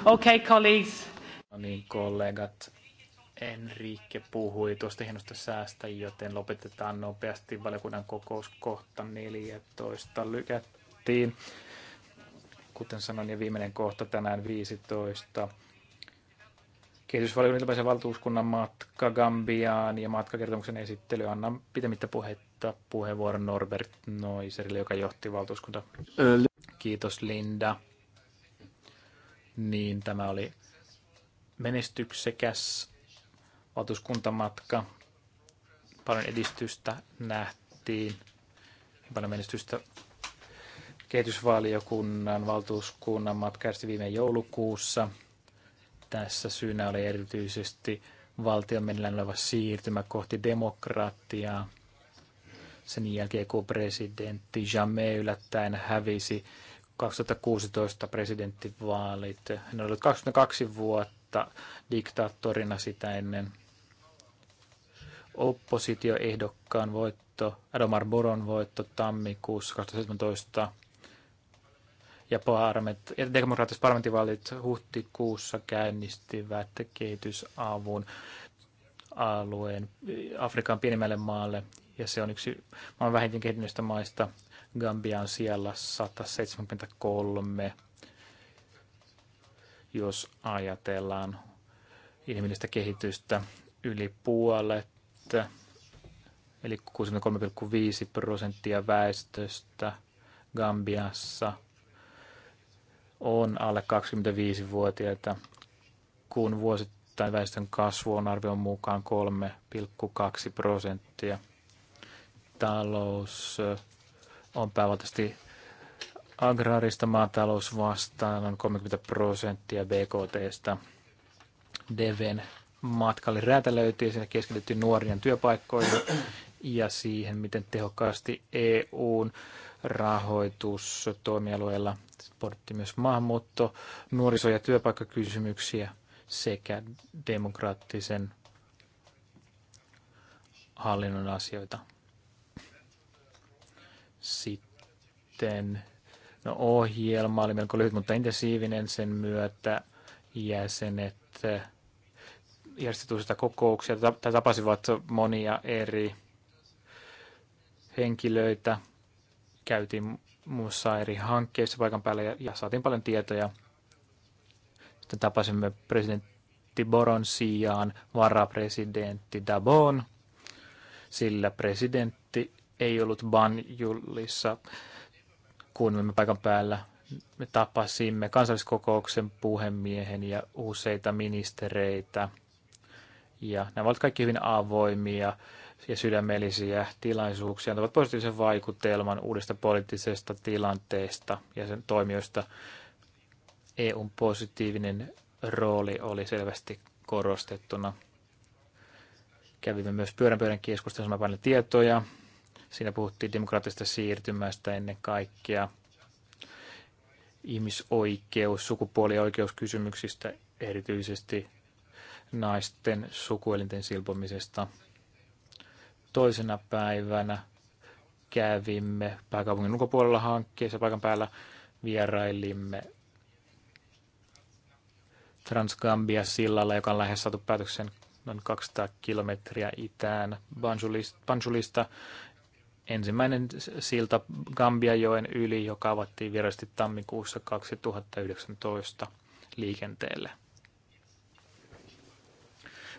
Okay, colleagues. No niin, kollegat. Enrique puhui tuosta hienosta säästä, joten lopetetaan nopeasti valiokunnan kokous kohta 14 lykättiin. Kuten sanoin, ja niin viimeinen kohta tänään 15. Kehitysvaliokunnan ilmaisen valtuuskunnan matka Gambiaan ja matkakertomuksen esittely. Annan pitemmittä puhetta puheenvuoron Norbert Noiserille, joka johti valtuuskunta. Kiitos Linda niin tämä oli menestyksekäs valtuuskuntamatka. Paljon edistystä nähtiin, paljon menestystä kehitysvaaliokunnan valtuuskunnan matka viime joulukuussa. Tässä syynä oli erityisesti valtion meneillään oleva siirtymä kohti demokratiaa. Sen jälkeen, kun presidentti Jammeh yllättäen hävisi 2016 presidenttivaalit. Hän oli 22 vuotta diktaattorina sitä ennen. Oppositioehdokkaan voitto, Adomar Boron voitto tammikuussa 2017 ja, demokraattiset parlamenttivaalit huhtikuussa käynnistivät kehitysavun alueen Afrikan pienimmälle maalle, ja se on yksi maan vähintään kehittyneistä maista. Gambia on siellä 173, jos ajatellaan inhimillistä kehitystä yli puolet, eli 63,5 prosenttia väestöstä Gambiassa on alle 25-vuotiaita, kun vuosittain väestön kasvu on arvion mukaan 3,2 prosenttia. Talous on päävaltaisesti agraarista maatalous vastaan on 30 prosenttia BKTstä. Deven matkalle löytyy, siinä keskitytty nuorien työpaikkoihin ja siihen, miten tehokkaasti EUn rahoitus toimialueella pohdittiin myös maahanmuutto, nuoriso- ja työpaikkakysymyksiä sekä demokraattisen hallinnon asioita. Sitten no, ohjelma oli melko lyhyt, mutta intensiivinen sen myötä. Jäsenet eh, järjestetuista kokouksia tai tapasivat monia eri henkilöitä. Käytiin muussa eri hankkeissa paikan päällä ja, ja saatiin paljon tietoja. Sitten tapasimme presidentti Boron sijaan varapresidentti Dabon, sillä presidentti ei ollut Banjulissa, kuunnelimme paikan päällä. Me tapasimme kansalliskokouksen puhemiehen ja useita ministereitä. Ja nämä ovat kaikki hyvin avoimia ja sydämellisiä tilaisuuksia, Ne ovat positiivisen vaikutelman uudesta poliittisesta tilanteesta ja sen toimijoista. EUn positiivinen rooli oli selvästi korostettuna. Kävimme myös pyöränpöydän keskustelussa, mä tietoja Siinä puhuttiin demokraattisesta siirtymästä ennen kaikkea ihmisoikeus, sukupuolioikeuskysymyksistä, erityisesti naisten sukuelinten silpomisesta. Toisena päivänä kävimme pääkaupungin ulkopuolella hankkeessa paikan päällä vierailimme Transgambia sillalla, joka on lähes saatu päätöksen noin 200 kilometriä itään Banjulista ensimmäinen silta Gambiajoen yli, joka avattiin virallisesti tammikuussa 2019 liikenteelle.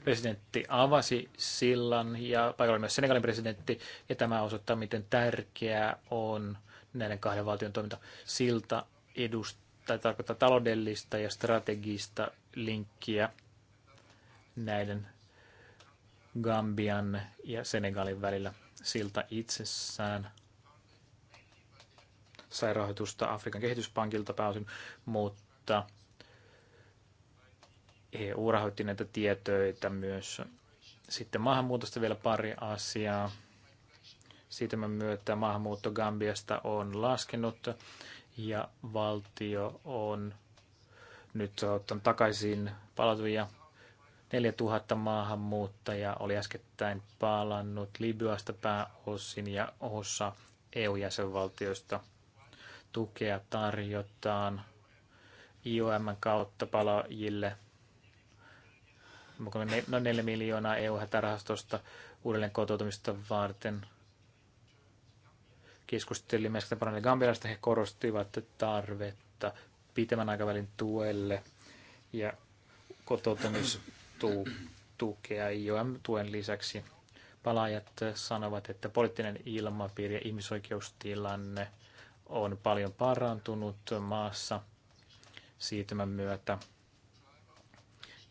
Presidentti avasi sillan ja paikalla myös Senegalin presidentti, ja tämä osoittaa, miten tärkeää on näiden kahden valtion toiminta. Silta edustaa, tarkoittaa taloudellista ja strategista linkkiä näiden Gambian ja Senegalin välillä silta itsessään sai rahoitusta Afrikan kehityspankilta pääosin, mutta EU rahoitti näitä tietöitä myös. Sitten maahanmuutosta vielä pari asiaa. Siitä myötä maahanmuutto Gambiasta on laskenut ja valtio on nyt ottanut takaisin palautuvia 4000 maahanmuuttajaa oli äskettäin palannut Libyasta pääosin ja osa EU-jäsenvaltioista. Tukea tarjotaan IOM kautta palaajille noin 4 miljoonaa EU-hätärahastosta uudelleen kotoutumista varten. myös Espanjan Gambialasta, he korostivat tarvetta pitemmän aikavälin tuelle ja kotoutumis tukea IOM-tuen lisäksi. Palaajat sanovat, että poliittinen ilmapiiri ja ihmisoikeustilanne on paljon parantunut maassa siirtymän myötä.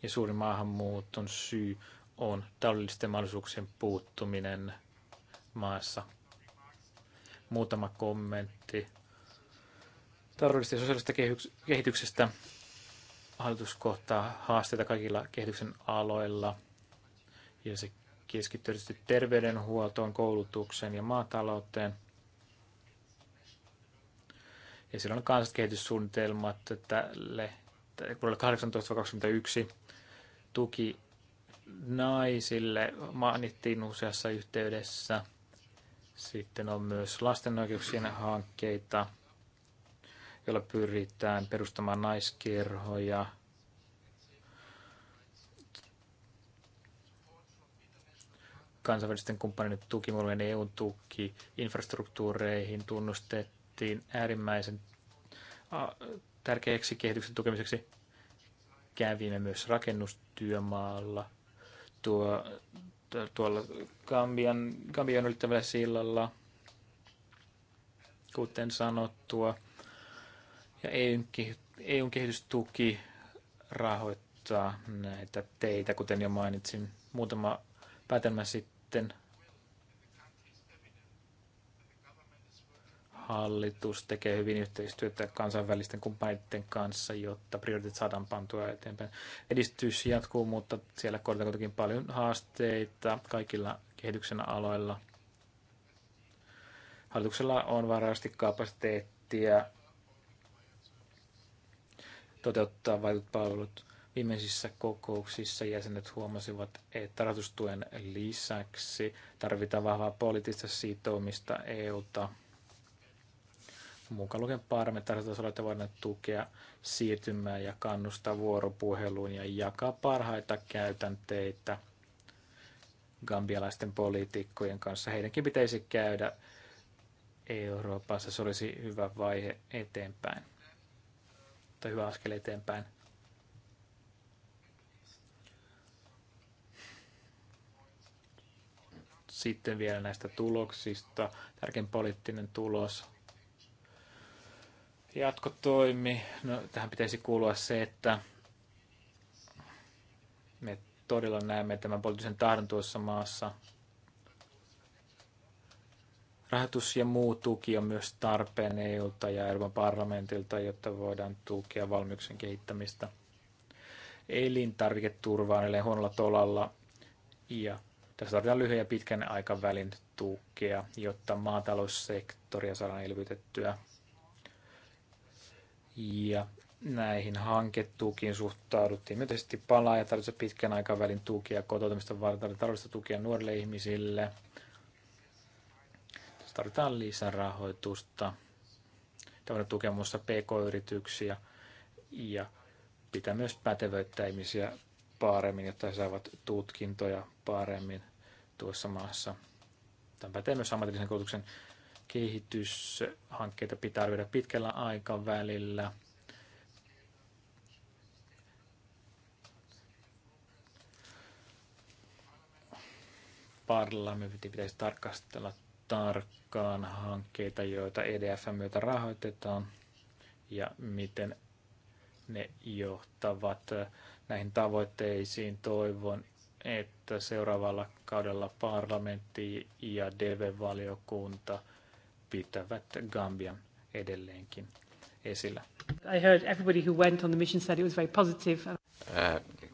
Ja suuri maahanmuuton syy on taloudellisten mahdollisuuksien puuttuminen maassa. Muutama kommentti taloudellisesta ja sosiaalisesta kehityksestä Hallitus kohtaa haasteita kaikilla kehityksen aloilla ja se keskittyy tietysti terveydenhuoltoon, koulutukseen ja maatalouteen. Ja siellä on kansalliset kehityssuunnitelmat tälle vuodelle 18-21 tuki naisille mainittiin useassa yhteydessä. Sitten on myös lasten oikeuksien hankkeita jolla pyritään perustamaan naiskerhoja. Kansainvälisten kumppaneiden tukimuodojen EU-tuki infrastruktuureihin tunnustettiin äärimmäisen tärkeäksi kehityksen tukemiseksi. Kävimme myös rakennustyömaalla tuo, tuolla Gambian, Gambian ylittävällä sillalla, kuten sanottua ja EUn, kehitystuki rahoittaa näitä teitä, kuten jo mainitsin muutama päätelmä sitten. Hallitus tekee hyvin yhteistyötä kansainvälisten kumppaneiden kanssa, jotta prioriteetit saadaan pantua eteenpäin. Edistys jatkuu, mutta siellä kohdataan kuitenkin paljon haasteita kaikilla kehityksen aloilla. Hallituksella on varasti kapasiteettia toteuttaa vaitut palvelut. Viimeisissä kokouksissa jäsenet huomasivat, että rahoitustuen lisäksi tarvitaan vahvaa poliittista sitoumista EUta mukaan lukien parlamentaarisella tasolla, voidaan tukea siirtymää ja kannustaa vuoropuheluun ja jakaa parhaita käytänteitä gambialaisten poliitikkojen kanssa. Heidänkin pitäisi käydä Euroopassa, se olisi hyvä vaihe eteenpäin mutta hyvä askel eteenpäin. Sitten vielä näistä tuloksista. Tärkein poliittinen tulos. Jatkotoimi. No, tähän pitäisi kuulua se, että me todella näemme tämän poliittisen tahdon tuossa maassa – rahoitus ja muu tuki on myös tarpeen EUlta ja Euroopan parlamentilta, jotta voidaan tukea valmiuksen kehittämistä. Elintarviketurva on edelleen huonolla tolalla ja tässä tarvitaan lyhyen ja pitkän aikavälin tukea, jotta maataloussektoria saadaan elvytettyä. Ja näihin hanketukiin suhtauduttiin myönteisesti palaa ja tarvitsee pitkän aikavälin tukia kotoutumista varten, tarvitsee tukia nuorille ihmisille – tarvitaan lisärahoitusta. Tämä tukee muassa pk-yrityksiä ja pitää myös pätevöittää ihmisiä paremmin, jotta he saavat tutkintoja paremmin tuossa maassa. Tämä pätee myös ammatillisen koulutuksen kehityshankkeita pitää arvioida pitkällä aikavälillä. Parlamentti pitäisi tarkastella tarkkaan hankkeita, joita EDFn myötä rahoitetaan ja miten ne johtavat näihin tavoitteisiin. Toivon, että seuraavalla kaudella parlamentti ja DV-valiokunta pitävät Gambian edelleenkin esillä. I heard everybody who went on the mission said it was very positive.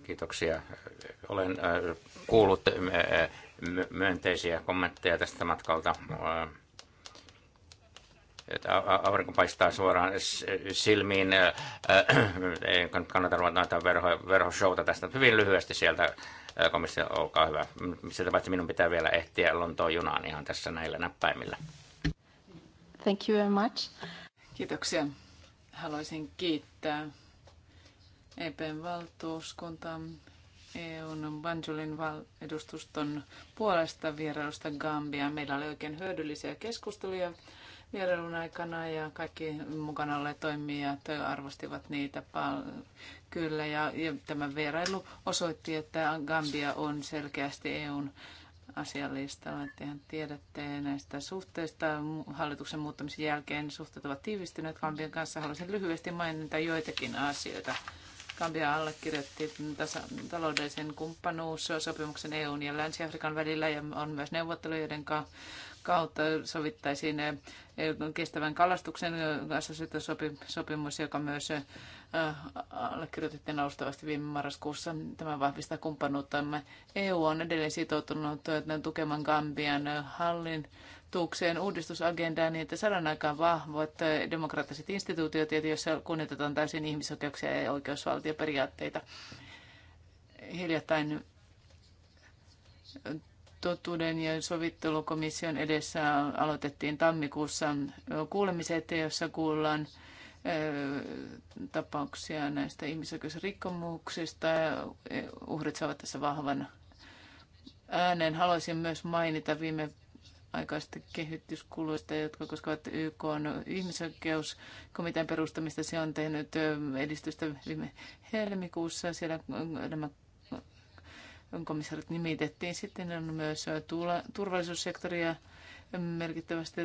Kiitoksia. Olen kuullut myönteisiä kommentteja tästä matkalta. Että aurinko paistaa suoraan silmiin. Ei kannata ruveta näitä verho, verhoshowta tästä. Hyvin lyhyesti sieltä komissio, olkaa hyvä. Sieltä paitsi minun pitää vielä ehtiä Lontoon junaan ihan tässä näillä näppäimillä. Thank you very much. Kiitoksia. Haluaisin kiittää EPn valtuuskuntaa EUn Banjulin edustuston puolesta vierailusta Gambia, Meillä oli oikein hyödyllisiä keskusteluja vierailun aikana ja kaikki mukana olleet toimijat arvostivat niitä pal- kyllä. Ja, ja tämä vierailu osoitti, että Gambia on selkeästi EUn asialistalla. Tehän tiedätte näistä suhteista. Hallituksen muuttamisen jälkeen suhteet ovat tiivistyneet Gambian kanssa. Haluaisin lyhyesti mainita joitakin asioita. Gambia allekirjoitti taloudellisen kumppanuussopimuksen EUn ja Länsi-Afrikan välillä ja on myös neuvotteluiden kautta sovittaisiin eh, kestävän kalastuksen kanssa sopimus, joka myös eh, allekirjoitettiin alustavasti viime marraskuussa. Tämä vahvistaa kumppanuuttamme. EU on edelleen sitoutunut eh, tukemaan Gambian hallin hallitukseen uudistusagendaa niin, että saadaan aikaan vahvat demokraattiset instituutiot, joissa kunnioitetaan täysin ihmisoikeuksia ja oikeusvaltioperiaatteita. Hiljattain totuuden ja sovittelukomission edessä aloitettiin tammikuussa kuulemiset, joissa kuullaan tapauksia näistä ihmisoikeusrikkomuksista. Uhrit saavat tässä vahvan äänen. Haluaisin myös mainita viime aikaista kehityskuluista, jotka koskevat YK on ihmisoikeuskomitean perustamista. Se on tehnyt edistystä viime helmikuussa. Siellä nämä komissarit nimitettiin. Sitten on myös turvallisuussektoria merkittävästi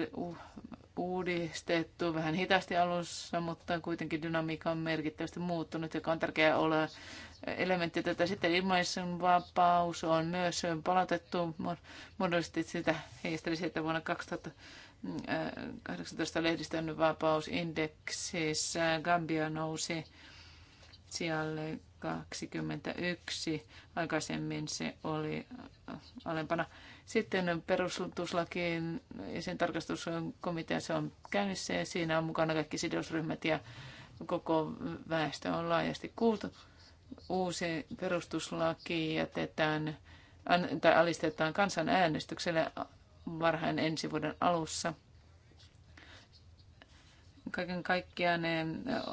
uudistettu, vähän hitaasti alussa, mutta kuitenkin dynamiikka on merkittävästi muuttunut, joka on tärkeää olla elementti tätä. Sitten ilmaisun vapaus on myös palautettu muodollisesti sitä heisteli sieltä vuonna 2018 lehdistön vapausindeksissä. Gambia nousi sijalle 21. Aikaisemmin se oli alempana. Sitten perustuslakiin ja sen tarkastuskomitea se on käynnissä ja siinä on mukana kaikki sidosryhmät ja koko väestö on laajasti kuultu uusi perustuslaki jätetään tai alistetaan kansanäänestykselle varhain ensi vuoden alussa. Kaiken kaikkiaan ne äh,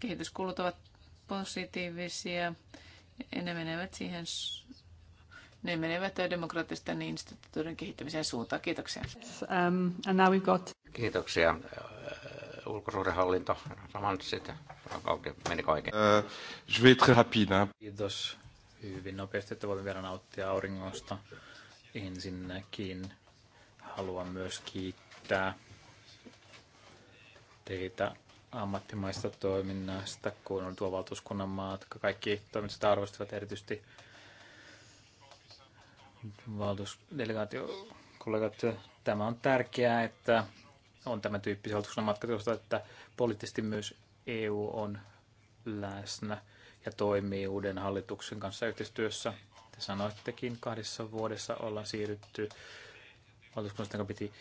kehityskulut ovat positiivisia ja ne menevät siihen ne menevät demokraattisten instituutioiden kehittämiseen suuntaan. Kiitoksia. Um, and now we've got... Kiitoksia ulkosuhdehallinto. Saman sitten meni kaiken. Uh, je vais très rapide, hein? Kiitos hyvin nopeasti, että voimme vielä nauttia auringosta. Ensinnäkin haluan myös kiittää teitä ammattimaista toiminnasta, kun on tuo valtuuskunnan matka. Kaikki toimitukset arvostivat erityisesti valtuusdelegaatiokollegat. Tämä on tärkeää, että on tämän tyyppisiä hallituksen matkatilasta, että poliittisesti myös EU on läsnä ja toimii uuden hallituksen kanssa yhteistyössä. Te sanoittekin, kahdessa vuodessa ollaan siirrytty hallituskunnasta, joka piti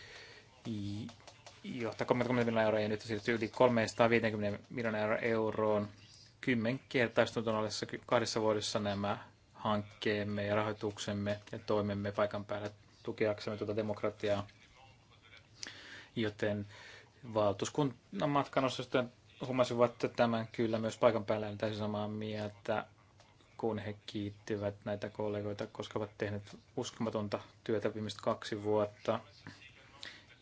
johtaa 30 miljoonaa euroa ja nyt on siirrytty yli 350 miljoonaa euroa euroon. Kymmenkertaistunut on alessa kahdessa vuodessa nämä hankkeemme ja rahoituksemme ja toimemme paikan päällä tukeaksemme tuota demokratiaa joten valtuuskunnan matkan osasta huomasivat tämän kyllä myös paikan päällä täysin samaa mieltä, kun he kiittivät näitä kollegoita, koska ovat tehneet uskomatonta työtä viimeiset kaksi vuotta.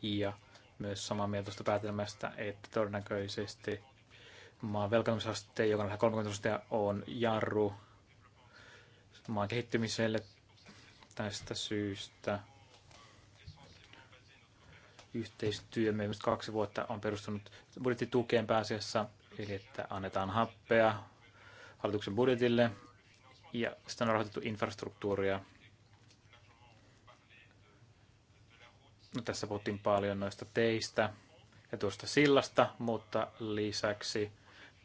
Ja myös samaa mieltä tuosta päätelmästä, että todennäköisesti maan velkaantumisaste, joka on 30 on jarru maan kehittymiselle tästä syystä myös kaksi vuotta on perustunut budjettitukeen pääasiassa, eli että annetaan happea hallituksen budjetille ja sitä on rahoitettu infrastruktuuria. No, tässä puhuttiin paljon noista teistä ja tuosta sillasta, mutta lisäksi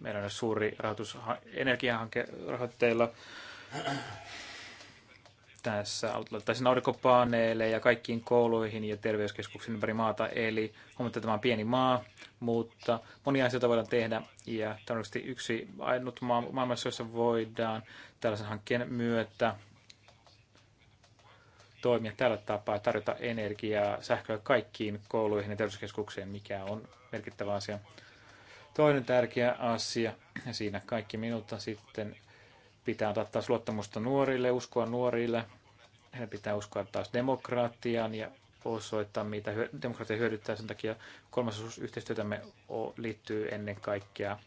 meillä on suuri rahoitus energiahanke rahoitteilla tässä laitettaisiin aurinkopaneeleja kaikkiin kouluihin ja terveyskeskuksiin ympäri maata. Eli huomattavasti tämä on pieni maa, mutta monia asioita voidaan tehdä. Ja todennäköisesti yksi ainut maa maailmassa, jossa voidaan tällaisen hankkeen myötä toimia tällä tapaa, tarjota energiaa, sähköä kaikkiin kouluihin ja terveyskeskukseen, mikä on merkittävä asia. Toinen tärkeä asia, ja siinä kaikki minulta sitten Pitää antaa taas luottamusta nuorille, uskoa nuorille. He pitää uskoa taas demokraattiaan ja osoittaa, mitä demokratia hyödyttää. Sen takia kolmas yhteistyötämme liittyy ennen kaikkea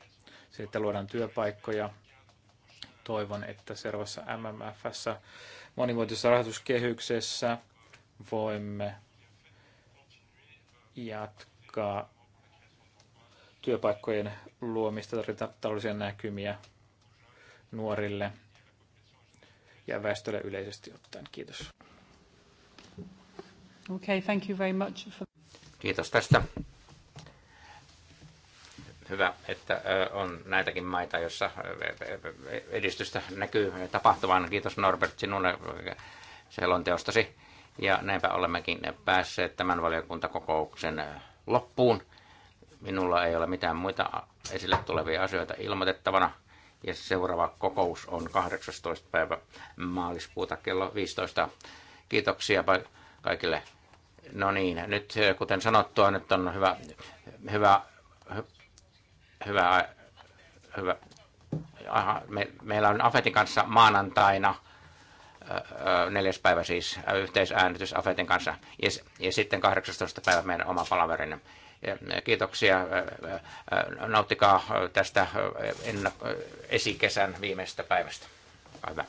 se, että luodaan työpaikkoja. Toivon, että seuraavassa MMFssä monimuotoisessa rahoituskehyksessä voimme jatkaa työpaikkojen luomista, tarvitaan taloudellisia näkymiä nuorille ja väestölle yleisesti ottaen. Kiitos. Okay, thank you very much for... Kiitos tästä. Hyvä, että on näitäkin maita, joissa edistystä näkyy tapahtuvan. Kiitos Norbert sinulle selonteostasi. Ja näinpä olemmekin päässeet tämän valiokuntakokouksen loppuun. Minulla ei ole mitään muita esille tulevia asioita ilmoitettavana. Ja seuraava kokous on 18. päivä maaliskuuta kello 15. Kiitoksia kaikille. No niin, nyt eh, kuten sanottua, nyt on hyvä, hyvä, hyvä, hyvä. Aha, me, meillä on Afetin kanssa maanantaina eh, eh, neljäs päivä siis yhteisäänitys Afetin kanssa ja, ja sitten 18. päivä meidän oma palaverinen. Kiitoksia. Nauttikaa tästä esikesän viimeisestä päivästä. Hyvä.